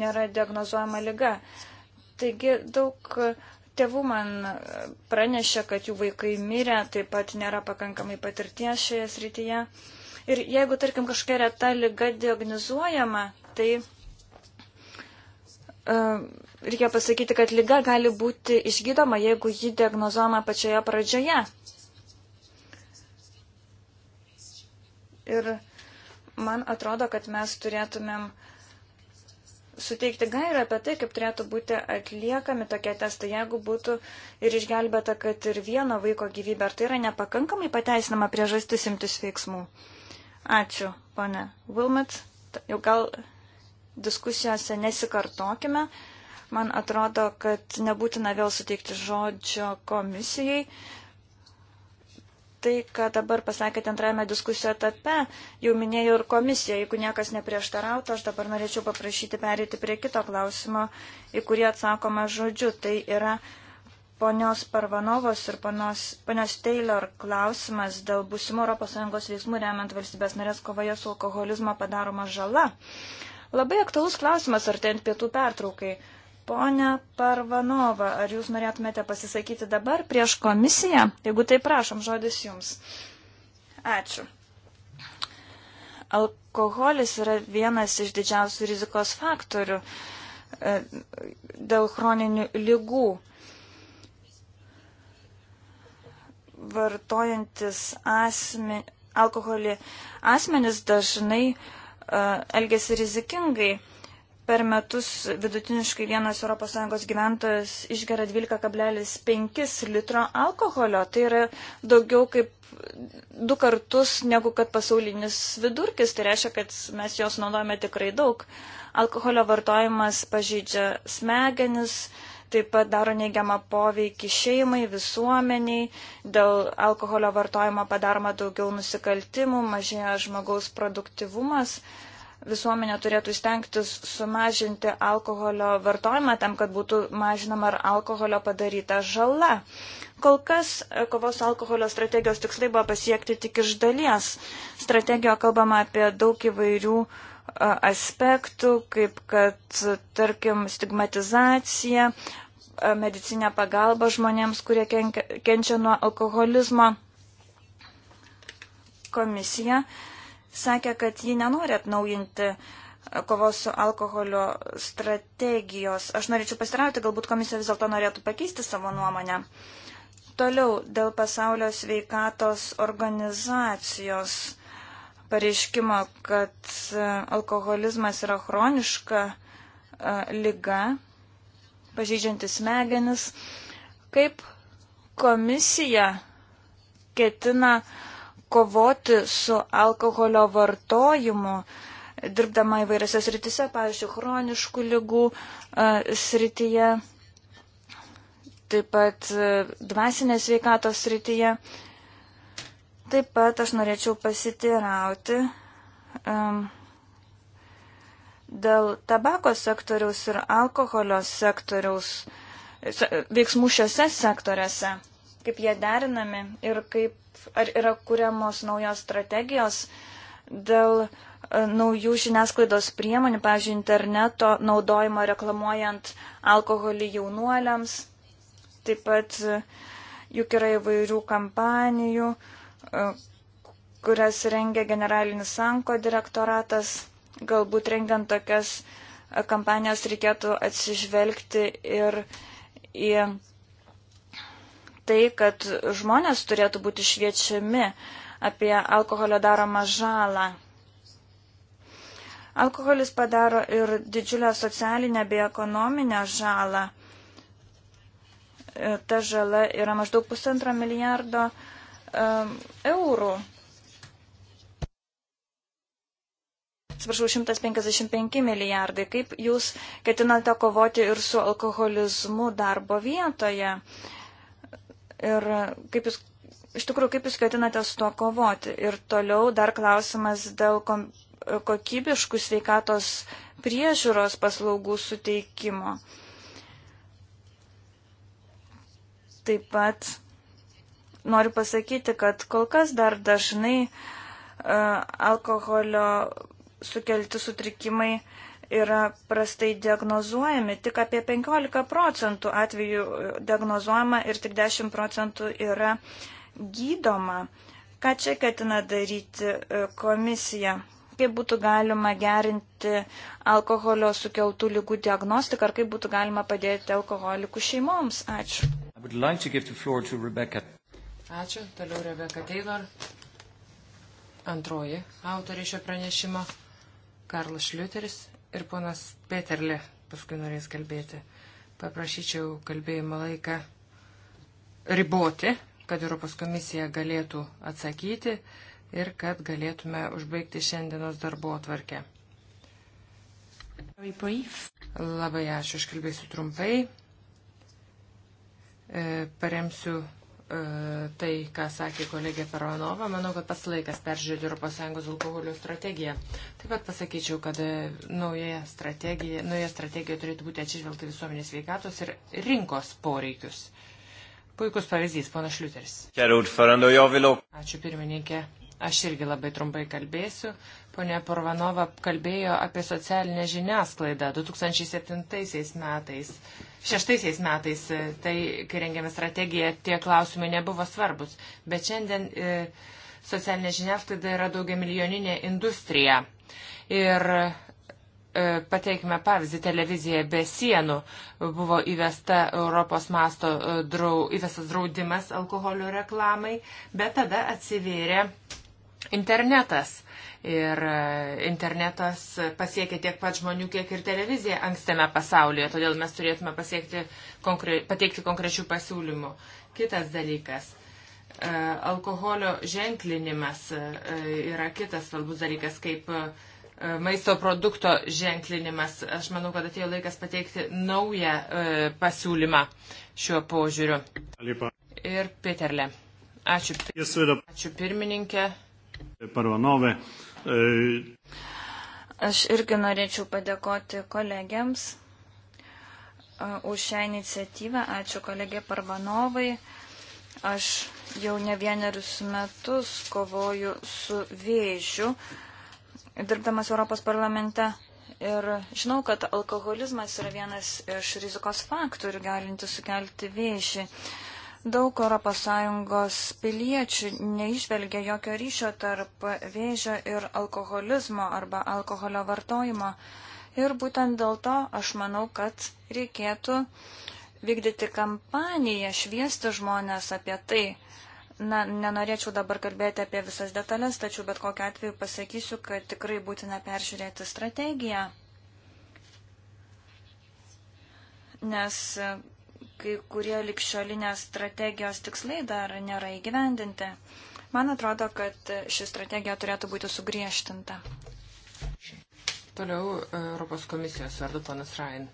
B: nėra diagnozuojama lyga. Taigi daug Tėvų man pranešė, kad jų vaikai mirė, taip pat nėra pakankamai patirties šioje srityje. Ir jeigu, tarkim, kažkokia reta lyga diagnozuojama, tai uh, reikia pasakyti, kad lyga gali būti išgydoma, jeigu ji diagnozuojama pačioje pradžioje. Ir man atrodo, kad mes turėtumėm uh, suteikti gairą apie tai, kaip turėtų būti atliekami tokie testai, jeigu būtų ir išgelbėta, kad ir vieno vaiko gyvybė. Ar tai yra nepakankamai pateisinama priežastis imtis veiksmų? Ačiū, pone Wilmet. Jau gal diskusijose nesikartokime. Man atrodo, kad nebūtina vėl suteikti žodžio komisijai tai, ką dabar pasakėte antrajame diskusijų etape, jau minėjau ir komisiją. Jeigu niekas neprieštarautų, aš dabar norėčiau paprašyti perėti prie kito klausimo, į kurį atsakoma žodžiu. Tai yra ponios Parvanovos ir ponios, ponios Taylor klausimas dėl būsimo ES veiksmų remiant valstybės narės kovoje su alkoholizmo padaroma žala. Labai aktualus klausimas artėjant pietų pertraukai. Pone Parvanova, ar jūs norėtumėte pasisakyti dabar prieš komisiją? Jeigu tai prašom, žodis jums. Ačiū. Alkoholis yra vienas iš didžiausių rizikos faktorių e, dėl chroninių lygų. Vartojantis asmen, alkoholį asmenis dažnai uh, e, elgesi rizikingai. Uh, Per metus vidutiniškai vienas ES gyventojas išgeria 12,5 litro alkoholio. Tai yra daugiau kaip du kartus negu kad pasaulinis vidurkis. Tai reiškia, kad mes jos naudojame tikrai daug. Alkoholio vartojimas pažydžia smegenis, taip pat daro neigiamą poveikį šeimai, visuomeniai. Dėl alkoholio vartojimo padaroma daugiau nusikaltimų, mažėja žmogaus produktivumas visuomenė turėtų stengtis sumažinti alkoholio vartojimą tam, kad būtų mažinama ar alkoholio padaryta žala. Kol kas e, kovos alkoholio strategijos tikslai buvo pasiekti tik iš dalies. Strategijoje kalbama apie daug įvairių e, aspektų, kaip kad, tarkim, stigmatizacija, e, medicinė pagalba žmonėms, kurie kenkia, kenčia nuo alkoholizmo. Komisija uh, sakė, kad ji nenori atnaujinti kovos su alkoholio strategijos. Aš norėčiau pasirauti, galbūt komisija vis dėlto norėtų pakeisti savo nuomonę. Toliau dėl pasaulio sveikatos organizacijos pareiškimo, kad e, alkoholizmas yra chroniška e, lyga, pažydžiantis smegenis. Kaip komisija ketina uh, kovoti su alkoholio vartojimu, dirbdama įvairiose sritise, pavyzdžiui, chroniškų lygų e, srityje, taip pat e, dvasinės veikatos srityje. Taip pat aš norėčiau pasiteirauti um, dėl tabako sektoriaus ir alkoholio sektoriaus veiksmų šiuose sektoriuose kaip jie derinami ir kaip, ar yra kuriamos naujos strategijos dėl e, naujų žiniasklaidos priemonių, pavyzdžiui, interneto naudojimo reklamuojant alkoholį jaunuoliams. Taip pat e, juk yra įvairių kampanijų, e, kurias rengia generalinis Sanko direktoratas. Galbūt rengiant tokias kampanijas reikėtų atsižvelgti ir į tai, kad žmonės turėtų būti šviečiami apie alkoholio daromą žalą. Alkoholis padaro ir didžiulę socialinę bei ekonominę žalą. E, ta žala yra maždaug pusantro milijardo um, eurų. Atsiprašau, 155 milijardai. Kaip jūs ketinate kovoti ir su alkoholizmu darbo vietoje? Uh, Ir kaip jūs, iš tikrųjų, kaip jūs ketinate su to kovoti? Ir toliau dar klausimas dėl kom, kokybiškų sveikatos priežiūros paslaugų suteikimo. Taip pat noriu pasakyti, kad kol kas dar dažnai uh, alkoholio sukelti sutrikimai uh, yra prastai diagnozuojami, tik apie 15 procentų atvejų diagnozuojama ir tik 10 procentų yra gydoma. Ką čia ketina daryti e, komisija? Kaip būtų galima gerinti alkoholio sukeltų lygų diagnostiką ar kaip būtų galima padėti alkoholikų šeimoms? Ačiū. Like Ačiū. Toliau Rebeka Taylor,
A: antroji autorė šio pranešimo, Karlas Šliuteris ir ponas Peterle paskui norės kalbėti. Paprašyčiau kalbėjimo laiką riboti, kad Europos komisija galėtų atsakyti ir kad galėtume užbaigti šiandienos darbo atvarkę. Labai ačiū, aš kalbėsiu trumpai. E, paremsiu E, tai, ką sakė kolegė Peronova, manau, kad pats laikas peržiūrėti ES alkoholio strategiją. Taip pat pasakyčiau, kad e, nauja strategija, nauja strategija turėtų būti atsižvelgta visuomenės veikatos ir rinkos poreikius. Puikus pavyzdys, ponas Šliuteris.
B: Ačiū
A: pirmininkė. Aš irgi labai trumpai kalbėsiu. Pone Porvanova kalbėjo apie socialinę žiniasklaidą 2007 metais. Šeštaisiais metais, e, tai kai rengėme strategiją, tie klausimai nebuvo svarbus. Bet šiandien e, socialinė žiniasklaida yra daugia milijoninė industrija. Ir e, pateikime pavyzdį, televizija be sienų buvo įvesta Europos masto e, drau, įvestas draudimas alkoholio reklamai, bet tada atsivėrė internetas Ir internetas pasiekia tiek pat žmonių, kiek ir televizija ankstame pasaulyje, todėl mes turėtume konkre pateikti konkrečių pasiūlymų. Kitas dalykas. E, alkoholio ženklinimas e, yra kitas svarbus dalykas, kaip e, maisto produkto ženklinimas. Aš manau, kad atėjo laikas pateikti naują pasiūlymą šiuo požiūriu. Ir Peterle. Ačiū. Ačiū pirmininkė.
B: Parvanovė. Aš irgi norėčiau padėkoti kolegiams e, už šią iniciatyvą. Ačiū kolegė Parvanovai. Aš jau ne vienerius metus kovoju su vėžiu, dirbdamas Europos parlamente. Ir žinau, kad alkoholizmas yra vienas iš rizikos faktorių galinti sukelti vėžį. Uh, Daug ES piliečių neižvelgia jokio ryšio tarp vėžio ir alkoholizmo arba alkoholio vartojimo. Ir būtent dėl to aš manau, kad reikėtų vykdyti kampaniją, šviesti žmonės apie tai. Na, nenorėčiau dabar kalbėti apie visas detalės, tačiau bet kokiu atveju pasakysiu, kad tikrai būtina peržiūrėti strategiją. Nes kai kurie likščiolinės strategijos tikslai dar nėra įgyvendinti. Man atrodo, kad ši strategija turėtų būti sugriežtinta.
A: Toliau e, Europos komisijos vardu panas Rain.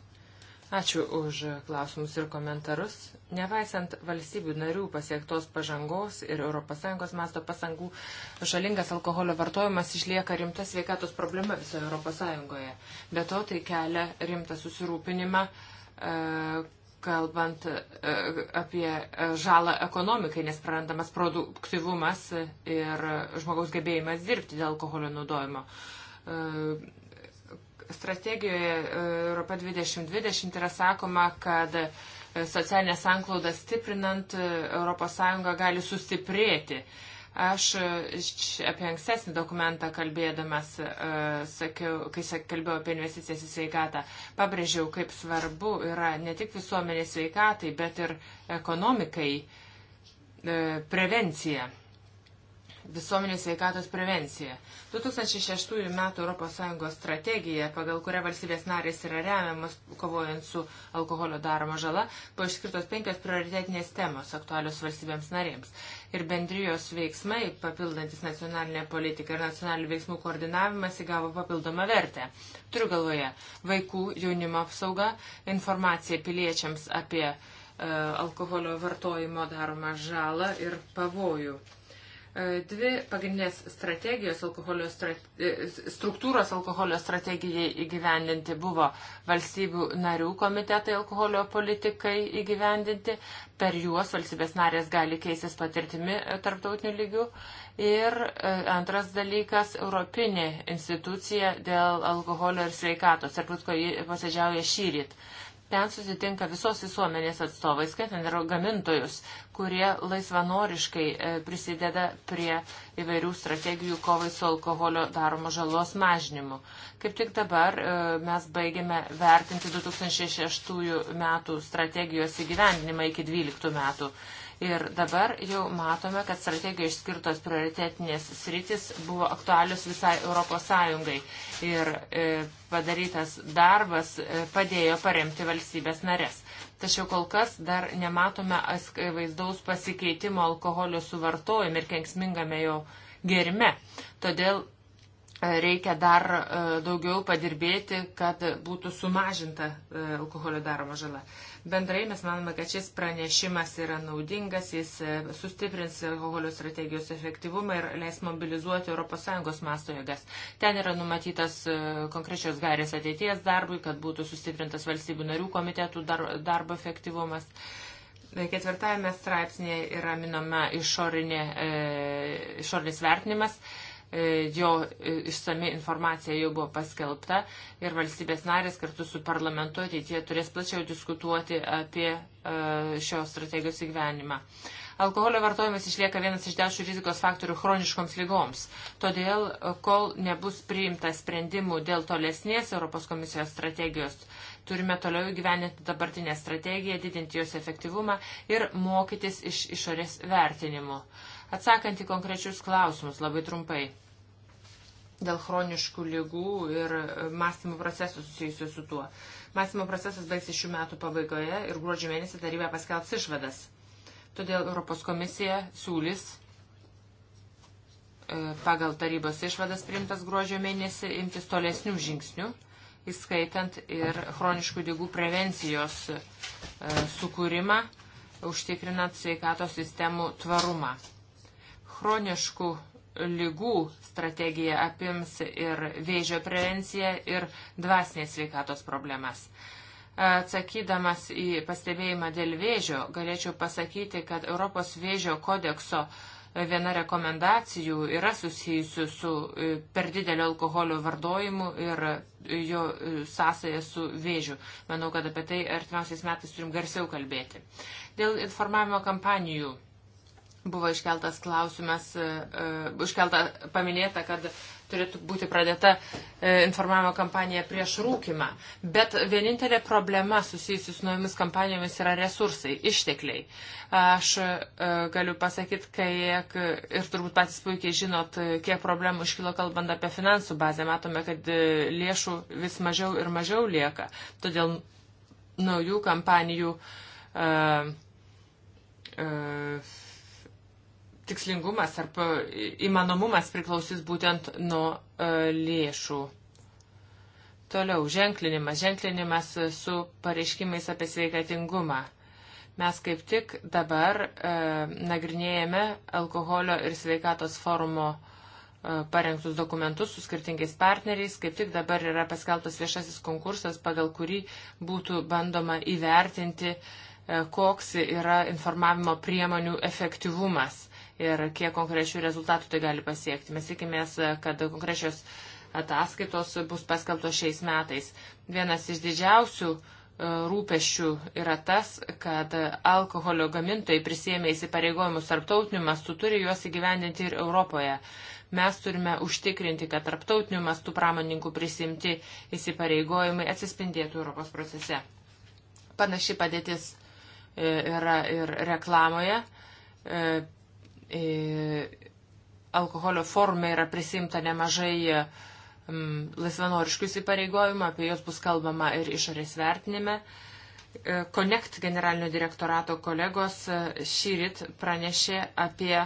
A: Ačiū už klausimus ir komentarus. Nepaisant valstybių narių pasiektos pažangos ir ES masto pasangų, žalingas alkoholio vartojimas išlieka rimta sveikatos problema visoje ES. Be to tai kelia rimtą susirūpinimą e, kalbant e, apie e, žalą ekonomikai, nes prarandamas produktivumas ir žmogaus gebėjimas dirbti dėl alkoholio naudojimo. E, strategijoje Europa 2020 yra sakoma, kad socialinę sanklaudą stiprinant ES gali sustiprėti Aš e, apie ankstesnį dokumentą kalbėdamas, e, sakiau, kai kalbėjau apie investicijas į sveikatą, pabrėžiau, kaip svarbu yra ne tik visuomenės sveikatai, bet ir ekonomikai e, prevencija. Visuomenės sveikatos prevencija. 2006 m. ES strategija, pagal kurią valstybės narės yra remiamas kovojant su alkoholio daroma žala, buvo išskirtos penkios prioritetinės temos aktualios valstybėms narėms ir bendrijos veiksmai, papildantis nacionalinę politiką ir nacionalinių veiksmų koordinavimas įgavo papildomą vertę. Turiu galvoje vaikų, jaunimo apsauga, informacija piliečiams apie e, alkoholio vartojimo daromą žalą ir pavojų. E, dvi pagrindinės strategijos alkoholio strate, e, struktūros alkoholio strategijai įgyvendinti buvo valstybių narių komitetai alkoholio politikai įgyvendinti. Per juos valstybės narės gali keistis patirtimi e, tarptautiniu lygiu. Ir antras dalykas - Europinė institucija dėl alkoholio ir sveikatos. Tarp kitko, ji posėdžiauja šyryt. Ten susitinka visos visuomenės atstovai, skaitant ir gamintojus, kurie laisvanoriškai e, prisideda prie įvairių strategijų kovai su alkoholio daromo žalos mažinimu. Kaip tik dabar e, mes baigėme vertinti 2006 metų strategijos įgyvendinimą iki 2012 metų. Ir dabar jau matome, kad strategijoje išskirtos prioritetinės sritis buvo aktualius visai Europos Sąjungai. Ir e, padarytas darbas e, padėjo paremti valstybės narės tačiau kol kas dar nematome vaizdaus pasikeitimo alkoholio suvartojime ir kenksmingame jo gerime. Todėl reikia dar e, daugiau padirbėti, kad būtų sumažinta e, alkoholio daroma žala. Bendrai mes manome, kad šis pranešimas yra naudingas, jis e, sustiprins alkoholio strategijos efektyvumą ir leis mobilizuoti ES masto jėgas. Ten yra numatytas konkrečios gairės ateities darbui, kad būtų sustiprintas valstybių narių komitetų darbo efektyvumas. Ketvirtajame straipsnėje yra minoma išorinė, išorinis vertinimas. E, E, jo e, išsami informacija jau buvo paskelbta ir valstybės narės kartu su parlamentu ateityje turės plačiau diskutuoti apie e, šios strategijos įgyvenimą. Alkoholio vartojimas išlieka vienas iš dešių rizikos faktorių chroniškoms lygoms. Todėl, kol nebus priimta sprendimų dėl tolesnės Europos komisijos strategijos, turime toliau įgyveninti dabartinę strategiją, didinti jos efektyvumą ir mokytis iš išorės vertinimų. Uh, Atsakant į konkrečius klausimus labai trumpai dėl chroniškų lygų ir e, mąstymo procesų susijusių su tuo. Mąstymo procesas baigsis šių metų pabaigoje ir gruodžio mėnesį taryba paskelbs išvadas. Todėl Europos komisija siūlys e, pagal tarybos išvadas priimtas gruodžio mėnesį imtis tolesnių žingsnių, įskaitant ir chroniškų lygų prevencijos e, sukūrimą, užtikrinant sveikatos sistemų tvarumą chroniškų lygų strategija apims ir vėžio prevenciją, ir dvasinės sveikatos problemas. Atsakydamas į pastebėjimą dėl vėžio, galėčiau pasakyti, kad Europos vėžio kodekso viena rekomendacijų yra susijusi su e, per didelio alkoholio vardojimu ir jo e, sąsaja su vėžiu. Manau, kad apie tai artimiausiais metais turim garsiau kalbėti. Dėl informavimo kampanijų Buvo iškeltas klausimas, e, e, iškelta paminėta, kad turėtų būti pradėta e, informavimo kampanija prieš rūkimą. Bet vienintelė problema susijusi su naujomis kampanijomis yra resursai, ištekliai. Aš galiu pasakyti, kiek ir turbūt patys puikiai žinot, kiek problemų iškilo kalbant apie finansų bazę. Matome, kad lėšų vis mažiau ir mažiau lieka. Todėl naujų kampanijų. Uh, uh, tikslingumas ar įmanomumas priklausys būtent nuo e, lėšų. Toliau, ženklinimas, ženklinimas su pareiškimais apie sveikatingumą. Mes kaip tik dabar e, nagrinėjame alkoholio ir sveikatos forumo e, parengtus dokumentus su skirtingais partneriais. Kaip tik dabar yra paskeltas viešasis konkursas, pagal kurį būtų bandoma įvertinti, e, koks yra informavimo priemonių efektyvumas ir kiek konkrečių rezultatų tai gali pasiekti. Mes tikimės, kad konkrečios ataskaitos bus paskelbtos šiais metais. Vienas iš didžiausių e, rūpešių yra tas, kad alkoholio gamintojai prisėmė įsipareigojimus tarptautiniu mastu, turi juos įgyvendinti ir Europoje. Mes turime užtikrinti, kad tarptautiniu mastu pramoninkų prisimti įsipareigojimai atsispindėtų Europos procese. Panaši padėtis e, yra ir reklamoje e, E, alkoholio forma yra prisimta nemažai mm, laisvanoriškų įsipareigojimų, apie juos bus kalbama ir išorės vertinime. E, Connect generalinio direktorato kolegos e, šyrit pranešė apie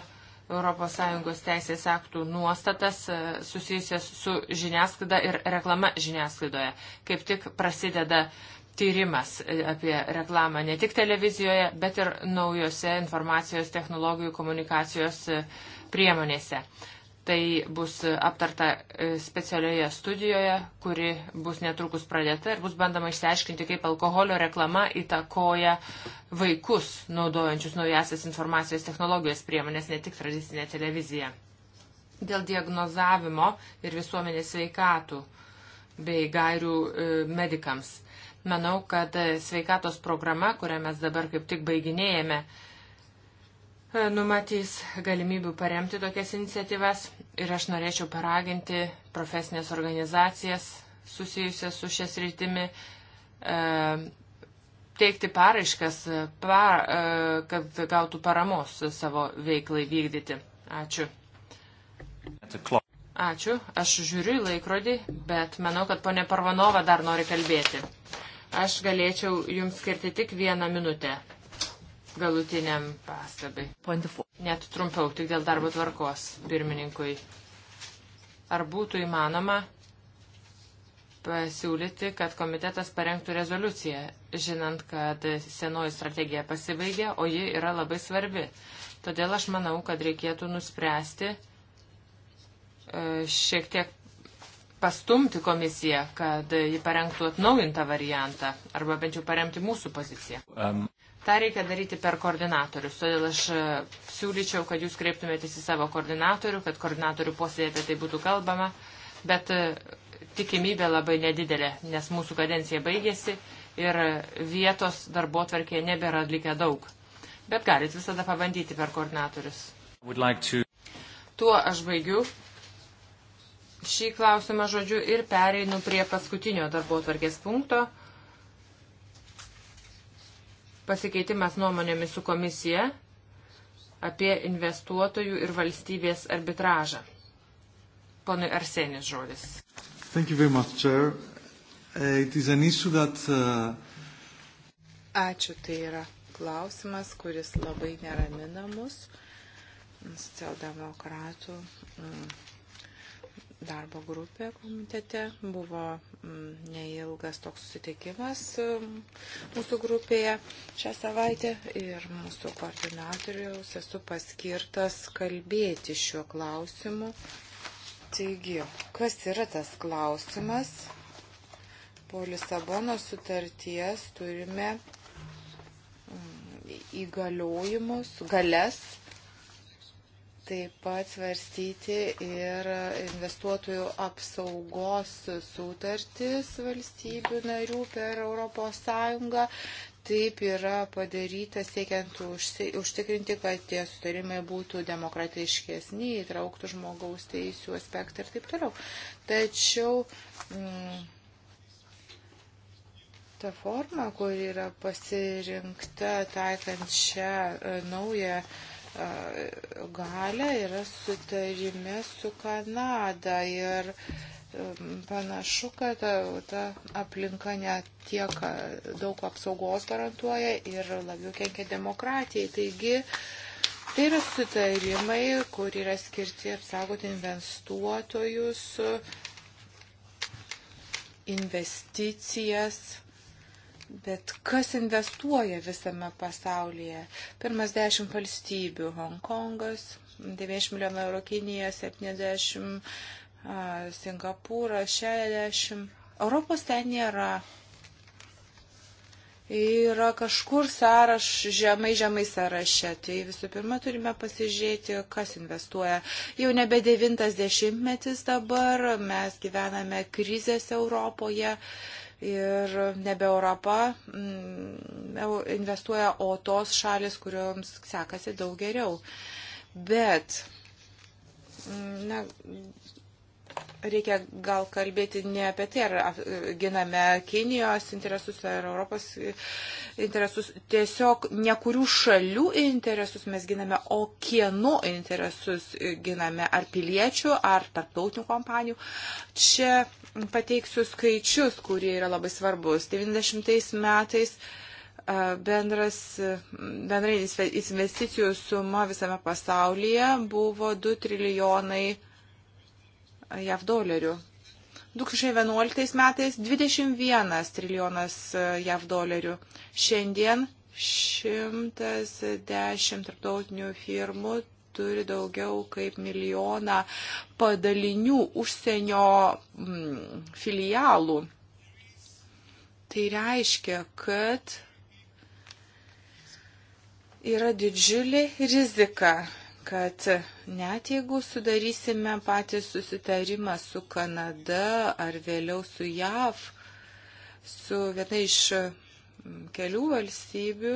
A: ES teisės aktų nuostatas susijusias su žiniasklaida ir reklama žiniasklaidoje. Kaip tik prasideda tyrimas e, apie reklamą ne tik televizijoje, bet ir naujose informacijos technologijų komunikacijos e, priemonėse. Tai bus aptarta e, specialioje studijoje, kuri bus netrukus pradėta ir bus bandama išsiaiškinti, kaip alkoholio reklama įtakoja vaikus naudojančius naujasias informacijos technologijos priemonės, ne tik tradicinę televiziją. Dėl diagnozavimo ir visuomenės sveikatų bei gairių medikams Manau, kad e, sveikatos programa, kurią mes dabar kaip tik baiginėjame, e, numatys galimybių paremti tokias iniciatyvas ir aš norėčiau paraginti profesinės organizacijas susijusias su šias rytimi e, teikti paraiškas, par, kad gautų paramos savo veiklai vykdyti. Ačiū. Ačiū. Aš žiūriu į laikrodį, bet manau, kad ponė Parvanova dar nori kalbėti. Aš galėčiau jums skirti tik vieną minutę galutiniam pastabai. Net trumpiau, tik dėl darbo tvarkos pirmininkui. Ar būtų įmanoma pasiūlyti, kad komitetas parengtų rezoliuciją, žinant, kad senoji strategija pasibaigė, o ji yra labai svarbi. Todėl aš manau, kad reikėtų nuspręsti e, šiek tiek pastumti komisiją, kad ji parengtų atnaujintą variantą arba bent jau paremti mūsų poziciją. Um. Ta reikia daryti per koordinatorius, todėl aš e, siūlyčiau, kad jūs kreiptumėtės į savo koordinatorių, kad koordinatorių posėdėje apie tai būtų kalbama, bet e, tikimybė labai nedidelė, nes mūsų kadencija baigėsi ir vietos darbo tvarkėje nebėra likę daug. Bet galit visada pabandyti per koordinatorius. Like to... Tuo aš baigiu šį klausimą žodžiu ir pereinu prie paskutinio darbo tvarkės punkto. Pasikeitimas nuomonėmis su komisija apie investuotojų ir valstybės arbitražą. Ponui Arsenis žodis. Much, uh, that, uh... Ačiū, tai yra klausimas,
C: kuris labai neramina mus socialdemokratų mm, darbo grupė komitete. Buvo mm, neilgas toks susitikimas mm, mūsų grupėje šią savaitę ir mūsų koordinatorius esu paskirtas kalbėti šiuo klausimu. Taigi, kas yra tas klausimas? Po Lisabono sutarties turime mm, įgaliojimus, galės taip pat svarstyti ir investuotojų apsaugos sutartis valstybių narių per ES. Taip yra padaryta siekiant užtikrinti, kad tie sutarimai būtų demokratiškesni, įtrauktų žmogaus teisų aspektą ir taip toliau. Tačiau mm, ta forma, kur yra pasirinkta taikant šią e, naują uh, galę yra sutarime su Kanada ir um, panašu, kad ta, uh, ta aplinka netiek uh, daug apsaugos garantuoja ir labiau kenkia demokratijai. Taigi, tai yra sutarimai, kur yra skirti apsaugoti investuotojus, investicijas Bet kas investuoja visame pasaulyje? Pirmas dešimt valstybių - Hongkongas, 90 milijonų eurų Kinija, 70, Singapūras, 60. Europos ten nėra. Yra kažkur sąraš, žemai, žemai sąraše. Tai visų pirma turime pasižiūrėti, kas investuoja. Jau nebe devintas dešimtmetis dabar, mes gyvename krizės Europoje. Uh, ir nebe Europa mm, investuoja, o tos šalis, kuriuoms sekasi daug geriau. Bet mm, na, reikia gal kalbėti ne apie tai, ar giname Kinijos interesus ar Europos interesus, tiesiog ne kurių šalių interesus mes giname, o kieno interesus giname, ar piliečių, ar tarptautinių kompanijų. Čia pateiksiu skaičius, kurie yra labai svarbus. 90 metais bendras, bendrai investicijų suma visame pasaulyje buvo 2 trilijonai JAV dolerių. 2011 metais 21 trilijonas e, JAV dolerių. Šiandien 110 tarptautinių firmų turi daugiau kaip milijoną padalinių užsienio mm, filialų. Tai reiškia, kad yra didžiulė rizika kad net jeigu sudarysime patį susitarimą su Kanada ar vėliau su JAV, su viena iš kelių valstybių,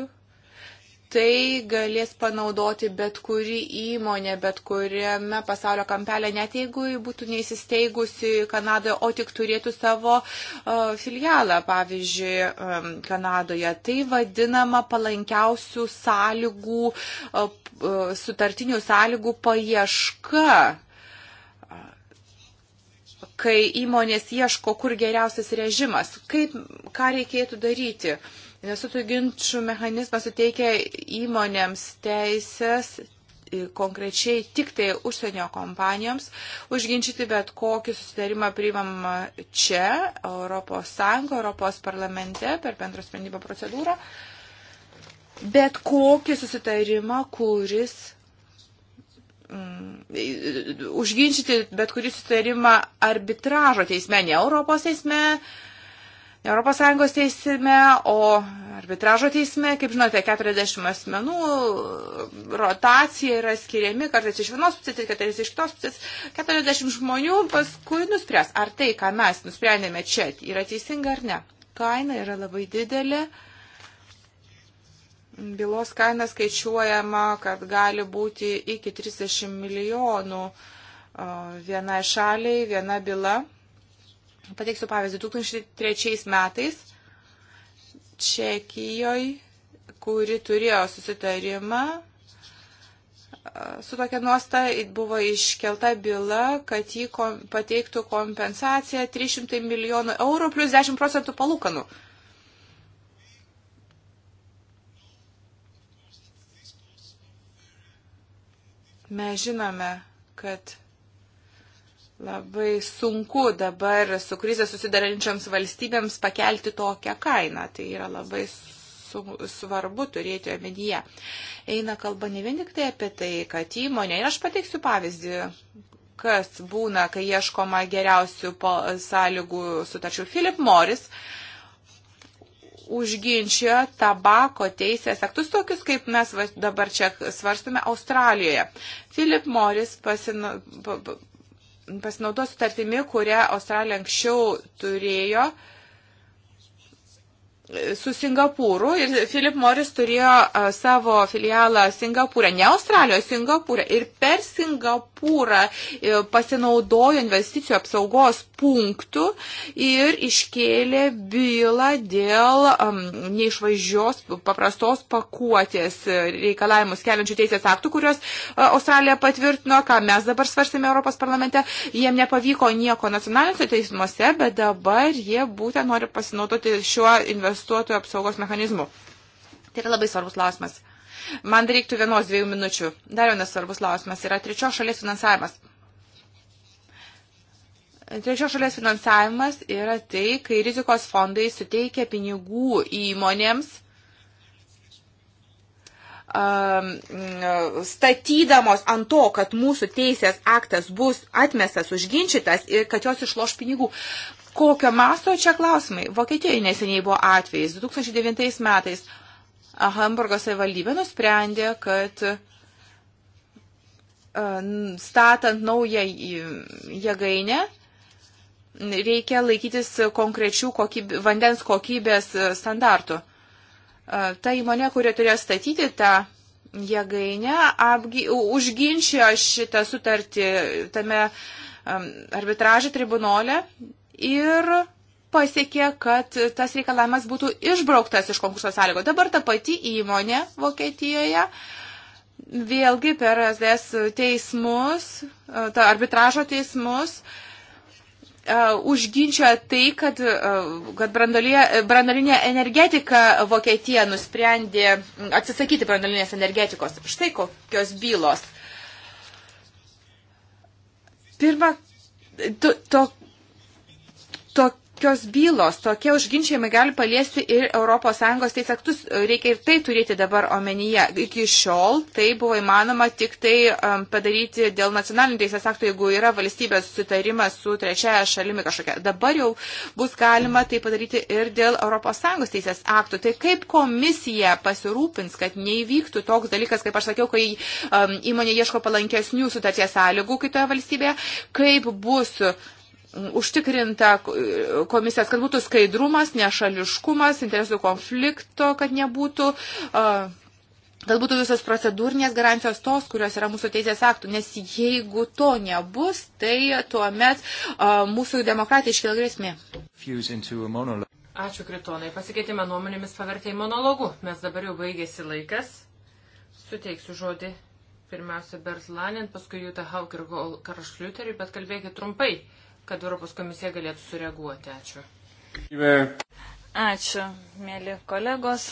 C: tai galės panaudoti bet kuri įmonė, bet kuriame pasaulio kampelė, net jeigu būtų neįsisteigusi Kanadoje, o tik turėtų savo uh, filialą, pavyzdžiui, um, Kanadoje. Tai vadinama palankiausių sąlygų uh, E, sutartinių sąlygų paieška kai įmonės ieško, kur geriausias režimas, kaip, ką reikėtų daryti. Nesutų ginčių mechanizmas suteikia įmonėms teisės e, konkrečiai tik tai užsienio kompanijoms užginčyti bet kokį susitarimą priimamą čia, Europos Sąjungo, Europos parlamente per bendrą sprendimo procedūrą. Uh, bet kokį susitarimą, kuris mm, užginčyti bet kurį susitarimą arbitražo teisme, ne Europos teisme, ne Europos Sąjungos teisme, o arbitražo teisme, kaip žinote, 40 asmenų rotacija yra skiriami, kartais iš vienos pusės, kartais iš kitos pusės, 40 žmonių paskui nuspręs, ar tai, ką mes nusprendėme čia, yra teisinga ar ne. Kaina yra labai didelė. Uh, Bylos kaina skaičiuojama, kad gali būti iki 30 milijonų vienai šaliai, viena byla. Pateiksiu pavyzdį, 2003 metais Čekijoje, kuri turėjo susitarimą su tokia nuosta buvo iškelta byla, kad jį pateiktų kompensaciją 300 milijonų eurų plus 10 procentų palūkanų. Nu Mes žinome, kad labai sunku dabar su krize susidarančiams valstybėms pakelti tokią kainą. Tai yra labai su, svarbu turėti omenyje. Eina kalba ne vien tik tai apie tai, kad įmonė, ir aš pateiksiu pavyzdį, kas būna, kai ieškoma geriausių sąlygų sutarčių. Philip Morris uh, užginčia tabako teisės aktus, tokius kaip mes dabar čia svarstume Australijoje. Philip Morris pasina, pasinaudos sutartimi, kurią Australija anksčiau turėjo e, su Singapūru ir Philip Morris turėjo e, savo filialą Singapūrą, ne Australijoje, Singapūrą ir per Singapūrą e, pasinaudojo investicijų apsaugos punktų ir iškėlė bylą dėl um, neišvažios paprastos pakuotės reikalavimus keliančių teisės aktų, kuriuos uh, Australija patvirtino, ką mes dabar svarstėme Europos parlamente. Jiem nepavyko nieko nacionaliniuose teismuose, bet dabar jie būtent nori pasinaudoti šiuo investuotojų apsaugos mechanizmu. Tai yra labai svarbus klausimas. Man reiktų vienos dviejų minučių. Dar vienas svarbus klausimas yra trečios šalies finansavimas. Trečios šalies finansavimas yra tai, kai rizikos fondai suteikia pinigų įmonėms statydamos ant to, kad mūsų teisės aktas bus atmestas, užginčytas ir kad jos išloš pinigų. Kokio masto čia klausimai? Vokietijoje neseniai buvo atvejais. 2009 metais Hamburgo savivaldybė nusprendė, kad statant naują jėgainę, reikia laikytis konkrečių kokyb, vandens kokybės standartų. Ta įmonė, kurie turėjo statyti tą jėgainę, apgi, užginčia šitą sutartį tame arbitražė tribunolė ir pasiekė, kad tas reikalavimas būtų išbrauktas iš konkurso sąlygo. Dabar ta pati įmonė Vokietijoje vėlgi per SDS teismus, ta arbitražo teismus, uh, E, užginčia tai, kad, e, kad brandolinė energetika Vokietija nusprendė atsisakyti brandolinės energetikos. Štai kokios bylos. Pirma, to, to, to tokios bylos, tokie užginčiamai gali paliesti ir ES teis aktus. Reikia ir tai turėti dabar omenyje. Iki šiol tai buvo įmanoma tik tai um, padaryti dėl nacionalinių teisės aktų, jeigu yra valstybės sutarimas su trečiaja šalimi kažkokia. Dabar jau bus galima tai padaryti ir dėl ES teisės aktų. Tai kaip komisija pasirūpins, kad neįvyktų toks dalykas, kaip aš sakiau, kai um, įmonė ieško palankesnių sutarties sąlygų kitoje valstybėje, kaip bus užtikrinta komisijas, kad būtų skaidrumas, nešališkumas, interesų konflikto, kad nebūtų. Uh, kad būtų visos procedūrinės garantijos tos, kurios yra mūsų teisės aktų, nes jeigu to nebus, tai tuomet uh, mūsų demokratija iškila grėsmė.
A: Ačiū, Kritonai. Pasikeitėme nuomonėmis pavertė į monologų. Mes dabar jau baigėsi laikas. Suteiksiu žodį pirmiausia Bertlanin, paskui Jūta Hauk ir Karšliuteriui, bet kalbėkit trumpai. Uh, kad Europos komisija galėtų sureaguoti.
B: Ačiū. Ačiū, mėly kolegos.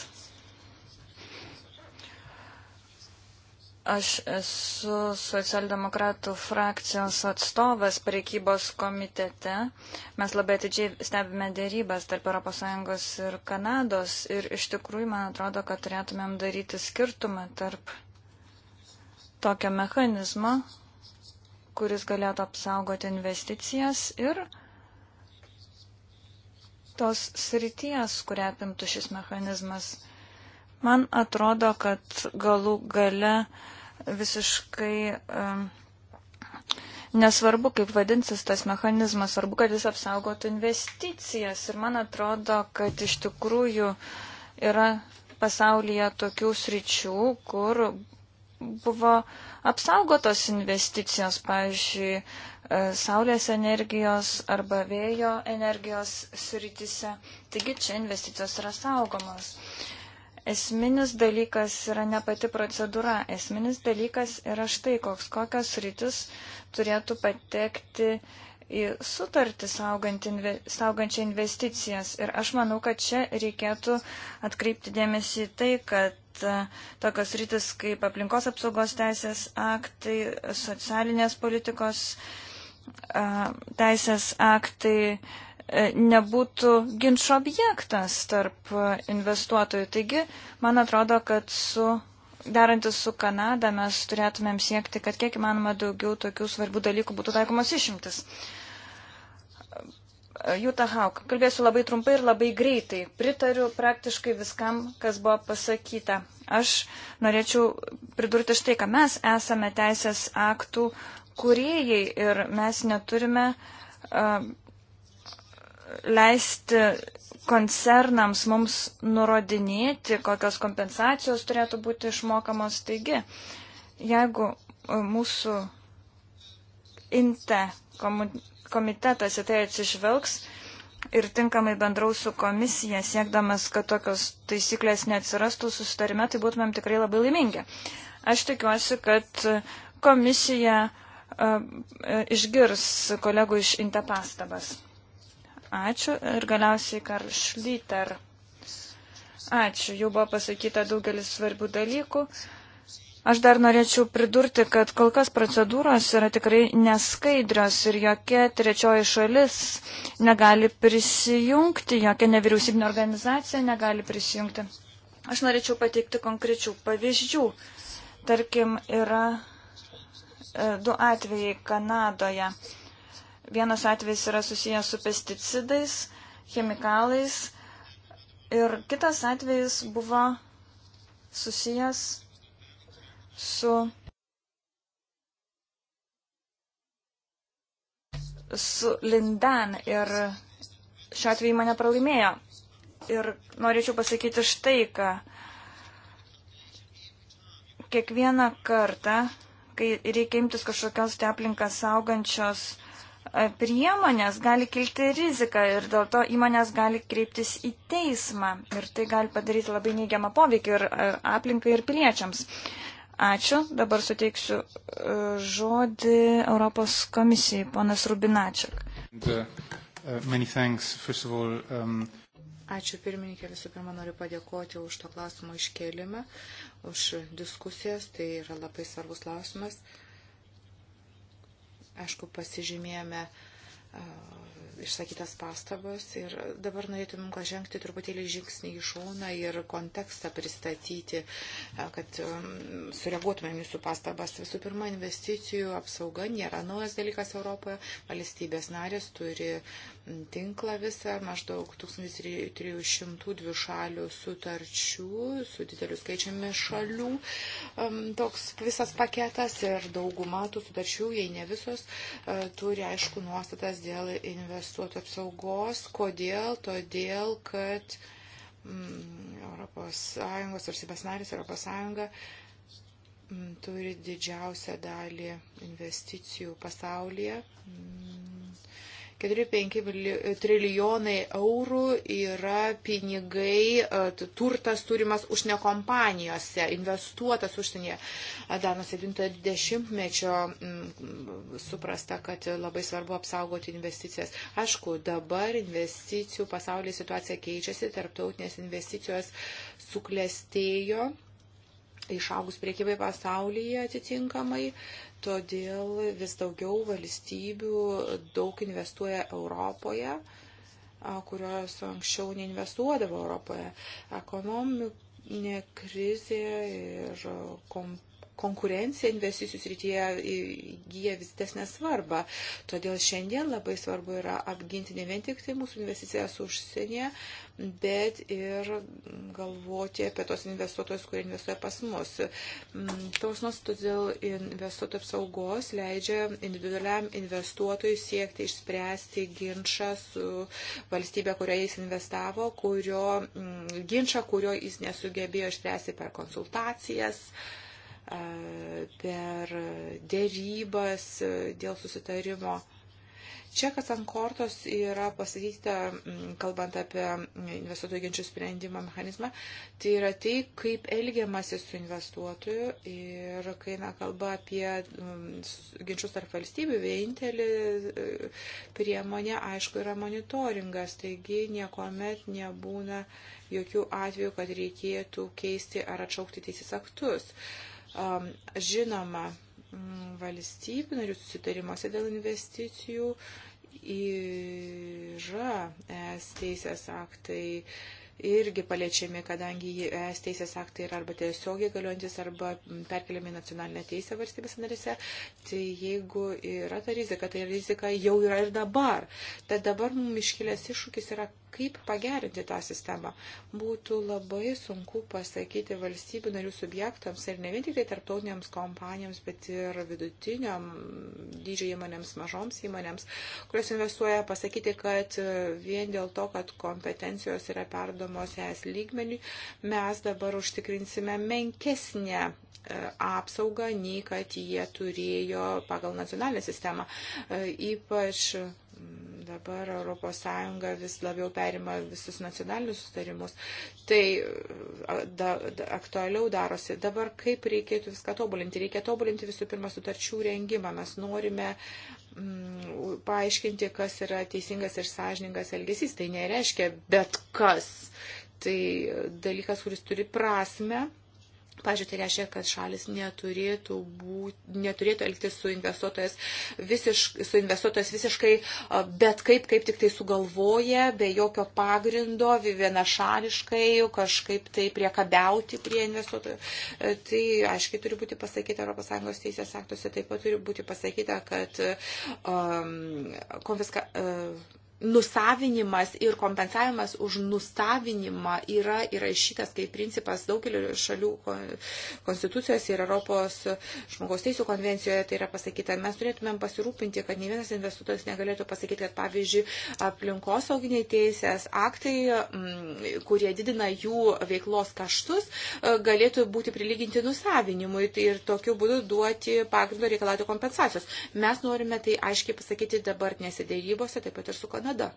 B: Aš esu socialdemokratų frakcijos atstovas prekybos komitete. Mes labai atidžiai stebime dėrybas tarp ES ir Kanados ir iš tikrųjų man atrodo, kad turėtumėm daryti skirtumą tarp tokio mechanizmo, kuris galėtų apsaugoti investicijas ir tos srities, kurią apimtų šis mechanizmas. Man atrodo, kad galų gale visiškai um, nesvarbu, kaip vadinsis tas mechanizmas, svarbu, kad jis apsaugotų investicijas. Ir man atrodo, kad iš tikrųjų yra pasaulyje tokių sričių, kur buvo apsaugotos investicijos, pavyzdžiui, e, saulės energijos arba vėjo energijos sritise. Taigi čia investicijos yra saugomos. Esminis dalykas yra ne pati procedūra, esminis dalykas yra štai koks, kokios rytis turėtų patekti į sutartį saugančią investicijas. Ir aš manau, kad čia reikėtų atkreipti dėmesį į tai, kad e, tokios rytis kaip aplinkos apsaugos teisės aktai, socialinės politikos e, teisės aktai e, nebūtų ginčio objektas tarp investuotojų. Taigi, man atrodo, kad su Darantis su Kanada mes turėtumėm siekti, kad kiek įmanoma daugiau tokių svarbių dalykų būtų taikomas išimtis. Jūta Hauk, kalbėsiu labai trumpai ir labai greitai. Pritariu praktiškai viskam, kas buvo pasakyta. Aš norėčiau pridurti štai, kad mes esame teisės aktų kuriejai ir mes neturime uh, leisti koncernams mums nurodinėti, kokios kompensacijos turėtų būti išmokamos. Taigi, jeigu e, mūsų INTE komitetas į tai atsižvelgs ir tinkamai bendraus su komisija, siekdamas, kad tokios taisyklės neatsirastų susitarime, tai būtumėm tikrai labai laimingi. Aš tikiuosi, kad komisija uh, išgirs kolegų iš INTE pastabas. Ačiū. Ir galiausiai Karl Šlyter. Ačiū. Jau buvo pasakyta daugelis svarbių dalykų. Aš dar norėčiau pridurti, kad kol kas procedūros yra tikrai neskaidrios ir jokia trečioji šalis negali prisijungti, jokia nevyriausybinė organizacija negali prisijungti. Aš norėčiau pateikti konkrečių pavyzdžių. Tarkim, yra e, du atvejai Kanadoje. Vienas atvejis yra susijęs su pesticidais, chemikalais ir kitas atvejis buvo susijęs su, su Lindan ir šiuo atveju mane pralaimėjo. Ir norėčiau pasakyti štai, ką kiekvieną kartą, kai reikia imtis kažkokios te tai aplinką saugančios priemonės gali kilti rizika ir dėl to įmonės gali kreiptis į teismą ir tai gali padaryti labai neigiamą poveikį ir aplinkai ir piliečiams. Ačiū. Dabar suteiksiu žodį Europos komisijai, ponas Rubinačiak. Uh, uh, um,
C: Ačiū pirmininkė, visų pirma noriu padėkoti už to klausimo iškėlimą, už diskusijas, tai yra labai svarbus klausimas. Uh, Aišku, pasižymėjome išsakytas pastabas ir dabar norėtumėm ką žengti truputėlį žingsnį į šoną ir kontekstą pristatyti, kad um, sureaguotumėm jūsų pastabas. Visų pirma, investicijų apsauga nėra naujas dalykas Europoje. Valstybės narės turi tinklą visą, maždaug 1300 dvišalių sutarčių su dideliu skaičiumi šalių. Toks visas paketas ir dauguma tų sutarčių, jei ne visos, e, turi aišku nuostatas dėl investuotų apsaugos. Kodėl? Todėl, kad mm, Europos Sąjungos valstybės narys, Europos Sąjunga mm, turi didžiausią dalį investicijų pasaulyje mm, 4-5 trilijonai eurų yra pinigai, e, turtas turimas užsienio kompanijose, investuotas užsienyje. Dar nuo 70-mečio mm, suprasta, kad labai svarbu apsaugoti investicijas. Aišku, dabar investicijų pasaulyje situacija keičiasi, tarptautinės investicijos suklestėjo išaugus priekybai pasaulyje atitinkamai. Uh, Todėl vis daugiau valstybių daug investuoja Europoje, kurios anksčiau neinvestuodavo Europoje. Ekonominė krizė ir komp konkurencija investicijų srityje įgyja vis didesnę svarbą. Todėl šiandien labai svarbu yra apginti ne vien tik tai mūsų investicijas užsienyje, bet ir galvoti apie tos investuotojus, kurie investuoja pas mus. Mm, tos nuostatos dėl investuotojų apsaugos leidžia individualiam investuotojui siekti išspręsti ginčą su valstybė, kurioje jis investavo, kurio, mm, ginčą, kurio jis nesugebėjo išspręsti per konsultacijas. Uh, E, per dėrybas dėl susitarimo. Čia, kas ant kortos yra pasakyta, kalbant apie investuotojų ginčių sprendimo mechanizmą, tai yra tai, kaip elgiamasi su investuotoju ir kai na, kalba apie ginčius tarp valstybių, vienintelė e, priemonė, aišku, yra monitoringas, taigi niekuomet nebūna jokių atvejų, kad reikėtų keisti ar atšaukti teisės aktus. Uh, Žinoma, valstybių narių susitarimuose dėl investicijų yra es teisės aktai irgi paliečiami, kadangi es teisės aktai yra arba tiesiogiai galiojantis, arba perkeliami nacionalinę teisę valstybės narėse, tai jeigu yra ta rizika, tai rizika jau yra ir dabar. Tad dabar mums iškilęs iššūkis yra, kaip pagerinti tą sistemą. Būtų labai sunku pasakyti valstybių narių subjektams ir ne vien tik tai tarptautiniams kompanijoms, bet ir vidutiniam dydžio įmonėms, mažoms įmonėms, kurios investuoja, pasakyti, kad vien dėl to, kad kompetencijos yra perdomos es lygmenių, mes dabar užtikrinsime menkesnę e, apsaugą, nei kad jie turėjo pagal nacionalinę sistemą. E, ypač Dabar ES vis labiau perima visus nacionalinius sustarimus. Tai da, da, aktualiau darosi. Dabar kaip reikėtų viską tobulinti? Reikia tobulinti visų pirma sutarčių rengimą. Mes norime mm, paaiškinti, kas yra teisingas ir sąžiningas elgesys. Tai nereiškia bet kas. Tai dalykas, kuris turi prasme Pavyzdžiui, tai reiškia, kad šalis neturėtų, būt, neturėtų elgtis su investuotojas, visišk, su investuotojas visiškai bet kaip, kaip tik tai sugalvoja, be jokio pagrindo, vienašališkai kažkaip tai priekabiauti prie investuotojų. E, tai aiškiai turi būti pasakyta ES teisės aktuose, taip pat turi būti pasakyta, kad um, konfiska. Uh, nusavinimas ir kompensavimas už nusavinimą yra įrašytas kaip principas daugelio šalių konstitucijos ir Europos žmogaus teisų konvencijoje tai yra pasakyta. Mes turėtumėm pasirūpinti, kad ne vienas investuotojas negalėtų pasakyti, kad pavyzdžiui aplinkosauginiai teisės aktai, mm, kurie didina jų veiklos kaštus, e, galėtų būti prilyginti nusavinimui tai ir tokiu būdu duoti pagrindo reikalauti kompensacijos. Mes norime tai aiškiai pasakyti dabartinėse dėrybose, taip pat ir su Kanada. Kanada.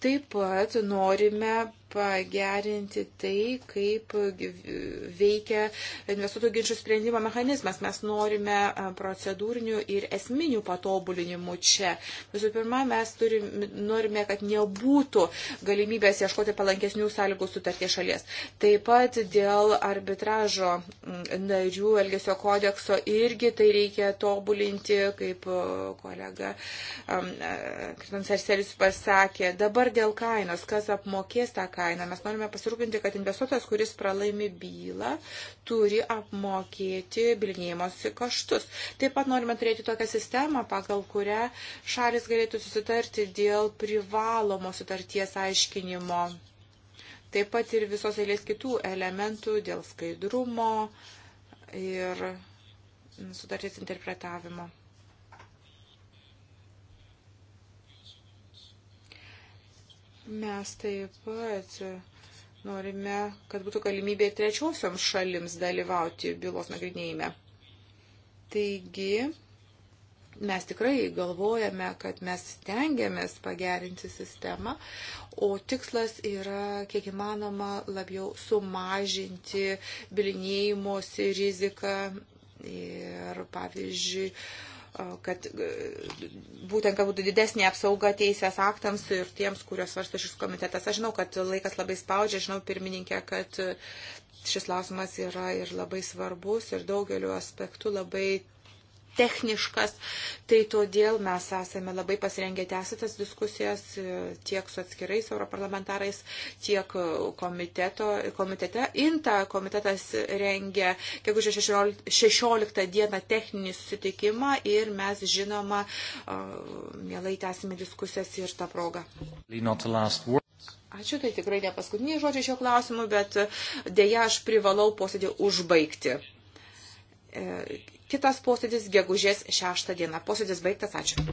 C: Taip pat norime pagerinti tai, kaip veikia investuotojų ginčių sprendimo mechanizmas. Mes norime procedūrinių ir esminių patobulinimų čia. Visų pirma, mes turim, norime, kad nebūtų galimybės ieškoti palankesnių sąlygų sutarties šalies. Taip pat dėl arbitražo narių elgesio kodekso irgi tai reikia tobulinti, kaip kolega Kristansarselis pasakė. Dabar dėl kainos, kas apmokės tą kainą. Mes norime pasirūpinti, kad investuotojas, kuris pralaimi bylą, turi apmokėti bilinėjimosi kaštus. Taip pat norime turėti tokią sistemą, pagal kurią šalis galėtų susitarti dėl privalomo sutarties aiškinimo. Taip pat ir visos eilės kitų elementų dėl skaidrumo ir sutarties interpretavimo. Mes taip pat norime, kad būtų galimybė ir trečiosioms šalims dalyvauti bylos nagrinėjime. Taigi, mes tikrai galvojame, kad mes stengiamės pagerinti sistemą, o tikslas yra, kiek įmanoma, labiau sumažinti bilinėjimosi riziką ir, pavyzdžiui, kad e, būtent, kad būtų didesnė apsauga teisės aktams ir tiems, kurios svarsto šis komitetas. Aš žinau, kad laikas labai spaudžia, žinau, pirmininkė, kad šis klausimas yra ir labai svarbus ir daugeliu aspektų labai techniškas, tai todėl mes esame labai pasirengę tęsti tas diskusijas tiek su atskirais europarlamentarais, tiek komiteto, komitete. INTA komitetas rengia, kiek už 16 dieną techninį susitikimą ir mes žinoma, mielai tęsime diskusijas ir tą progą. Ačiū, tai tikrai ne paskutiniai žodžiai šio klausimu, bet e, dėja aš privalau posėdį užbaigti. E, Kitas posėdis gegužės 6 diena. Posėdis baigtas. Ačiū.